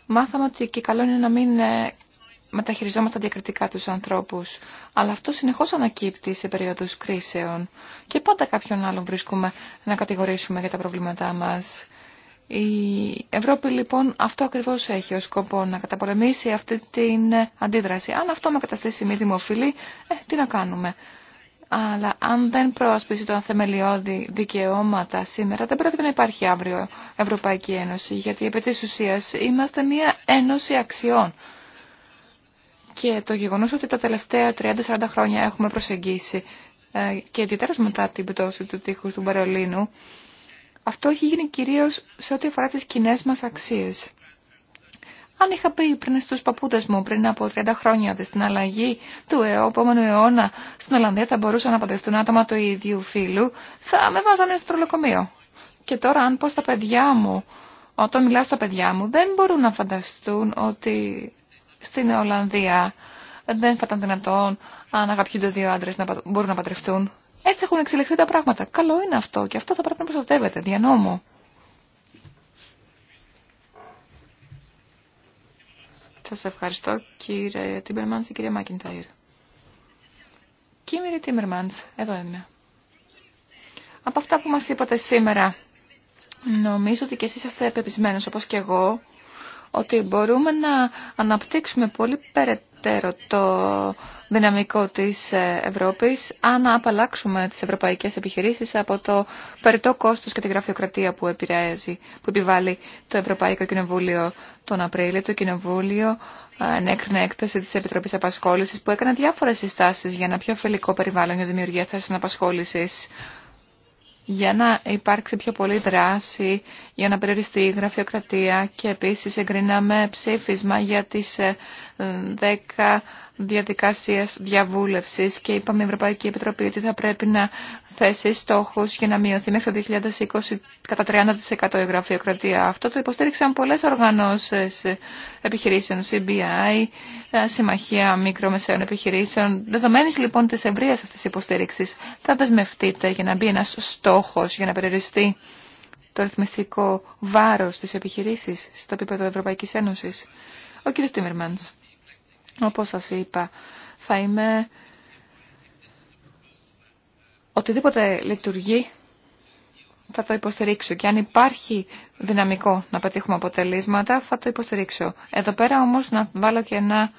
Speaker 4: Μάθαμε ότι και καλό είναι να μην μεταχειριζόμαστε διακριτικά τους ανθρώπους. Αλλά αυτό συνεχώς ανακύπτει σε περίοδους κρίσεων και πάντα κάποιον άλλον βρίσκουμε να κατηγορήσουμε για τα προβλήματά μας. Η Ευρώπη λοιπόν αυτό ακριβώς έχει ως σκοπό να καταπολεμήσει αυτή την αντίδραση. Αν αυτό με καταστήσει μη δημοφιλή, ε, τι να κάνουμε. Αλλά αν δεν προασπίσει τον θεμελιώδη δικαιώματα σήμερα, δεν πρόκειται να υπάρχει αύριο Ευρωπαϊκή Ένωση, γιατί επί της ουσίας είμαστε μια ένωση αξιών και το γεγονός ότι τα τελευταία 30-40 χρόνια έχουμε προσεγγίσει ε, και ιδιαίτερα μετά την πτώση του τείχους του Μπαρολίνου, αυτό έχει γίνει κυρίως σε ό,τι αφορά τις κοινέ μας αξίες. Αν είχα πει πριν στους παππούδες μου πριν από 30 χρόνια ότι στην αλλαγή του ε, επόμενου αιώνα στην Ολλανδία θα μπορούσαν να παντρευτούν άτομα του ίδιου φίλου, θα με βάζανε στο τρολοκομείο. Και τώρα αν πω στα παιδιά μου, όταν μιλάω στα παιδιά μου, δεν μπορούν να φανταστούν ότι στην Ολλανδία δεν θα ήταν δυνατόν αν αγαπιούνται δύο άντρε να μπορούν να παντρευτούν. Έτσι έχουν εξελιχθεί τα πράγματα. Καλό είναι αυτό και αυτό θα πρέπει να προστατεύεται δια νόμου. Σας ευχαριστώ κύριε Τιμπερμάνς και κύριε Μάκινταϊρ. Κύριε Τιμπερμάνς, εδώ είμαι. Από αυτά που μας είπατε σήμερα, νομίζω ότι και εσείς είστε επεπισμένος όπως και εγώ ότι μπορούμε να αναπτύξουμε πολύ περαιτέρω το δυναμικό της Ευρώπης αν απαλλάξουμε τις ευρωπαϊκές επιχειρήσεις από το περιττό κόστος και τη γραφειοκρατία που που επιβάλλει το Ευρωπαϊκό Κοινοβούλιο τον Απρίλιο. Το Κοινοβούλιο ε, ενέκρινε έκταση της Επιτροπής Απασχόλησης που έκανε διάφορες συστάσεις για ένα πιο φιλικό περιβάλλον για δημιουργία θέσεων απασχόλησης για να υπάρξει πιο πολλή δράση, για να περιοριστεί η γραφειοκρατία και επίσης εγκρίναμε ψήφισμα για τις ε, δέκα... Διαδικασία διαβούλευση και είπαμε η Ευρωπαϊκή Επιτροπή ότι θα πρέπει να θέσει στόχους για να μειωθεί μέχρι το 2020 κατά 30% η γραφειοκρατία. Αυτό το υποστήριξαν πολλέ οργανώσει επιχειρήσεων, CBI, Συμμαχία Μικρομεσαίων Επιχειρήσεων. δεδομένη λοιπόν τη ευρεία αυτή της θα δεσμευτείτε για να μπει ένα στόχο για να περιοριστεί το ρυθμιστικό βάρος της επιχειρήσης στο επίπεδο Ευρωπαϊκής Ένωσης. Ο κ. Τίμερμαντς. Όπως σας είπα, θα είμαι οτιδήποτε λειτουργεί θα το υποστηρίξω και αν υπάρχει δυναμικό να πετύχουμε αποτελέσματα θα το υποστηρίξω. Εδώ πέρα όμως να βάλω και να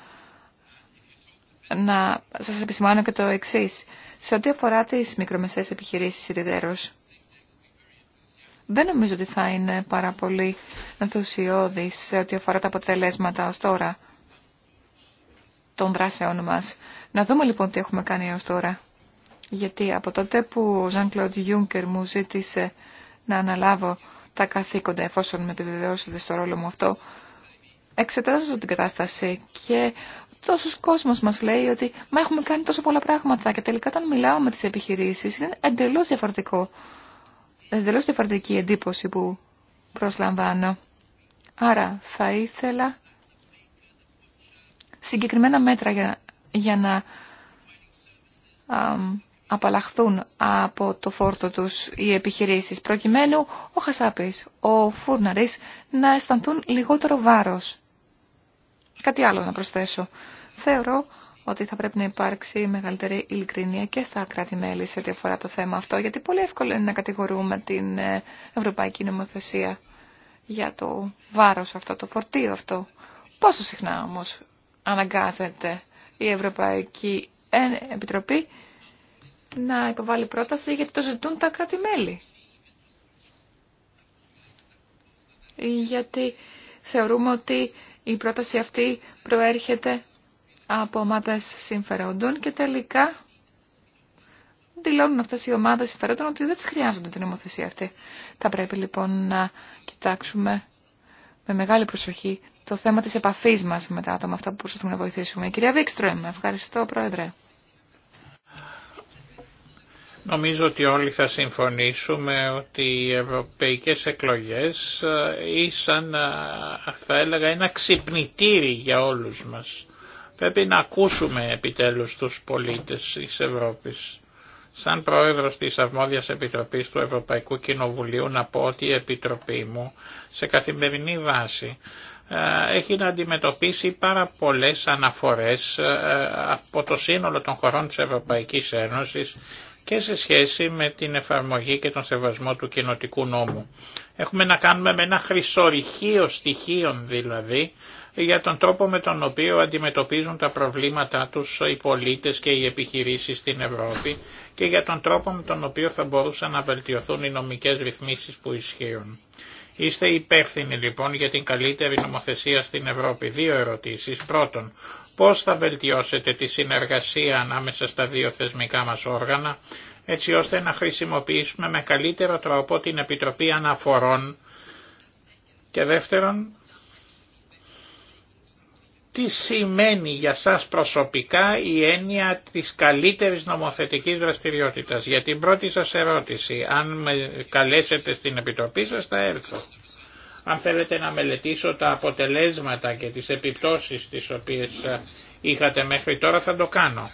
Speaker 4: σας επισημάνω και το εξή. Σε ό,τι αφορά τις μικρομεσαίες επιχειρήσεις ιδιαίτερως, δεν νομίζω ότι θα είναι πάρα πολύ ενθουσιώδης σε ό,τι αφορά τα αποτελέσματα ως τώρα των δράσεών μας. Να δούμε λοιπόν τι έχουμε κάνει έως τώρα. Γιατί από τότε που ο Ζαν Κλοντ Γιούγκερ μου ζήτησε να αναλάβω τα καθήκοντα εφόσον με επιβεβαιώσετε στο ρόλο μου αυτό, εξετάζω την κατάσταση και τόσος κόσμος μας λέει ότι μα έχουμε κάνει τόσο πολλά πράγματα και τελικά όταν μιλάω με τις επιχειρήσεις είναι εντελώς διαφορετικό. Εντελώς διαφορετική εντύπωση που προσλαμβάνω. Άρα θα ήθελα συγκεκριμένα μέτρα για, για να απαλλαχθούν από το φόρτο τους οι επιχειρήσεις, προκειμένου ο χασάπης, ο φούρναρης να αισθανθούν λιγότερο βάρος. Κάτι άλλο να προσθέσω. Θεωρώ ότι θα πρέπει να υπάρξει μεγαλύτερη ειλικρινία και στα κράτη-μέλη σε ό,τι αφορά το θέμα αυτό, γιατί πολύ εύκολο είναι να κατηγορούμε την ε, Ευρωπαϊκή Νομοθεσία για το βάρος αυτό, το φορτίο αυτό. Πόσο συχνά όμως αναγκάζεται η Ευρωπαϊκή Επιτροπή να υποβάλει πρόταση γιατί το ζητούν τα κράτη-μέλη. Γιατί θεωρούμε ότι η πρόταση αυτή προέρχεται από ομάδες συμφερόντων και τελικά δηλώνουν αυτές οι ομάδες συμφερόντων ότι δεν τις χρειάζονται την νομοθεσία αυτή. Θα πρέπει λοιπόν να κοιτάξουμε με μεγάλη προσοχή το θέμα της επαφής μας με τα άτομα αυτά που προσπαθούμε να βοηθήσουμε. κυρία Βίξτρομ, ευχαριστώ Πρόεδρε.
Speaker 2: Νομίζω ότι όλοι θα συμφωνήσουμε ότι οι ευρωπαϊκές εκλογές ήσαν, θα έλεγα, ένα ξυπνητήρι για όλους μας. Πρέπει να ακούσουμε επιτέλους τους πολίτες της Ευρώπης. Σαν πρόεδρος της Αρμόδιας Επιτροπής του Ευρωπαϊκού Κοινοβουλίου να πω ότι η Επιτροπή μου σε καθημερινή βάση ε, έχει να αντιμετωπίσει πάρα πολλές αναφορές ε, από το σύνολο των χωρών της Ευρωπαϊκής Ένωσης και σε σχέση με την εφαρμογή και τον σεβασμό του κοινοτικού νόμου. Έχουμε να κάνουμε με ένα χρυσορυχείο στοιχείων δηλαδή για τον τρόπο με τον οποίο αντιμετωπίζουν τα προβλήματά τους οι πολίτες και οι επιχειρήσεις στην Ευρώπη και για τον τρόπο με τον οποίο θα μπορούσαν να βελτιωθούν οι νομικές ρυθμίσεις που ισχύουν. Είστε υπεύθυνοι λοιπόν για την καλύτερη νομοθεσία στην Ευρώπη. Δύο ερωτήσεις. Πρώτον, πώς θα βελτιώσετε τη συνεργασία ανάμεσα στα δύο θεσμικά μας όργανα, έτσι ώστε να χρησιμοποιήσουμε με καλύτερο τρόπο την Επιτροπή Αναφορών και δεύτερον, τι σημαίνει για σας προσωπικά η έννοια της καλύτερης νομοθετικής δραστηριότητας. Για την πρώτη σας ερώτηση, αν με καλέσετε στην Επιτροπή σας θα έρθω. Αν θέλετε να μελετήσω τα αποτελέσματα και τις επιπτώσεις τις οποίες ε, είχατε μέχρι τώρα θα το κάνω.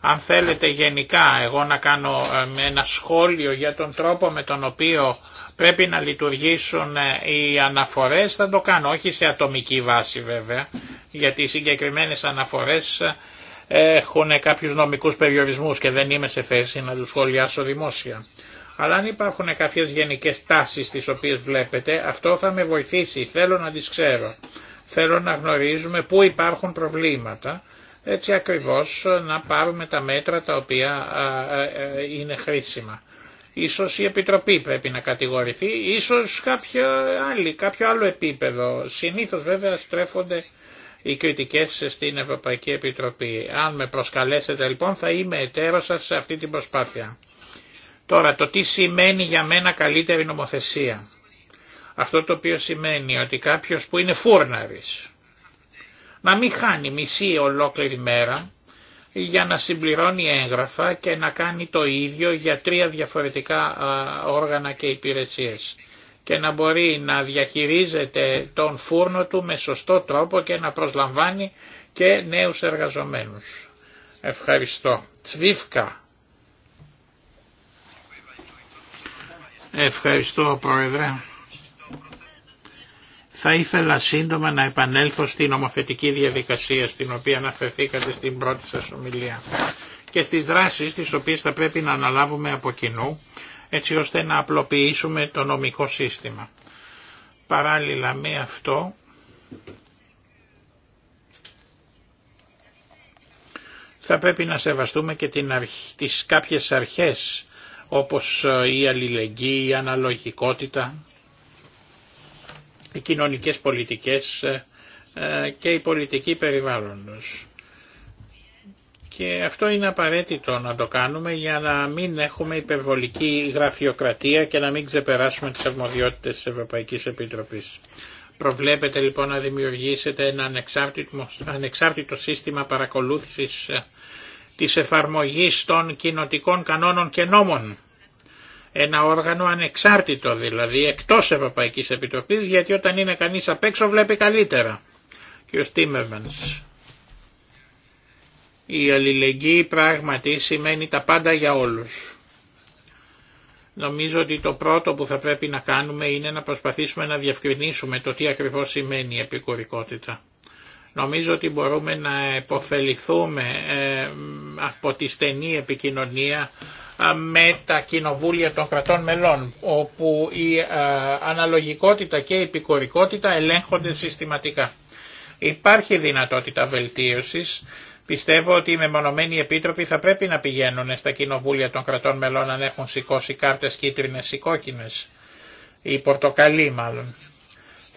Speaker 2: Αν θέλετε γενικά εγώ να κάνω ε, ένα σχόλιο για τον τρόπο με τον οποίο πρέπει να λειτουργήσουν ε, οι αναφορές θα το κάνω, όχι σε ατομική βάση βέβαια, γιατί οι συγκεκριμένες αναφορές ε, έχουν κάποιους νομικούς περιορισμούς και δεν είμαι σε θέση να τους σχολιάσω δημόσια. Αλλά αν υπάρχουν κάποιες γενικές τάσεις τις οποίες βλέπετε, αυτό θα με βοηθήσει, θέλω να τις ξέρω. Θέλω να γνωρίζουμε πού υπάρχουν προβλήματα έτσι ακριβώς να πάρουμε τα μέτρα τα οποία είναι χρήσιμα. Ίσως η Επιτροπή πρέπει να κατηγορηθεί, ίσως κάποιο, άλλη, κάποιο άλλο επίπεδο. Συνήθως βέβαια στρέφονται οι κριτικές στην Ευρωπαϊκή Επιτροπή. Αν με προσκαλέσετε λοιπόν θα είμαι εταίρος σας σε αυτή την προσπάθεια. Τώρα το τι σημαίνει για μένα καλύτερη νομοθεσία. Αυτό το οποίο σημαίνει ότι κάποιος που είναι φούρναρης, να μην χάνει μισή ολόκληρη μέρα για να συμπληρώνει έγγραφα και να κάνει το ίδιο για τρία διαφορετικά όργανα και υπηρεσίες και να μπορεί να διαχειρίζεται τον φούρνο του με σωστό τρόπο και να προσλαμβάνει και νέους εργαζομένους. Ευχαριστώ. Τσβίφκα. Ευχαριστώ Πρόεδρε. Θα ήθελα σύντομα να επανέλθω στην νομοθετική διαδικασία στην οποία αναφερθήκατε στην πρώτη σας ομιλία και στις δράσεις τις οποίες θα πρέπει να αναλάβουμε από κοινού έτσι ώστε να απλοποιήσουμε το νομικό σύστημα. Παράλληλα με αυτό θα πρέπει να σεβαστούμε και την αρχ... τις κάποιες αρχές όπως η αλληλεγγύη, η αναλογικότητα οι κοινωνικές πολιτικές ε, ε, και η πολιτική περιβάλλοντος. Και αυτό είναι απαραίτητο να το κάνουμε για να μην έχουμε υπερβολική γραφειοκρατία και να μην ξεπεράσουμε τις αρμοδιότητες της Ευρωπαϊκής Επιτροπής. Προβλέπετε λοιπόν να δημιουργήσετε ένα ανεξάρτητο, ανεξάρτητο σύστημα παρακολούθησης ε, της εφαρμογής των κοινοτικών κανόνων και νόμων ένα όργανο ανεξάρτητο δηλαδή, εκτός Ευρωπαϊκής Επιτροπής, γιατί όταν είναι κανείς απ' έξω βλέπει καλύτερα. Και ο Στίμερμανς. Η αλληλεγγύη πράγματι σημαίνει τα πάντα για όλους. Νομίζω ότι το πρώτο που θα πρέπει να κάνουμε είναι να προσπαθήσουμε να διευκρινίσουμε το τι ακριβώς σημαίνει η επικουρικότητα. Νομίζω ότι μπορούμε να υποφεληθούμε ε, από τη στενή επικοινωνία με τα κοινοβούλια των κρατών μελών όπου η ε, αναλογικότητα και η επικορικότητα ελέγχονται συστηματικά. Υπάρχει δυνατότητα βελτίωσης. Πιστεύω ότι οι μεμονωμένοι επίτροποι θα πρέπει να πηγαίνουν στα κοινοβούλια των κρατών μελών αν έχουν σηκώσει κάρτες κίτρινες ή κόκκινες ή πορτοκαλί μάλλον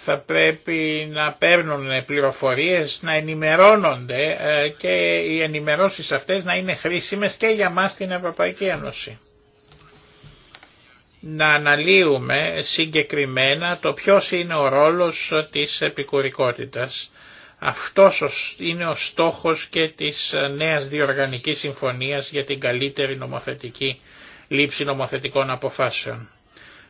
Speaker 2: θα πρέπει να παίρνουν πληροφορίες, να ενημερώνονται ε, και οι ενημερώσεις αυτές να είναι χρήσιμες και για μας την Ευρωπαϊκή Ένωση. Να αναλύουμε συγκεκριμένα το ποιος είναι ο ρόλος της επικουρικότητας. Αυτός είναι ο στόχος και της νέας διοργανικής συμφωνίας για την καλύτερη νομοθετική λήψη νομοθετικών αποφάσεων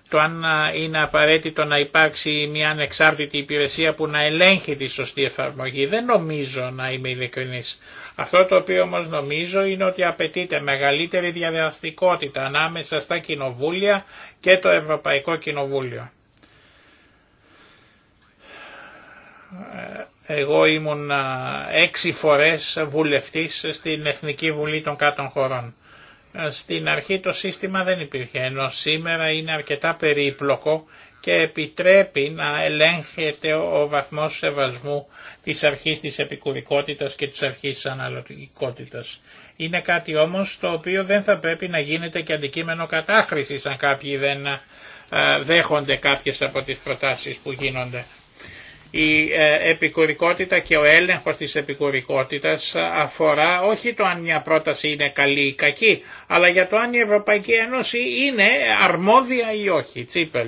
Speaker 2: το αν είναι απαραίτητο να υπάρξει μια ανεξάρτητη υπηρεσία που να ελέγχει τη σωστή εφαρμογή. Δεν νομίζω να είμαι ειλικρινής. Αυτό το οποίο όμως νομίζω είναι ότι απαιτείται μεγαλύτερη διαδραστικότητα ανάμεσα στα κοινοβούλια και το Ευρωπαϊκό Κοινοβούλιο. Ε, εγώ ήμουν έξι φορές βουλευτής στην Εθνική Βουλή των Κάτων Χωρών. Στην αρχή το σύστημα δεν υπήρχε, ενώ σήμερα είναι αρκετά περίπλοκο και επιτρέπει να ελέγχεται ο βαθμός σεβασμού της αρχής της επικουρικότητας και της αρχής της αναλογικότητας. Είναι κάτι όμως το οποίο δεν θα πρέπει να γίνεται και αντικείμενο κατάχρησης αν κάποιοι δεν ε, δέχονται κάποιες από τις προτάσεις που γίνονται. Η ε, επικουρικότητα και ο έλεγχος της επικουρικότητας αφορά όχι το αν μια πρόταση είναι καλή ή κακή, αλλά για το αν η Ευρωπαϊκή Ένωση είναι αρμόδια ή όχι. Τσίπελ.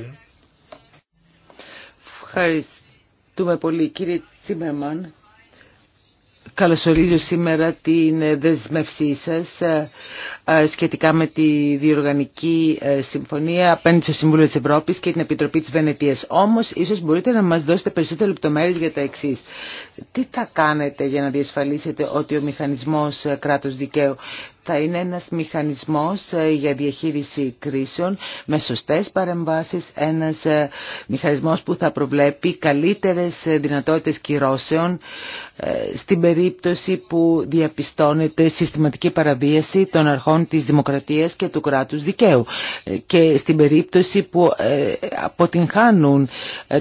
Speaker 1: Ευχαριστούμε πολύ κύριε Τσίμερμαν. Καλωσορίζω σήμερα την ε, δεσμευσή σας ε, ε, σχετικά με τη διοργανική συμφωνία απέναντι στο Συμβούλιο της Ευρώπης και την Επιτροπή της Βενετίας. Όμως, ίσως μπορείτε να μας δώσετε περισσότερες λεπτομέρειες για τα εξής. Τι θα κάνετε για να διασφαλίσετε ότι ο μηχανισμός κράτος δικαίου θα είναι ένας μηχανισμός ε, για διαχείριση κρίσεων με σωστές παρεμβάσεις, ένας ε, μηχανισμός που θα προβλέπει καλύτερες ε, δυνατότητες κυρώσεων στην περίπτωση που διαπιστώνεται συστηματική παραβίαση των αρχών της δημοκρατίας και του κράτους δικαίου και στην περίπτωση που αποτυγχάνουν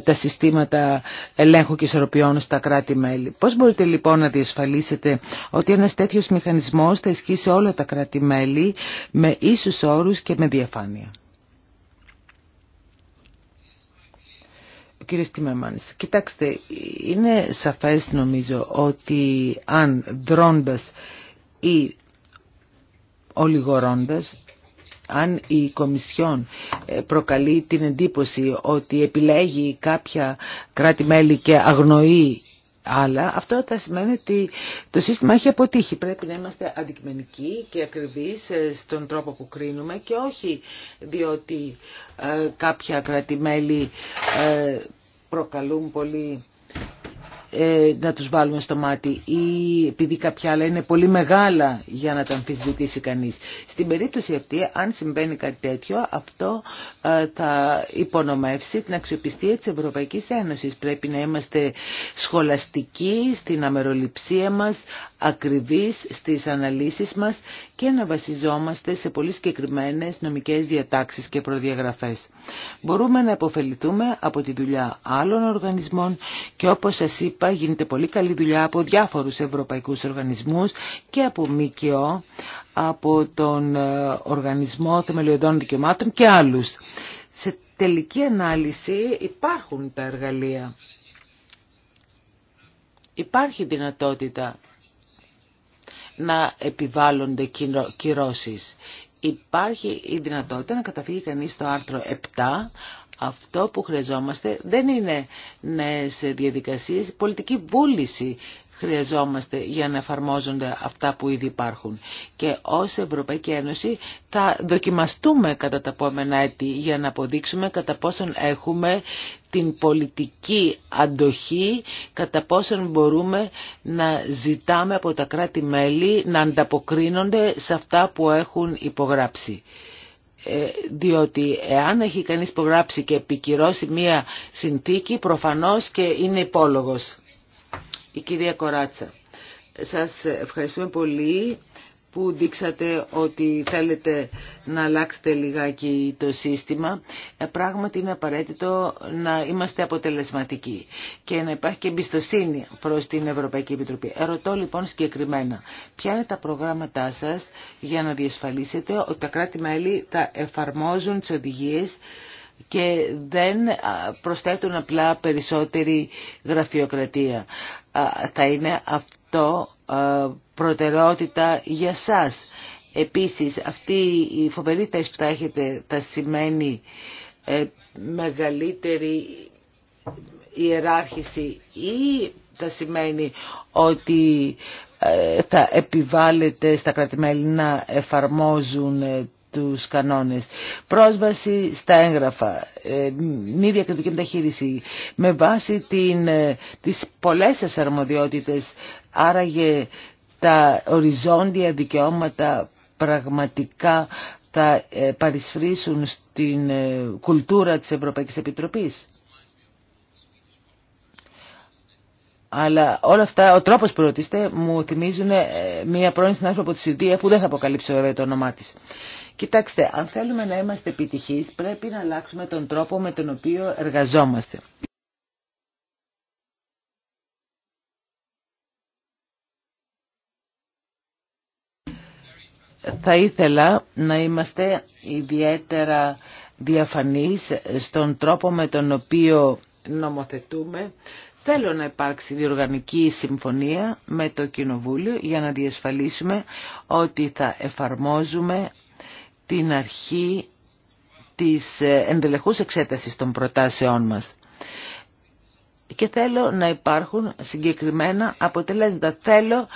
Speaker 1: τα συστήματα ελέγχου και ισορροπιών στα κράτη-μέλη. Πώς μπορείτε λοιπόν να διασφαλίσετε ότι ένας τέτοιος μηχανισμός θα ισχύσει όλα τα κράτη-μέλη με ίσους όρους και με διαφάνεια. κύριε Στιμεμάνης, κοιτάξτε, είναι σαφές νομίζω ότι αν δρώντας ή ολιγορώντας, αν η Κομισιόν ε, προκαλεί την εντύπωση ότι επιλέγει κάποια κράτη-μέλη και αγνοεί άλλα, αυτό θα σημαίνει ότι το σύστημα έχει αποτύχει. Πρέπει να είμαστε αντικειμενικοί και ακριβείς ε, στον τρόπο που κρίνουμε και όχι διότι ε, κάποια κρατημέλη ε, προκαλούν πολύ ε, να τους βάλουμε στο μάτι ή επειδή κάποια άλλα είναι πολύ μεγάλα για να τα αμφισβητήσει κανείς. Στην περίπτωση αυτή, αν συμβαίνει κάτι τέτοιο, αυτό ε, θα υπονομεύσει την αξιοπιστία της Ευρωπαϊκής Ένωσης. Πρέπει να είμαστε σχολαστικοί στην αμεροληψία μας, ακριβείς στις αναλύσεις μας και να βασιζόμαστε σε πολύ συγκεκριμένε νομικές διατάξεις και προδιαγραφές. Μπορούμε να υποφεληθούμε από τη δουλειά άλλων οργανισμών και όπως σας είπα, γίνεται πολύ καλή δουλειά από διάφορους ευρωπαϊκούς οργανισμούς και από ΜΚΟ, από τον ε, Οργανισμό Θεμελιωδών Δικαιωμάτων και άλλους. Σε τελική ανάλυση υπάρχουν τα εργαλεία. Υπάρχει δυνατότητα να επιβάλλονται κυρώσεις. Υπάρχει η δυνατότητα να καταφύγει κανείς στο άρθρο 7 αυτό που χρειαζόμαστε δεν είναι νέες διαδικασίες, πολιτική βούληση χρειαζόμαστε για να εφαρμόζονται αυτά που ήδη υπάρχουν. Και ως Ευρωπαϊκή Ένωση θα δοκιμαστούμε κατά τα επόμενα έτη για να αποδείξουμε κατά πόσον έχουμε την πολιτική αντοχή, κατά πόσον μπορούμε να ζητάμε από τα κράτη-μέλη να ανταποκρίνονται σε αυτά που έχουν υπογράψει. Ε, διότι εάν έχει κανείς υπογράψει και επικυρώσει μία συνθήκη προφανώς και είναι υπόλογος. Η κυρία Κοράτσα. Σας ευχαριστούμε πολύ που δείξατε ότι θέλετε να αλλάξετε λιγάκι το σύστημα, ε, πράγματι είναι απαραίτητο να είμαστε αποτελεσματικοί και να υπάρχει και εμπιστοσύνη προς την Ευρωπαϊκή Επιτροπή. Ερωτώ λοιπόν συγκεκριμένα, ποια είναι τα προγράμματά σας για να διασφαλίσετε ότι τα κράτη-μέλη θα εφαρμόζουν τις οδηγίες και δεν προσθέτουν απλά περισσότερη γραφειοκρατία. Θα είναι αυτό ε, προτεραιότητα για σας. Επίσης αυτή η φοβερή θέση που τα έχετε θα σημαίνει ε, μεγαλύτερη ιεράρχηση ή θα σημαίνει ότι ε, θα επιβάλλεται στα κρατημέλη να εφαρμόζουν τους κανόνες. Πρόσβαση στα έγγραφα, ε, μη διακριτική μεταχείριση με βάση την, ε, τις πολλές αρμοδιότητες, άραγε τα οριζόντια δικαιώματα πραγματικά θα ε, παρισφρήσουν στην κουλτούρα της Ευρωπαϊκής Επιτροπής. Αλλά όλα αυτά, ο τρόπος που ρωτήσετε μου θυμίζουν μία πρώην συνάδελφο από τη που δεν θα αποκαλύψω βέβαια το όνομά της. Κοιτάξτε, αν θέλουμε να είμαστε επιτυχείς πρέπει να αλλάξουμε τον τρόπο με τον οποίο εργαζόμαστε. Θα ήθελα να είμαστε ιδιαίτερα διαφανείς στον τρόπο με τον οποίο νομοθετούμε. Θέλω να υπάρξει διοργανική συμφωνία με το Κοινοβούλιο για να διασφαλίσουμε ότι θα εφαρμόζουμε την αρχή της ενδελεχούς εξέτασης των προτάσεών μας. Και θέλω να υπάρχουν συγκεκριμένα αποτελέσματα. Θέλω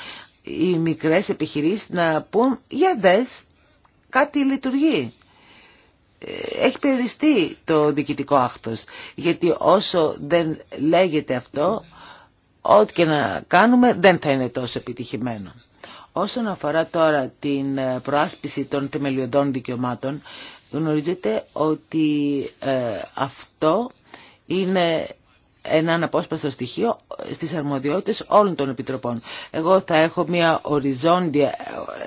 Speaker 1: οι μικρές επιχειρήσεις να πούν για δες κάτι λειτουργεί. Έχει περιοριστεί το διοικητικό άκτος, γιατί όσο δεν λέγεται αυτό, ό,τι και να κάνουμε δεν θα είναι τόσο επιτυχημένο. Όσον αφορά τώρα την ε, προάσπιση των θεμελιωδών δικαιωμάτων, γνωρίζετε ότι ε, αυτό είναι ένα αναπόσπαστο στοιχείο ε, στις αρμοδιότητες όλων των επιτροπών. Εγώ θα έχω μια οριζόντια,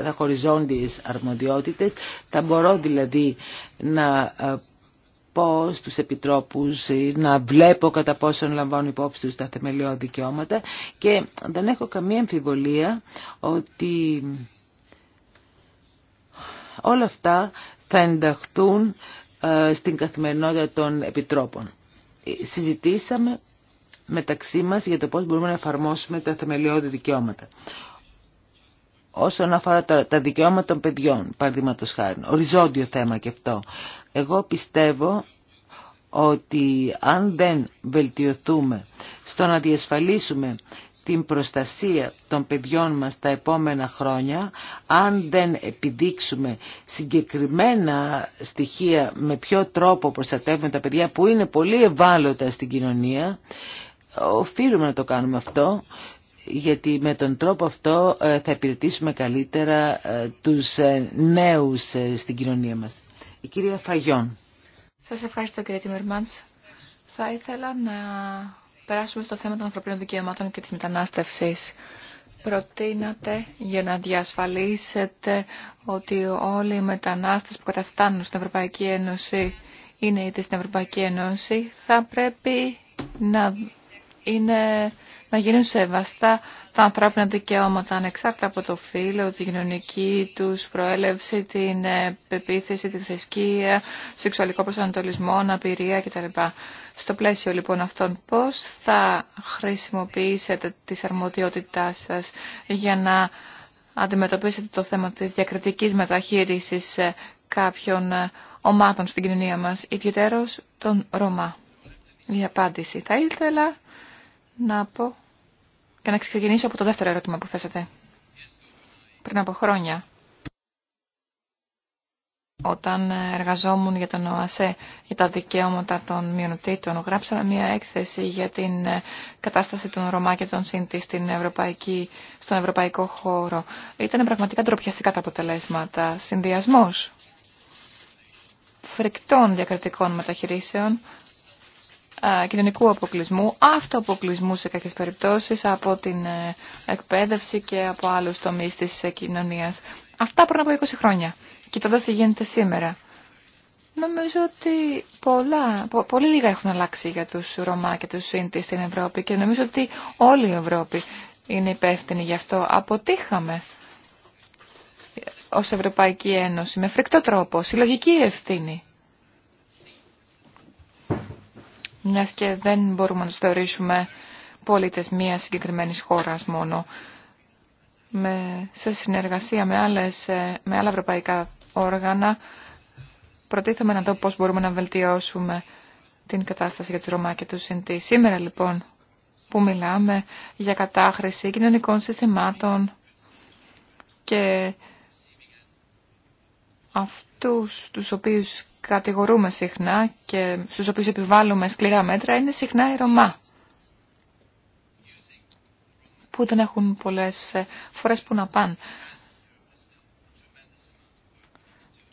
Speaker 1: θα έχω οριζόντιες αρμοδιότητες, θα μπορώ δηλαδή να πω τους επιτρόπους να βλέπω κατά πόσον λαμβάνουν υπόψη τους τα θεμελιώδη δικαιώματα και δεν έχω καμία αμφιβολία ότι όλα αυτά θα ενταχθούν ε, στην καθημερινότητα των επιτρόπων. Ε, συζητήσαμε μεταξύ μας για το πώς μπορούμε να εφαρμόσουμε τα θεμελιώδη δικαιώματα. Όσον αφορά τα δικαιώματα των παιδιών, παραδείγματο χάρη, οριζόντιο θέμα και αυτό. Εγώ πιστεύω ότι αν δεν βελτιωθούμε στο να διασφαλίσουμε την προστασία των παιδιών μας τα επόμενα χρόνια, αν δεν επιδείξουμε συγκεκριμένα στοιχεία με ποιο τρόπο προστατεύουμε τα παιδιά που είναι πολύ ευάλωτα στην κοινωνία, οφείλουμε να το κάνουμε αυτό, γιατί με τον τρόπο αυτό ε, θα υπηρετήσουμε καλύτερα ε, τους ε, νέους στην κοινωνία μας. Η κυρία Φαγιόν.
Speaker 4: Σας ευχαριστώ κύριε Τιμερμάν. Θα ήθελα να περάσουμε στο θέμα των ανθρωπίνων δικαιωμάτων και της μετανάστευση. Προτείνατε για να διασφαλίσετε ότι όλοι οι μετανάστες που καταφτάνουν στην Ευρωπαϊκή Ένωση είναι είτε στην Ευρωπαϊκή Ένωση, θα πρέπει να είναι να γίνουν σεβαστά τα ανθρώπινα δικαιώματα ανεξάρτητα από το φύλλο, τη κοινωνική τους προέλευση, την ε, πεποίθηση, τη θρησκεία, σεξουαλικό προσανατολισμό, αναπηρία κτλ. Στο πλαίσιο λοιπόν αυτών πώς θα χρησιμοποιήσετε τις αρμοδιότητά σας για να αντιμετωπίσετε το θέμα της διακριτικής μεταχείρισης ε, κάποιων ε, ομάδων στην κοινωνία μας, ιδιαίτερος των Ρωμά. Η απάντηση θα ήθελα να πω και να ξεκινήσω από το δεύτερο ερώτημα που θέσατε. Πριν από χρόνια, όταν εργαζόμουν για τον ΟΑΣΕ για τα δικαιώματα των μειονοτήτων, γράψαμε μια έκθεση για την ε, κατάσταση των Ρωμά και των Σύντη ευρωπαϊκή, στον ευρωπαϊκό χώρο. Ήταν πραγματικά ντροπιαστικά τα αποτελέσματα. Συνδυασμός φρικτών διακριτικών μεταχειρήσεων ε, κοινωνικού αποκλεισμού, αυτοαποκλεισμού σε κάποιες περιπτώσεις από την ε, εκπαίδευση και από άλλους τομείς της ε, κοινωνίας. Αυτά πριν από 20 χρόνια. Κοιτώντας τι γίνεται σήμερα. Νομίζω ότι πολλά, πολύ λίγα έχουν αλλάξει για τους Ρωμά και τους Σύντη στην Ευρώπη και νομίζω ότι όλη η Ευρώπη είναι υπεύθυνη γι' αυτό. Αποτύχαμε ως Ευρωπαϊκή Ένωση με φρικτό τρόπο, συλλογική ευθύνη. Μια και δεν μπορούμε να του θεωρήσουμε πολίτες μίας συγκεκριμένης χώρας μόνο. Με, σε συνεργασία με, άλλες, ε, με άλλα ευρωπαϊκά όργανα προτίθαμε να δω πώς μπορούμε να βελτιώσουμε την κατάσταση για τους Ρωμά και του Συντη. Σήμερα λοιπόν που μιλάμε για κατάχρηση κοινωνικών συστημάτων και αυτούς τους οποίους κατηγορούμε συχνά και στους οποίους επιβάλλουμε σκληρά μέτρα είναι συχνά οι Ρωμά που δεν έχουν πολλές ε, φορές που να πάνε.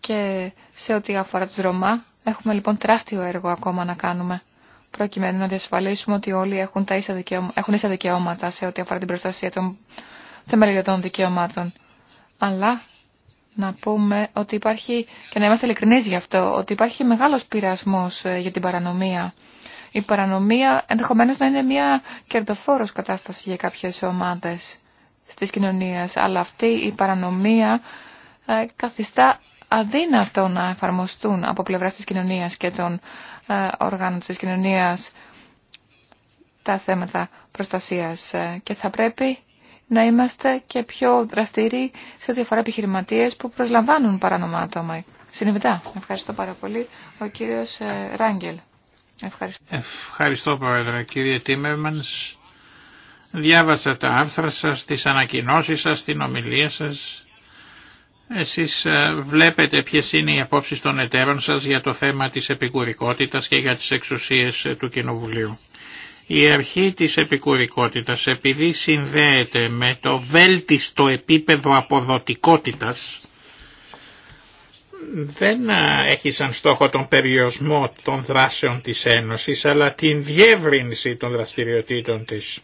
Speaker 4: Και σε ό,τι αφορά τους Ρωμά έχουμε λοιπόν τεράστιο έργο ακόμα να κάνουμε προκειμένου να διασφαλίσουμε ότι όλοι έχουν, τα ίσα, έχουν δικαιώματα σε ό,τι αφορά την προστασία των θεμελιωτών δικαιωμάτων. Αλλά να πούμε ότι υπάρχει, και να είμαστε ειλικρινεί γι' αυτό, ότι υπάρχει μεγάλος πειρασμός ε, για την παρανομία. Η παρανομία ενδεχομένως να είναι μια κερδοφόρος κατάσταση για κάποιες ομάδες στις κοινωνίες, αλλά αυτή η παρανομία ε, καθιστά αδύνατο να εφαρμοστούν από πλευρά της κοινωνίας και των ε, οργάνων της κοινωνίας τα θέματα προστασίας και θα πρέπει να είμαστε και πιο δραστηροί σε ό,τι αφορά επιχειρηματίε που προσλαμβάνουν παράνομα άτομα. Ευχαριστώ πάρα πολύ. Ο κύριο ε, Ράγκελ. Ευχαριστώ.
Speaker 2: Ευχαριστώ, Πρόεδρε. Κύριε Τίμερμαν, διάβασα τα άρθρα σα, τι ανακοινώσει σα, την ομιλία σα. Εσείς ε, βλέπετε ποιες είναι οι απόψεις των εταίρων σας για το θέμα της επικουρικότητας και για τις εξουσίες ε, του Κοινοβουλίου. Η αρχή της επικουρικότητας επειδή συνδέεται με το βέλτιστο επίπεδο αποδοτικότητας δεν έχει σαν στόχο τον περιορισμό των δράσεων της Ένωσης αλλά την διεύρυνση των δραστηριοτήτων της.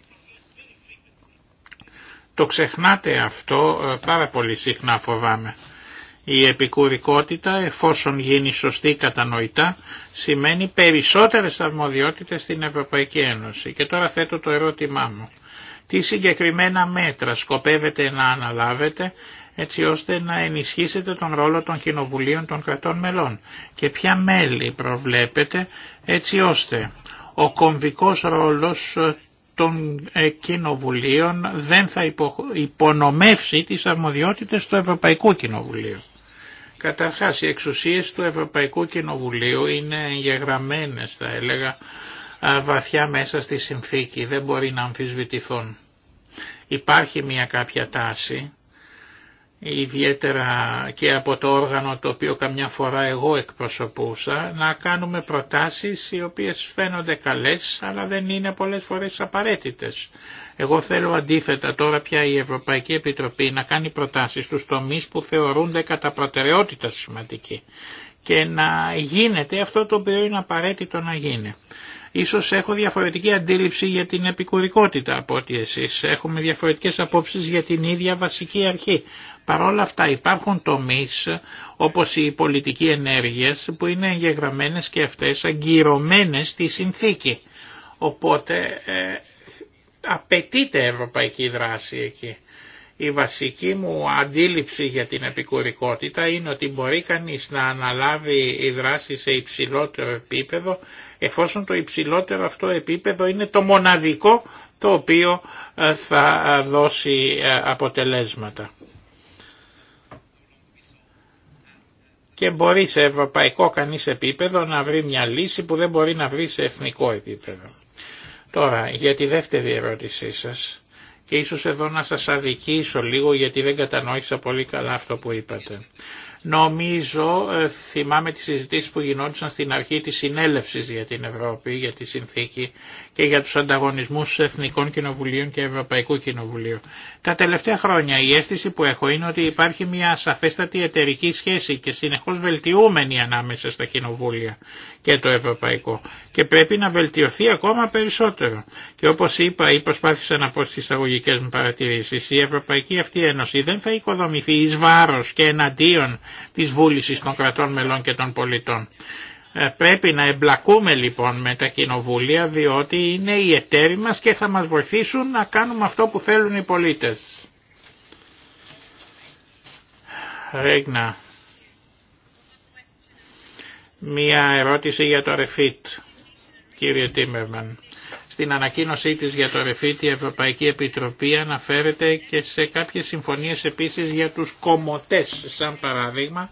Speaker 2: Το ξεχνάτε αυτό ε, πάρα πολύ συχνά φοβάμαι. Η επικουρικότητα, εφόσον γίνει σωστή κατανοητά, σημαίνει περισσότερες αρμοδιότητες στην Ευρωπαϊκή Ένωση. Και τώρα θέτω το ερώτημά μου. Τι συγκεκριμένα μέτρα σκοπεύετε να αναλάβετε έτσι ώστε να ενισχύσετε τον ρόλο των κοινοβουλίων των κρατών μελών και ποια μέλη προβλέπετε έτσι ώστε ο κομβικός ρόλος των ε, κοινοβουλίων δεν θα υπονομεύσει τις αρμοδιότητες του Ευρωπαϊκού Κοινοβουλίου. Καταρχάς οι εξουσίες του Ευρωπαϊκού Κοινοβουλίου είναι εγγεγραμμένες θα έλεγα βαθιά μέσα στη συνθήκη, δεν μπορεί να αμφισβητηθούν. Υπάρχει μια κάποια τάση ιδιαίτερα και από το όργανο το οποίο καμιά φορά εγώ εκπροσωπούσα, να κάνουμε προτάσεις οι οποίες φαίνονται καλές αλλά δεν είναι πολλές φορές απαραίτητες. Εγώ θέλω αντίθετα τώρα πια η Ευρωπαϊκή Επιτροπή να κάνει προτάσεις στους τομείς που θεωρούνται κατά προτεραιότητα σημαντικοί και να γίνεται αυτό το οποίο είναι απαραίτητο να γίνει. Ίσως έχω διαφορετική αντίληψη για την επικουρικότητα από ότι εσείς. Έχουμε διαφορετικές απόψεις για την ίδια βασική αρχή. Παρ' αυτά υπάρχουν τομείς όπως η πολιτική ενέργειες που είναι εγγεγραμμένες και αυτές αγκυρωμένες στη συνθήκη. Οπότε ε, απαιτείται ευρωπαϊκή δράση εκεί. Η βασική μου αντίληψη για την επικουρικότητα είναι ότι μπορεί κανείς να αναλάβει η δράση σε υψηλότερο επίπεδο εφόσον το υψηλότερο αυτό επίπεδο είναι το μοναδικό το οποίο ε, θα ε, δώσει ε, αποτελέσματα. Και μπορεί σε ευρωπαϊκό κανείς επίπεδο να βρει μια λύση που δεν μπορεί να βρει σε εθνικό επίπεδο. Τώρα, για τη δεύτερη ερώτησή σας, και ίσως εδώ να σας αδικήσω λίγο γιατί δεν κατανόησα πολύ καλά αυτό που είπατε. Νομίζω, ε, θυμάμαι τις συζητήσεις που γινόντουσαν στην αρχή της συνέλευσης για την Ευρώπη, για τη συνθήκη και για τους ανταγωνισμούς Εθνικών Κοινοβουλίων και Ευρωπαϊκού Κοινοβουλίου. Τα τελευταία χρόνια η αίσθηση που έχω είναι ότι υπάρχει μια σαφέστατη εταιρική σχέση και συνεχώς βελτιούμενη ανάμεσα στα κοινοβούλια και το ευρωπαϊκό και πρέπει να βελτιωθεί ακόμα περισσότερο. Και όπως είπα ή προσπάθησα να πω στις εισαγωγικέ μου παρατηρήσεις, η Ευρωπαϊκή αυτή Ένωση δεν θα οικοδομηθεί εις βάρος και εναντίον της βούλησης των κρατών μελών και των πολιτών. Ε, πρέπει να εμπλακούμε λοιπόν με τα κοινοβούλια διότι είναι οι εταίροι μας και θα μας βοηθήσουν να κάνουμε αυτό που θέλουν οι πολίτες. Ρέγνα. Μία ερώτηση για το Ρεφίτ κύριε Τίμερμαν. Στην ανακοίνωσή της για το ρεφίτη η Ευρωπαϊκή Επιτροπή αναφέρεται και σε κάποιες συμφωνίες επίσης για τους κομμωτές, σαν παράδειγμα,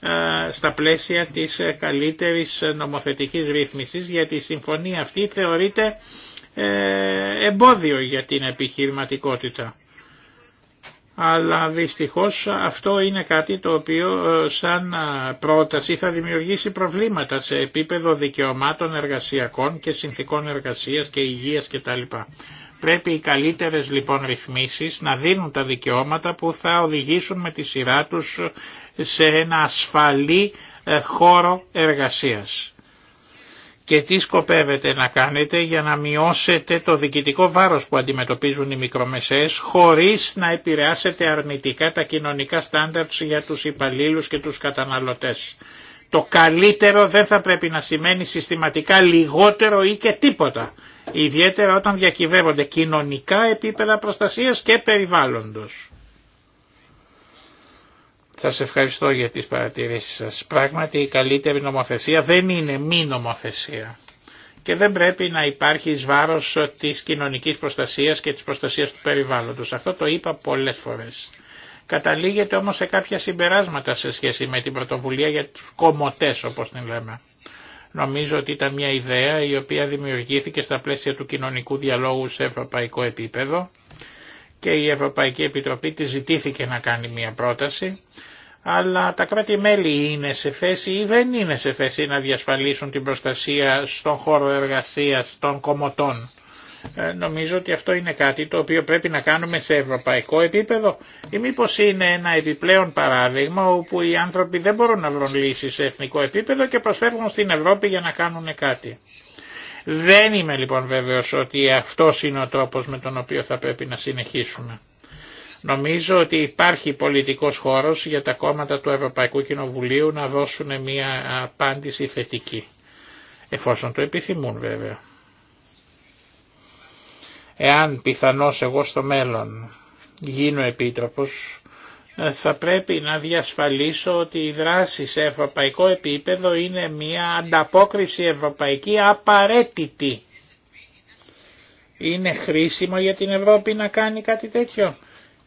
Speaker 2: ε, στα πλαίσια της καλύτερης νομοθετικής ρύθμισης, γιατί η συμφωνία αυτή θεωρείται ε, εμπόδιο για την επιχειρηματικότητα αλλά δυστυχώς αυτό είναι κάτι το οποίο ε, σαν ε, πρόταση θα δημιουργήσει προβλήματα σε επίπεδο δικαιωμάτων εργασιακών και συνθήκων εργασίας και υγείας κτλ. Πρέπει οι καλύτερες λοιπόν ρυθμίσεις να δίνουν τα δικαιώματα που θα οδηγήσουν με τη σειρά τους σε ένα ασφαλή ε, χώρο εργασίας και τι σκοπεύετε να κάνετε για να μειώσετε το διοικητικό βάρος που αντιμετωπίζουν οι μικρομεσαίες χωρίς να επηρεάσετε αρνητικά τα κοινωνικά στάνταρτς για τους υπαλλήλους και τους καταναλωτές. Το καλύτερο δεν θα πρέπει να σημαίνει συστηματικά λιγότερο ή και τίποτα, ιδιαίτερα όταν διακυβεύονται κοινωνικά επίπεδα προστασίας και περιβάλλοντος. Σα ευχαριστώ για τι παρατηρήσει σα. Πράγματι η καλύτερη νομοθεσία δεν είναι μη νομοθεσία και δεν πρέπει να υπάρχει ει βάρο τη κοινωνική προστασία και τη προστασία του περιβάλλοντο. Αυτό το είπα πολλέ φορέ. Καταλήγεται όμω σε κάποια συμπεράσματα σε σχέση με την πρωτοβουλία για του κομμωτέ, όπω την λέμε. Νομίζω ότι ήταν μια ιδέα η οποία δημιουργήθηκε στα πλαίσια του κοινωνικού διαλόγου σε ευρωπαϊκό επίπεδο και η Ευρωπαϊκή Επιτροπή τη ζητήθηκε να κάνει μια πρόταση, αλλά τα κράτη-μέλη είναι σε θέση ή δεν είναι σε θέση να διασφαλίσουν την προστασία στον χώρο εργασίας των κομωτών. Ε, νομίζω ότι αυτό είναι κάτι το οποίο πρέπει να κάνουμε σε ευρωπαϊκό επίπεδο ή μήπω είναι ένα επιπλέον παράδειγμα όπου οι άνθρωποι δεν μπορούν να βρουν λύσεις σε εθνικό επίπεδο και προσφεύγουν στην Ευρώπη για να κάνουν κάτι. Δεν είμαι λοιπόν βέβαιος ότι αυτός είναι ο τρόπος με τον οποίο θα πρέπει να συνεχίσουμε. Νομίζω ότι υπάρχει πολιτικός χώρος για τα κόμματα του Ευρωπαϊκού Κοινοβουλίου να δώσουν μια απάντηση θετική. Εφόσον το επιθυμούν βέβαια. Εάν πιθανώς εγώ στο μέλλον γίνω επίτροπος θα πρέπει να διασφαλίσω ότι η δράση σε ευρωπαϊκό επίπεδο είναι μια ανταπόκριση ευρωπαϊκή απαραίτητη. Είναι χρήσιμο για την Ευρώπη να κάνει κάτι τέτοιο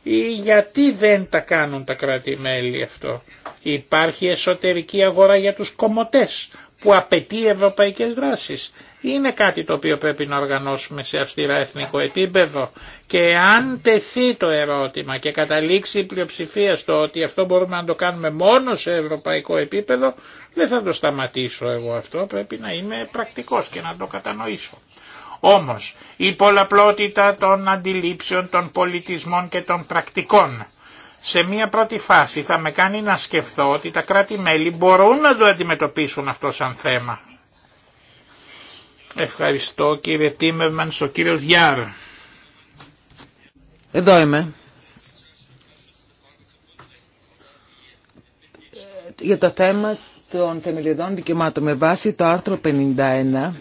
Speaker 2: ή γιατί δεν τα κάνουν τα κράτη-μέλη αυτό. Υπάρχει εσωτερική αγορά για τους κομμωτές που απαιτεί ευρωπαϊκές δράσεις είναι κάτι το οποίο πρέπει να οργανώσουμε σε αυστηρά εθνικό επίπεδο και αν τεθεί το ερώτημα και καταλήξει η πλειοψηφία στο ότι αυτό μπορούμε να το κάνουμε μόνο σε ευρωπαϊκό επίπεδο δεν θα το σταματήσω εγώ αυτό, πρέπει να είμαι πρακτικός και να το κατανοήσω. Όμως η πολλαπλότητα των αντιλήψεων, των πολιτισμών και των πρακτικών σε μία πρώτη φάση θα με κάνει να σκεφτώ ότι τα κράτη-μέλη μπορούν να το αντιμετωπίσουν αυτό σαν θέμα. Ευχαριστώ κύριε Τίμερμαν, ο κύριο Γιάρ.
Speaker 1: Εδώ είμαι. Για το θέμα των θεμελιωδών δικαιωμάτων με βάση το άρθρο 51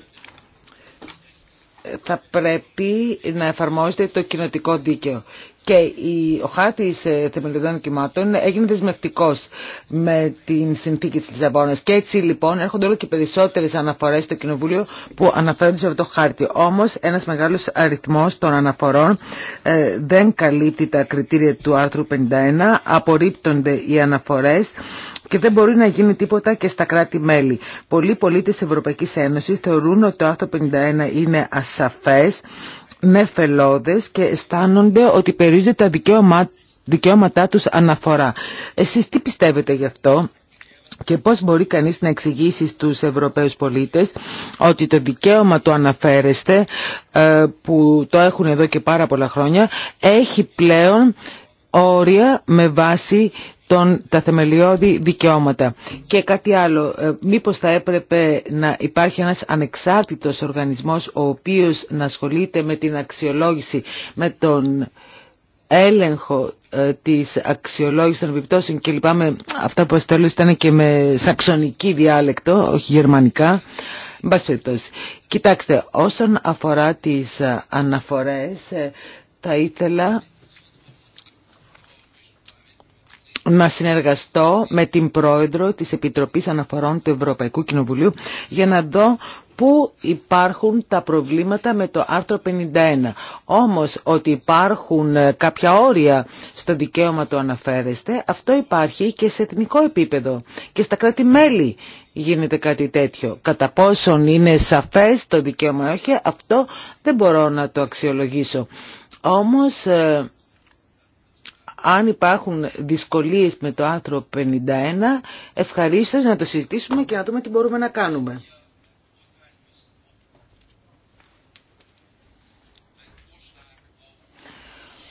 Speaker 1: θα πρέπει να εφαρμόζεται το κοινοτικό δίκαιο και ο χάρτης ε, θεμελιωδών οικημάτων έγινε δεσμευτικός με την συνθήκη της Λισαβόνας. Και έτσι λοιπόν έρχονται όλο και περισσότερες αναφορές στο Κοινοβούλιο που αναφέρονται σε αυτό το χάρτη. Όμως ένας μεγάλος αριθμός των αναφορών ε, δεν καλύπτει τα κριτήρια του άρθρου 51, απορρίπτονται οι αναφορές και δεν μπορεί να γίνει τίποτα και στα κράτη-μέλη. Πολλοί πολίτες της Ευρωπαϊκής Ένωσης θεωρούν ότι το άρθρο 51 είναι ασαφές, νεφελώδες ναι, και αισθάνονται ότι περιορίζεται τα δικαιώμα, δικαιώματά τους αναφορά. Εσείς τι πιστεύετε γι' αυτό? Και πώς μπορεί κανείς να εξηγήσει στους Ευρωπαίους πολίτες ότι το δικαίωμα του αναφέρεστε, ε, που το έχουν εδώ και πάρα πολλά χρόνια, έχει πλέον όρια με βάση των, τα θεμελιώδη δικαιώματα. Και κάτι άλλο, ε, μήπως θα έπρεπε να υπάρχει ένας ανεξάρτητος οργανισμός ο οποίος να ασχολείται με την αξιολόγηση, με τον έλεγχο ε, της αξιολόγησης των επιπτώσεων και λυπάμαι αυτά που αστέλωσε ήταν και με σαξονική διάλεκτο, όχι γερμανικά. Κοιτάξτε, όσον αφορά τις ε, αναφορές, θα ήθελα να συνεργαστώ με την πρόεδρο της Επιτροπής Αναφορών του Ευρωπαϊκού Κοινοβουλίου για να δω πού υπάρχουν τα προβλήματα με το άρθρο 51. Όμως ότι υπάρχουν ε, κάποια όρια στο δικαίωμα το αναφέρεστε, αυτό υπάρχει και σε εθνικό επίπεδο και στα κράτη-μέλη γίνεται κάτι τέτοιο. Κατά πόσον είναι σαφές το δικαίωμα όχι, αυτό δεν μπορώ να το αξιολογήσω. Όμως ε, αν υπάρχουν δυσκολίες με το άρθρο 51, ευχαρίστως να το συζητήσουμε και να δούμε τι μπορούμε να κάνουμε.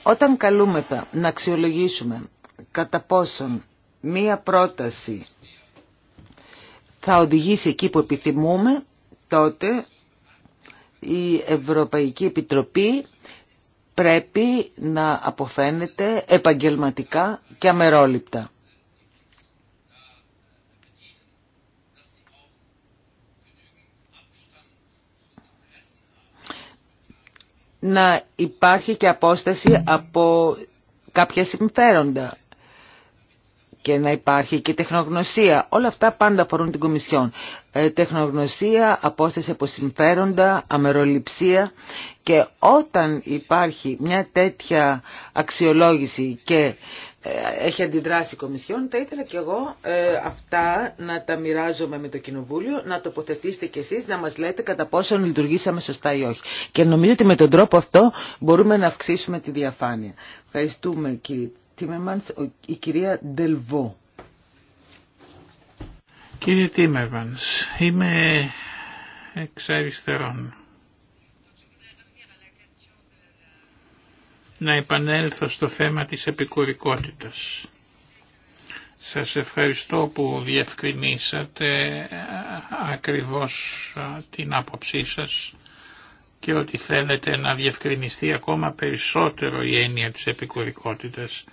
Speaker 1: Όταν καλούμεθα να αξιολογήσουμε κατά πόσον μία πρόταση θα οδηγήσει εκεί που επιθυμούμε, τότε η Ευρωπαϊκή Επιτροπή πρέπει να αποφαίνεται επαγγελματικά και αμερόληπτα. Να υπάρχει και απόσταση από κάποια συμφέροντα και να υπάρχει και τεχνογνωσία. Όλα αυτά πάντα αφορούν την Κομισιόν. Ε, τεχνογνωσία, απόσταση από συμφέροντα, αμεροληψία και όταν υπάρχει μια τέτοια αξιολόγηση και ε, έχει αντιδράσει η Κομισιόν, θα ήθελα και εγώ ε, αυτά να τα μοιράζομαι με το Κοινοβούλιο, να τοποθετήσετε κι εσείς, να μας λέτε κατά πόσο λειτουργήσαμε σωστά ή όχι. Και νομίζω ότι με τον τρόπο αυτό μπορούμε να αυξήσουμε τη διαφάνεια. Ευχαριστούμε κύριε Τίμερμαντς, η κυρία Δελβό.
Speaker 2: Κύριε Τίμερμαντς, είμαι
Speaker 1: εξ αριστερών.
Speaker 2: Να επανέλθω στο θέμα της επικουρικότητας. Σας ευχαριστώ που διευκρινίσατε ακριβώς την άποψή σας και ότι θέλετε να διευκρινιστεί ακόμα περισσότερο η έννοια της επικουρικότητας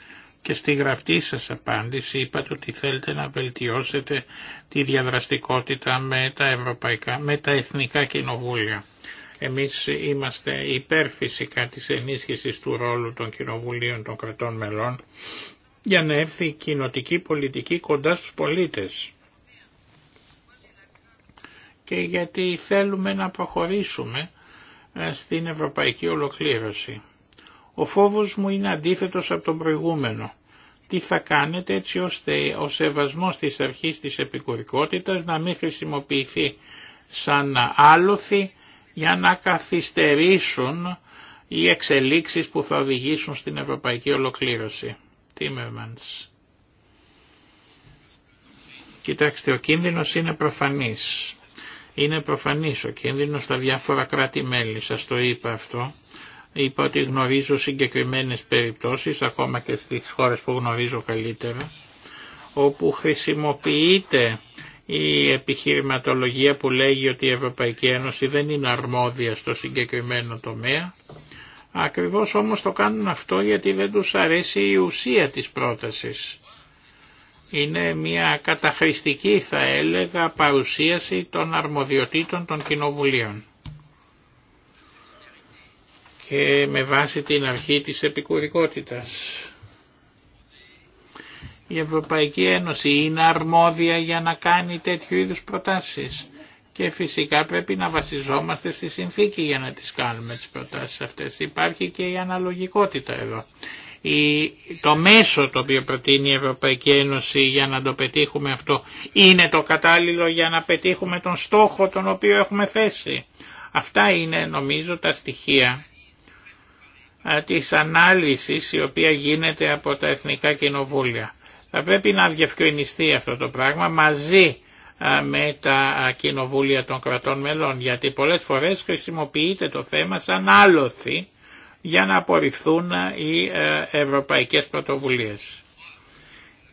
Speaker 2: και στη γραφτή σας απάντηση είπατε ότι θέλετε να βελτιώσετε τη διαδραστικότητα με τα, ευρωπαϊκά, με τα εθνικά κοινοβούλια. Εμείς είμαστε υπέρ φυσικά της ενίσχυσης του ρόλου των κοινοβουλίων των κρατών μελών για να έρθει η κοινοτική πολιτική κοντά στους πολίτες. Και γιατί θέλουμε να προχωρήσουμε ε, στην ευρωπαϊκή ολοκλήρωση. Ο φόβος μου είναι αντίθετος από τον προηγούμενο τι θα κάνετε έτσι ώστε ο σεβασμός της αρχής της επικουρικότητας να μην χρησιμοποιηθεί σαν άλοθη για να καθυστερήσουν οι εξελίξεις που θα οδηγήσουν στην ευρωπαϊκή ολοκλήρωση. Τίμερμαντς. Κοιτάξτε, ο κίνδυνος είναι προφανής. Είναι προφανής ο κίνδυνος στα διάφορα κράτη-μέλη, σας το είπα αυτό. Είπα ότι γνωρίζω συγκεκριμένες περιπτώσεις, ακόμα και στις χώρες που γνωρίζω καλύτερα, όπου χρησιμοποιείται η επιχειρηματολογία που λέγει ότι η Ευρωπαϊκή Ένωση δεν είναι αρμόδια στο συγκεκριμένο τομέα. Ακριβώς όμως το κάνουν αυτό γιατί δεν τους αρέσει η ουσία της πρότασης. Είναι μια καταχρηστική θα έλεγα παρουσίαση των αρμοδιοτήτων των κοινοβουλίων και με βάση την αρχή της επικουρικότητας. Η Ευρωπαϊκή Ένωση είναι αρμόδια για να κάνει τέτοιου είδους προτάσεις και φυσικά πρέπει να βασιζόμαστε στη συνθήκη για να τις κάνουμε τις προτάσεις αυτές. Υπάρχει και η αναλογικότητα εδώ. Η, το μέσο το οποίο προτείνει η Ευρωπαϊκή Ένωση για να το πετύχουμε αυτό είναι το κατάλληλο για να πετύχουμε τον στόχο τον οποίο έχουμε θέσει. Αυτά είναι νομίζω τα στοιχεία της ανάλυσης η οποία γίνεται από τα Εθνικά Κοινοβούλια. Θα πρέπει να διευκρινιστεί αυτό το πράγμα μαζί με τα κοινοβούλια των κρατών μελών, γιατί πολλές φορές χρησιμοποιείται το θέμα σαν άλοθη για να απορριφθούν οι ευρωπαϊκές πρωτοβουλίες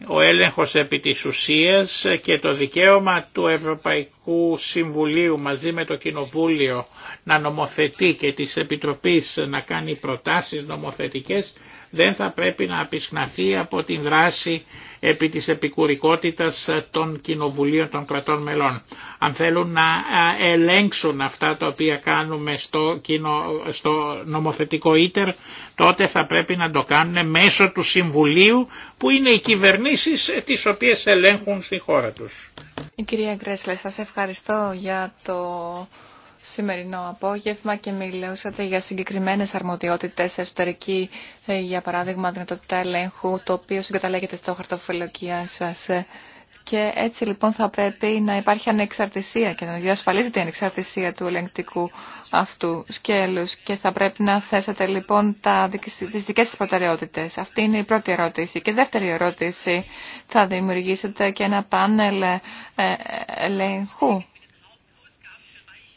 Speaker 2: ο έλεγχος επί της ουσίας και το δικαίωμα του Ευρωπαϊκού Συμβουλίου μαζί με το Κοινοβούλιο να νομοθετεί και της Επιτροπής να κάνει προτάσεις νομοθετικές δεν θα πρέπει να απεισχναθεί από την δράση επί της επικουρικότητας των κοινοβουλίων των κρατών μελών. Αν θέλουν να ελέγξουν αυτά τα οποία κάνουμε στο, κοινο, στο νομοθετικό ίτερ, τότε θα πρέπει να το κάνουν μέσω του Συμβουλίου που είναι οι κυβερνήσεις τις οποίες ελέγχουν στη χώρα
Speaker 4: τους. Η κυρία Γκρέσλε, σας ευχαριστώ για το σημερινό απόγευμα και μιλούσατε για συγκεκριμένες αρμοδιότητες εσωτερική, ε, για παράδειγμα δυνατότητα ελέγχου, το οποίο συγκαταλέγεται στο χαρτοφυλλοκία σας. Και έτσι λοιπόν θα πρέπει να υπάρχει ανεξαρτησία και να διασφαλίζεται η ανεξαρτησία του ελεγκτικού αυτού σκέλους και θα πρέπει να θέσετε λοιπόν τα, τις δικές σας προτεραιότητες. Αυτή είναι η πρώτη ερώτηση. Και δεύτερη ερώτηση, θα δημιουργήσετε και ένα πάνελ ε, ε, ελεγχού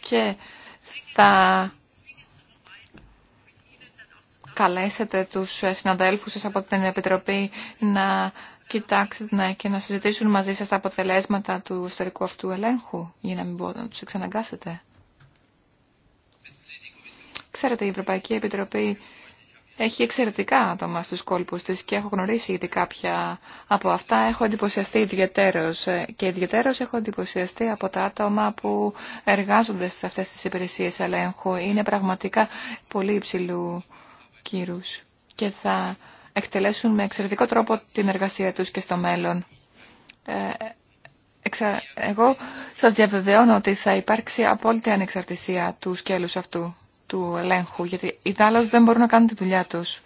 Speaker 4: και θα καλέσετε τους συναδέλφους σας από την Επιτροπή να κοιτάξετε και να συζητήσουν μαζί σας τα αποτελέσματα του ιστορικού αυτού ελέγχου για να μην μπορείτε να τους εξαναγκάσετε. Ξέρετε, η Ευρωπαϊκή Επιτροπή έχει εξαιρετικά άτομα στους κόλπους της και έχω γνωρίσει ήδη κάποια από αυτά. Έχω εντυπωσιαστεί ιδιαιτέρως ε, και ιδιαιτέρως έχω εντυπωσιαστεί από τα άτομα που εργάζονται σε αυτές τις υπηρεσίες ελέγχου. Είναι πραγματικά πολύ υψηλού κύρους και θα εκτελέσουν με εξαιρετικό τρόπο την εργασία τους και στο μέλλον. Ε, εγώ σας διαβεβαιώνω ότι θα υπάρξει απόλυτη ανεξαρτησία του σκέλους αυτού του ελέγχου, γιατί οι δάλος δεν μπορούν να κάνουν τη δουλειά τους.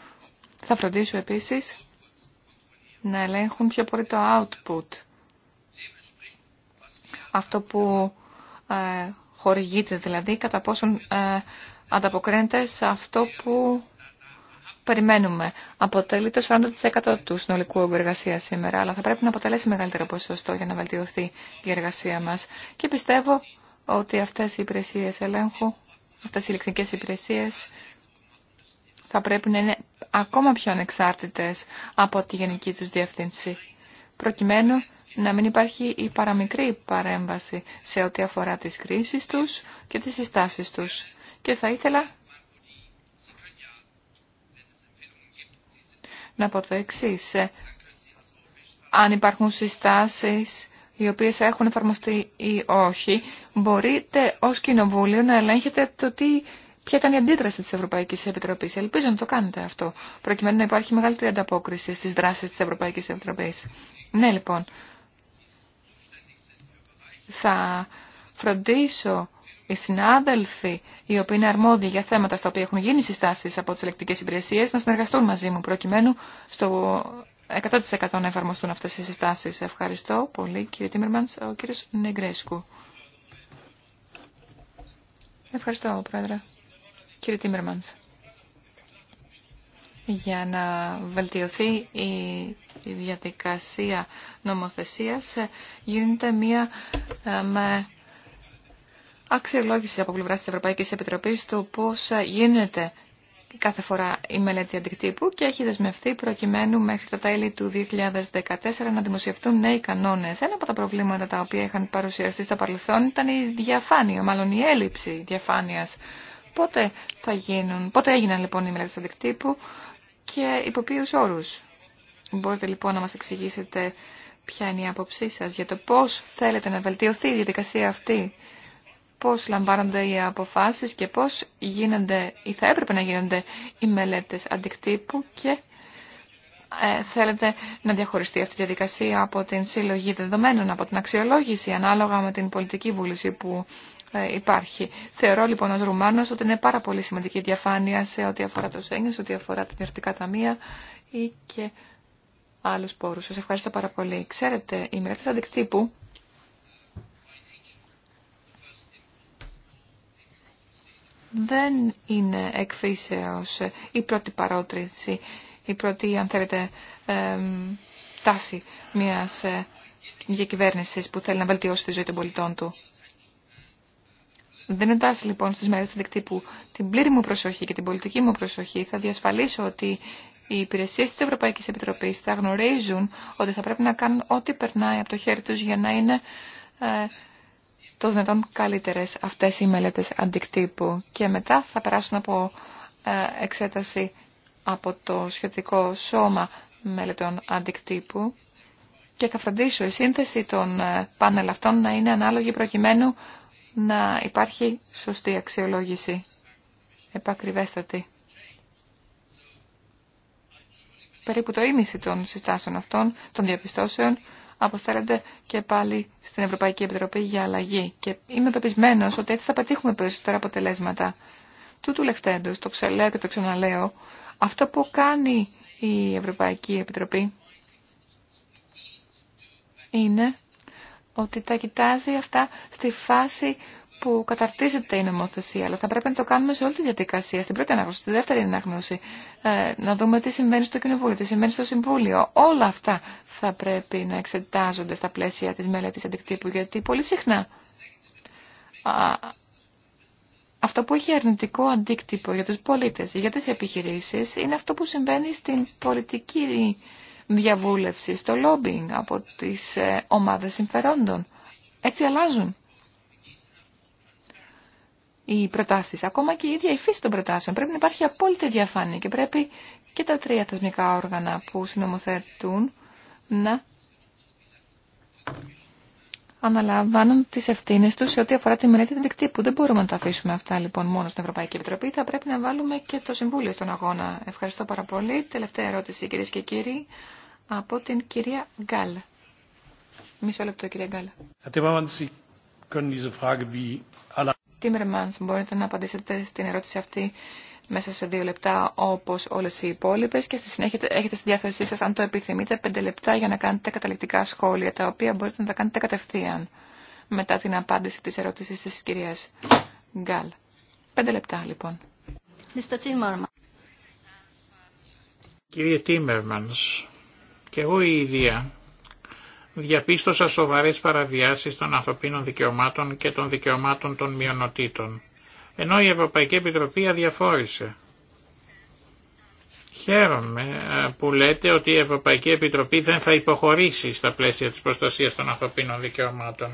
Speaker 4: Θα φροντίσω επίσης να ελέγχουν πιο πολύ το output. Αυτό που ε, χορηγείται δηλαδή, κατά πόσον ε, ανταποκρίνεται σε αυτό που περιμένουμε. Αποτελεί το 40% του συνολικού εργασία σήμερα, αλλά θα πρέπει να αποτελέσει μεγαλύτερο ποσοστό για να βελτιωθεί η εργασία μας. Και πιστεύω ότι αυτές οι υπηρεσίε ελέγχου αυτές οι ηλεκτρικές υπηρεσίες θα πρέπει να είναι ακόμα πιο ανεξάρτητες από τη γενική τους διεύθυνση, προκειμένου να μην υπάρχει η παραμικρή παρέμβαση σε ό,τι αφορά τις κρίσεις τους και τις συστάσεις τους. Και θα ήθελα να πω το εξής. Αν υπάρχουν συστάσεις οι οποίες έχουν εφαρμοστεί ή όχι, μπορείτε ως Κοινοβούλιο να ελέγχετε το τι, ποια ήταν η αντίδραση της Ευρωπαϊκής Επιτροπής. Ελπίζω να το κάνετε αυτό, προκειμένου να υπάρχει μεγαλύτερη ανταπόκριση στις δράσεις της Ευρωπαϊκής Επιτροπής. Ναι, λοιπόν, θα φροντίσω οι συνάδελφοι οι οποίοι είναι αρμόδιοι για θέματα στα οποία έχουν γίνει συστάσεις από τις ελεκτικέ υπηρεσίες να συνεργαστούν μαζί μου προκειμένου στο 100% να εφαρμοστούν αυτές οι συστάσεις. Ευχαριστώ πολύ κύριε Τίμερμαντς, ο κύριος Νεγκρέσκου. Ευχαριστώ πρόεδρε. Κύριε Τίμερμαντς, για να βελτιωθεί η διαδικασία νομοθεσίας γίνεται μία ε, με αξιολόγηση από πλευρά της Ευρωπαϊκής Επιτροπής του πώς ε, γίνεται κάθε φορά η μελέτη αντικτύπου και έχει δεσμευτεί προκειμένου μέχρι τα τέλη του 2014 να δημοσιευτούν νέοι κανόνε. Ένα από τα προβλήματα τα οποία είχαν παρουσιαστεί στα παρελθόν ήταν η διαφάνεια, μάλλον η έλλειψη διαφάνεια. Πότε, θα γίνουν, πότε έγιναν λοιπόν οι μελέτε αντικτύπου και υπό ποιου όρους. Μπορείτε λοιπόν να μα εξηγήσετε ποια είναι η άποψή σα για το πώ θέλετε να βελτιωθεί η διαδικασία αυτή πώς λαμβάνονται οι αποφάσεις και πώς γίνονται ή θα έπρεπε να γίνονται οι μελέτες αντικτύπου και ε, θέλετε να διαχωριστεί αυτή η διαδικασία από την συλλογή δεδομένων, από την αξιολόγηση ανάλογα με την πολιτική βούληση που ε, υπάρχει. Θεωρώ λοιπόν ως Ρουμάνος ότι είναι πάρα πολύ σημαντική η διαφάνεια σε ό,τι αφορά το Σέγγεν, σε ό,τι αφορά την διαρτικά ταμεία ή και άλλους πόρους. Σας ευχαριστώ πάρα πολύ. Ξέρετε, οι μελέτες αντικτύπου δεν είναι εκφύσεως η πρώτη παρότριση, η πρώτη, αν θέλετε, τάση μιας ε, διακυβέρνησης που θέλει να βελτιώσει τη ζωή των πολιτών του. Δεν τάση, λοιπόν στις μέρες του δικτύπου την πλήρη μου προσοχή και την πολιτική μου προσοχή, θα διασφαλίσω ότι οι υπηρεσίε της Ευρωπαϊκής Επιτροπής θα γνωρίζουν ότι θα πρέπει να κάνουν ό,τι περνάει από το χέρι τους για να είναι ε, το δυνατόν καλύτερες αυτές οι μελέτες αντικτύπου και μετά θα περάσουν από ε, εξέταση από το σχετικό σώμα μελετών αντικτύπου και θα φροντίσω η σύνθεση των ε, πάνελ αυτών να είναι ανάλογη προκειμένου να υπάρχει σωστή αξιολόγηση, επακριβέστατη. Περίπου το ίμιση των συστάσεων αυτών, των διαπιστώσεων, αποστέλλονται και πάλι στην Ευρωπαϊκή Επιτροπή για αλλαγή. Και είμαι πεπισμένο ότι έτσι θα πετύχουμε περισσότερα αποτελέσματα. Τούτου λεχθέντος, το ξελέω και το ξαναλέω, αυτό που κάνει η Ευρωπαϊκή Επιτροπή είναι ότι τα κοιτάζει αυτά στη φάση που καταρτίζεται η νομοθεσία, αλλά θα πρέπει να το κάνουμε σε όλη τη διαδικασία, στην πρώτη ανάγνωση, στη δεύτερη ανάγνωση, ε, να δούμε τι συμβαίνει στο Κοινοβούλιο, τι συμβαίνει στο Συμβούλιο. Όλα αυτά θα πρέπει να εξετάζονται στα πλαίσια της μελέτης αντικτύπου, γιατί πολύ συχνά αυτό που έχει αρνητικό αντίκτυπο για τους πολίτες, για τις επιχειρήσεις, είναι αυτό που συμβαίνει στην πολιτική διαβούλευση, στο lobbying από τις ε, ομάδες συμφερόντων. Έτσι αλλάζουν οι προτάσει, ακόμα και η ίδια η φύση των προτάσεων. Πρέπει να υπάρχει απόλυτη διαφάνεια και πρέπει και τα τρία θεσμικά όργανα που συνομοθετούν να αναλαμβάνουν τι ευθύνε του σε ό,τι αφορά τη μελέτη αντικτύπου. Δεν μπορούμε να τα αφήσουμε αυτά λοιπόν μόνο στην Ευρωπαϊκή Επιτροπή. Θα πρέπει να βάλουμε και το Συμβούλιο στον αγώνα. Ευχαριστώ πάρα πολύ. Τελευταία ερώτηση, κυρίε και κύριοι, από την κυρία Γκάλ. Μισό λεπτό, κυρία Γκάλ. Τίμερμανς, μπορείτε να απαντήσετε στην ερώτηση αυτή μέσα σε δύο λεπτά όπως όλες οι υπόλοιπες και στη συνέχεια έχετε στη διάθεσή σας, αν το επιθυμείτε, πέντε λεπτά για να κάνετε καταληκτικά σχόλια, τα οποία μπορείτε να τα κάνετε κατευθείαν μετά την απάντηση της ερώτησης της κυρίας Γκάλ. Πέντε λεπτά λοιπόν.
Speaker 2: Κύριε Τίμερμανς, και εγώ η ίδια διαπίστωσα σοβαρές παραβιάσεις των ανθρωπίνων δικαιωμάτων και των δικαιωμάτων των μειονοτήτων, ενώ η Ευρωπαϊκή Επιτροπή αδιαφόρησε. Χαίρομαι ε, που λέτε ότι η Ευρωπαϊκή Επιτροπή δεν θα υποχωρήσει στα πλαίσια της προστασίας των ανθρωπίνων δικαιωμάτων.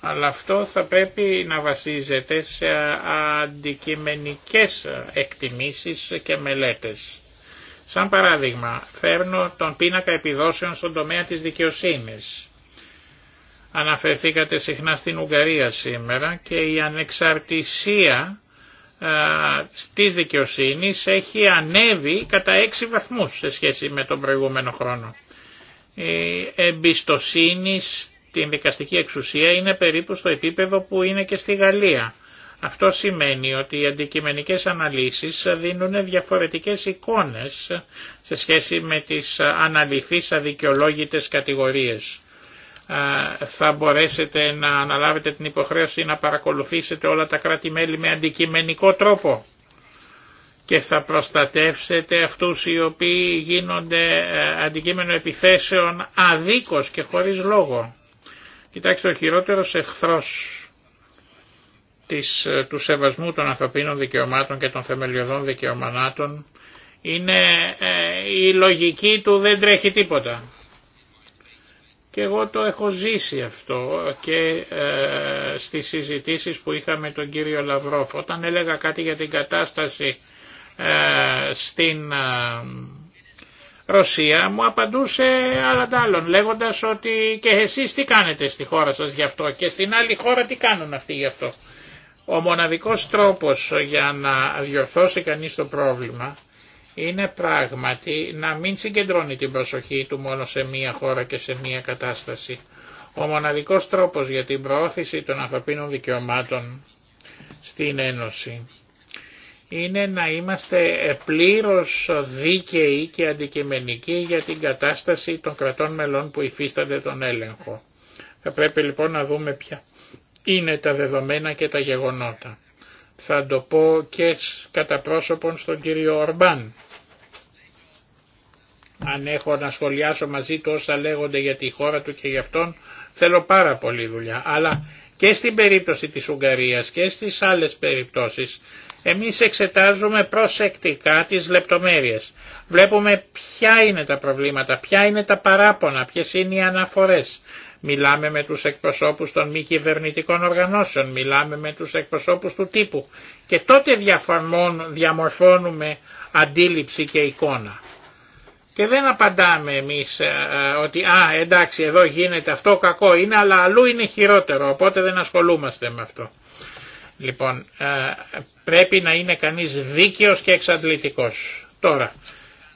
Speaker 2: Αλλά αυτό θα πρέπει να βασίζεται σε αντικειμενικές εκτιμήσεις και μελέτες. Σαν παράδειγμα, φέρνω τον πίνακα επιδόσεων στον τομέα της δικαιοσύνης. Αναφερθήκατε συχνά στην Ουγγαρία σήμερα και η ανεξαρτησία α, της δικαιοσύνης έχει ανέβει κατά 6 βαθμούς σε σχέση με τον προηγούμενο χρόνο. Η εμπιστοσύνη στην δικαστική εξουσία είναι περίπου στο επίπεδο που είναι και στη Γαλλία. Αυτό σημαίνει ότι οι αντικειμενικές αναλύσεις δίνουν διαφορετικές εικόνες σε σχέση με τις αναλυθείς αδικαιολόγητες κατηγορίες. Θα μπορέσετε να αναλάβετε την υποχρέωση να παρακολουθήσετε όλα τα κράτη-μέλη με αντικειμενικό τρόπο και θα προστατεύσετε αυτούς οι οποίοι γίνονται ε, αντικείμενο επιθέσεων αδίκως και χωρίς λόγο. Κοιτάξτε, ο χειρότερος εχθρός της, ε, του σεβασμού των ανθρωπίνων δικαιωμάτων και των θεμελιωδών δικαιωμανάτων είναι ε, η λογική του δεν τρέχει τίποτα. Και εγώ το έχω ζήσει αυτό και ε, στις συζητήσεις που είχα με τον κύριο Λαυρόφ. Όταν έλεγα κάτι για την κατάσταση ε, στην Ρωσία μου απαντούσε άλλα τα άλλων λέγοντας ότι και εσείς τι κάνετε στη χώρα σας γι' αυτό και στην άλλη χώρα τι κάνουν αυτοί γι' αυτό. Ο μοναδικός τρόπος για να διορθώσει κανείς το πρόβλημα είναι πράγματι να μην συγκεντρώνει την προσοχή του μόνο σε μία χώρα και σε μία κατάσταση. Ο μοναδικός τρόπος για την προώθηση των ανθρωπίνων δικαιωμάτων στην Ένωση είναι να είμαστε πλήρως δίκαιοι και αντικειμενικοί για την κατάσταση των κρατών μελών που υφίστανται τον έλεγχο. Θα πρέπει λοιπόν να δούμε ποια είναι τα δεδομένα και τα γεγονότα. Θα το πω και κατά πρόσωπον στον κύριο Ορμπάν. Αν έχω να σχολιάσω μαζί του όσα λέγονται για τη χώρα του και για αυτόν, θέλω πάρα πολύ δουλειά. Αλλά και στην περίπτωση της Ουγγαρίας και στις άλλες περιπτώσεις, εμείς εξετάζουμε προσεκτικά τις λεπτομέρειες. Βλέπουμε ποια είναι τα προβλήματα, ποια είναι τα παράπονα, ποιες είναι οι αναφορές μιλάμε με τους εκπροσώπους των μη κυβερνητικών οργανώσεων, μιλάμε με τους εκπροσώπους του τύπου και τότε διαμορφώνουμε αντίληψη και εικόνα. Και δεν απαντάμε εμείς ε, ε, ότι «Α, εντάξει, εδώ γίνεται αυτό κακό είναι, αλλά αλλού είναι χειρότερο, οπότε δεν ασχολούμαστε με αυτό». Λοιπόν, ε, πρέπει να είναι κανείς δίκαιος και εξαντλητικός. Τώρα,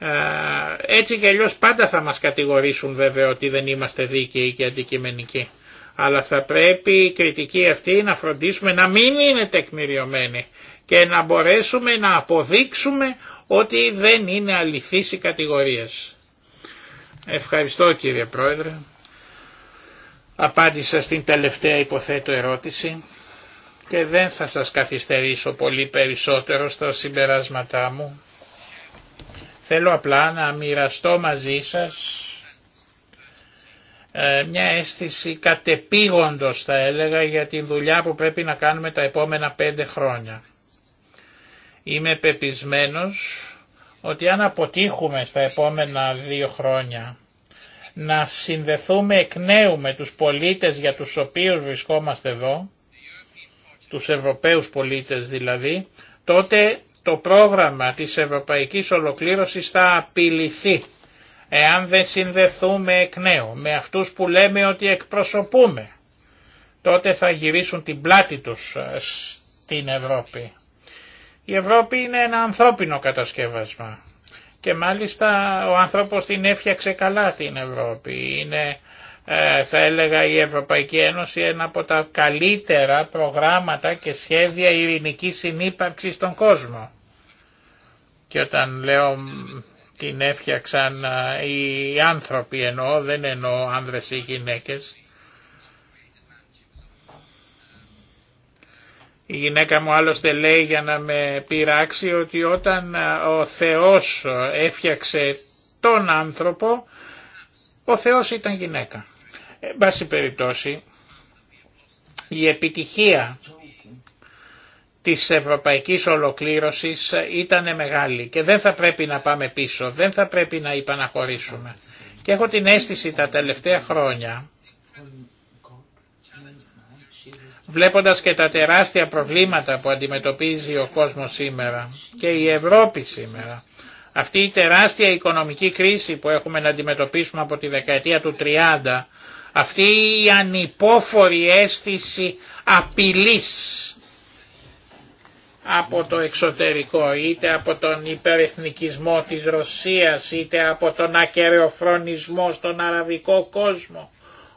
Speaker 2: ε, έτσι και αλλιώς πάντα θα μας κατηγορήσουν βέβαια ότι δεν είμαστε δίκαιοι και αντικειμενικοί. Αλλά θα πρέπει η κριτική αυτή να φροντίσουμε να μην είναι τεκμηριωμένη και να μπορέσουμε να αποδείξουμε ότι δεν είναι αληθείς οι κατηγορίες. Ευχαριστώ κύριε Πρόεδρε. Απάντησα στην τελευταία υποθέτω ερώτηση και δεν θα σας καθυστερήσω πολύ περισσότερο στα συμπεράσματά μου. Θέλω απλά να μοιραστώ μαζί σας ε, μια αίσθηση κατεπήγοντος θα έλεγα για τη δουλειά που πρέπει να κάνουμε τα επόμενα πέντε χρόνια. Είμαι πεπισμένος ότι αν αποτύχουμε στα επόμενα δύο χρόνια να συνδεθούμε εκ νέου με τους πολίτες για τους οποίους βρισκόμαστε εδώ, τους Ευρωπαίους πολίτες δηλαδή, τότε το πρόγραμμα της ευρωπαϊκής ολοκλήρωσης θα απειληθεί εάν δεν συνδεθούμε εκ νέου με αυτούς που λέμε ότι εκπροσωπούμε. Τότε θα γυρίσουν την πλάτη τους ε, στην Ευρώπη. Η Ευρώπη είναι ένα ανθρώπινο κατασκεύασμα και μάλιστα ο άνθρωπος την έφτιαξε καλά την Ευρώπη. Είναι ε, θα έλεγα η Ευρωπαϊκή Ένωση ένα από τα καλύτερα προγράμματα και σχέδια ειρηνικής συνύπαρξης στον κόσμο. Και όταν λέω την έφτιαξαν ε, οι άνθρωποι εννοώ, δεν εννοώ άνδρες ή γυναίκες. Η γυναίκα μου άλλωστε λέει για να με πειράξει ότι όταν ε, ο Θεός έφτιαξε τον άνθρωπο, ο Θεός ήταν γυναίκα. Εν πάση περιπτώσει, η επιτυχία της ευρωπαϊκής ολοκλήρωσης ήταν μεγάλη και δεν θα πρέπει να πάμε πίσω, δεν θα πρέπει να υπαναχωρήσουμε. Και έχω την αίσθηση τα τελευταία χρόνια, βλέποντας και τα τεράστια προβλήματα που αντιμετωπίζει ο κόσμος σήμερα και η Ευρώπη σήμερα, αυτή η τεράστια οικονομική κρίση που έχουμε να αντιμετωπίσουμε από τη δεκαετία του 30 αυτή η ανυπόφορη αίσθηση απειλής από το εξωτερικό, είτε από τον υπερεθνικισμό της Ρωσίας, είτε από τον ακεραιοφρονισμό στον αραβικό κόσμο.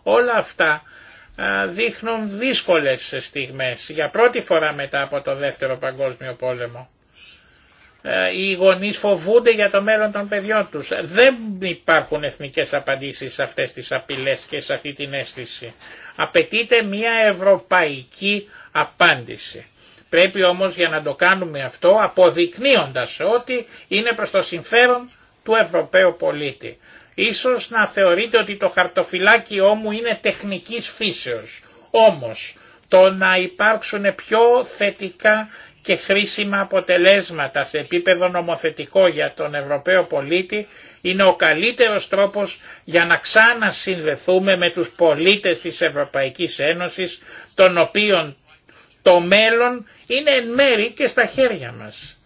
Speaker 2: Όλα αυτά δείχνουν δύσκολες στιγμές, για πρώτη φορά μετά από το Δεύτερο Παγκόσμιο Πόλεμο. Ε, οι γονείς φοβούνται για το μέλλον των παιδιών τους. Δεν υπάρχουν εθνικές απαντήσεις σε αυτές τις απειλές και σε αυτή την αίσθηση. Απαιτείται μια ευρωπαϊκή απάντηση. Πρέπει όμως για να το κάνουμε αυτό αποδεικνύοντας ότι είναι προς το συμφέρον του Ευρωπαίου πολίτη. Ίσως να θεωρείτε ότι το χαρτοφυλάκιό μου είναι τεχνικής φύσεως. Όμως το να υπάρξουν πιο θετικά και χρήσιμα αποτελέσματα σε επίπεδο νομοθετικό για τον Ευρωπαίο πολίτη είναι ο καλύτερος τρόπος για να ξανασυνδεθούμε με τους πολίτες της Ευρωπαϊκής Ένωσης των οποίων το μέλλον είναι εν μέρη και στα χέρια μας.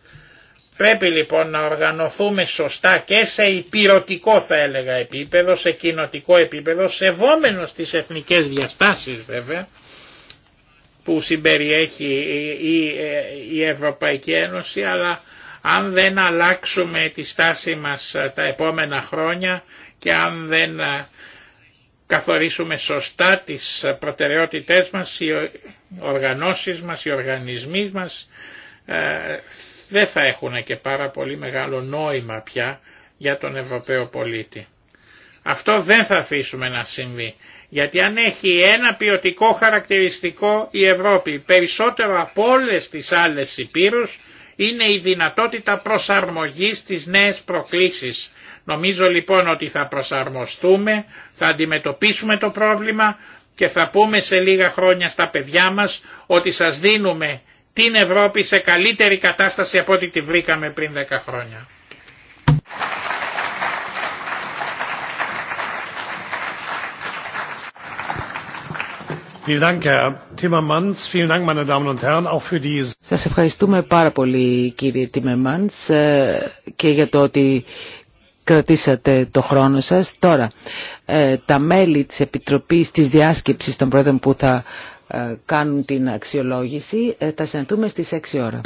Speaker 2: Πρέπει λοιπόν να οργανωθούμε σωστά και σε υπηρετικό θα έλεγα επίπεδο, σε κοινοτικό επίπεδο, σεβόμενος τις εθνικές διαστάσεις βέβαια, που συμπεριέχει η Ευρωπαϊκή Ένωση αλλά αν δεν αλλάξουμε τη στάση μας ε, τα επόμενα χρόνια και αν δεν ε, καθορίσουμε σωστά τις προτεραιότητές μας, οι οργανώσεις μας, οι οργανισμοί μας ε, δεν θα έχουν και πάρα πολύ μεγάλο νόημα πια για τον Ευρωπαίο πολίτη. Αυτό δεν θα αφήσουμε να συμβεί. Γιατί αν έχει ένα ποιοτικό χαρακτηριστικό η Ευρώπη περισσότερο από όλες τις άλλες υπήρους είναι η δυνατότητα προσαρμογής στις νέες προκλήσεις. Νομίζω λοιπόν ότι θα προσαρμοστούμε, θα αντιμετωπίσουμε το πρόβλημα και θα πούμε σε λίγα χρόνια στα παιδιά μας ότι σας δίνουμε την Ευρώπη σε καλύτερη κατάσταση από ό,τι τη βρήκαμε πριν 10 χρόνια.
Speaker 1: Σας ευχαριστούμε πάρα πολύ κύριε Τιμέμαντς ε, και για το ότι κρατήσατε το χρόνο σας. Τώρα, ε, τα μέλη της Επιτροπής της Διάσκεψης των Πρόεδρων που θα ε, κάνουν την αξιολόγηση θα συναντούμε στις 6 ώρα.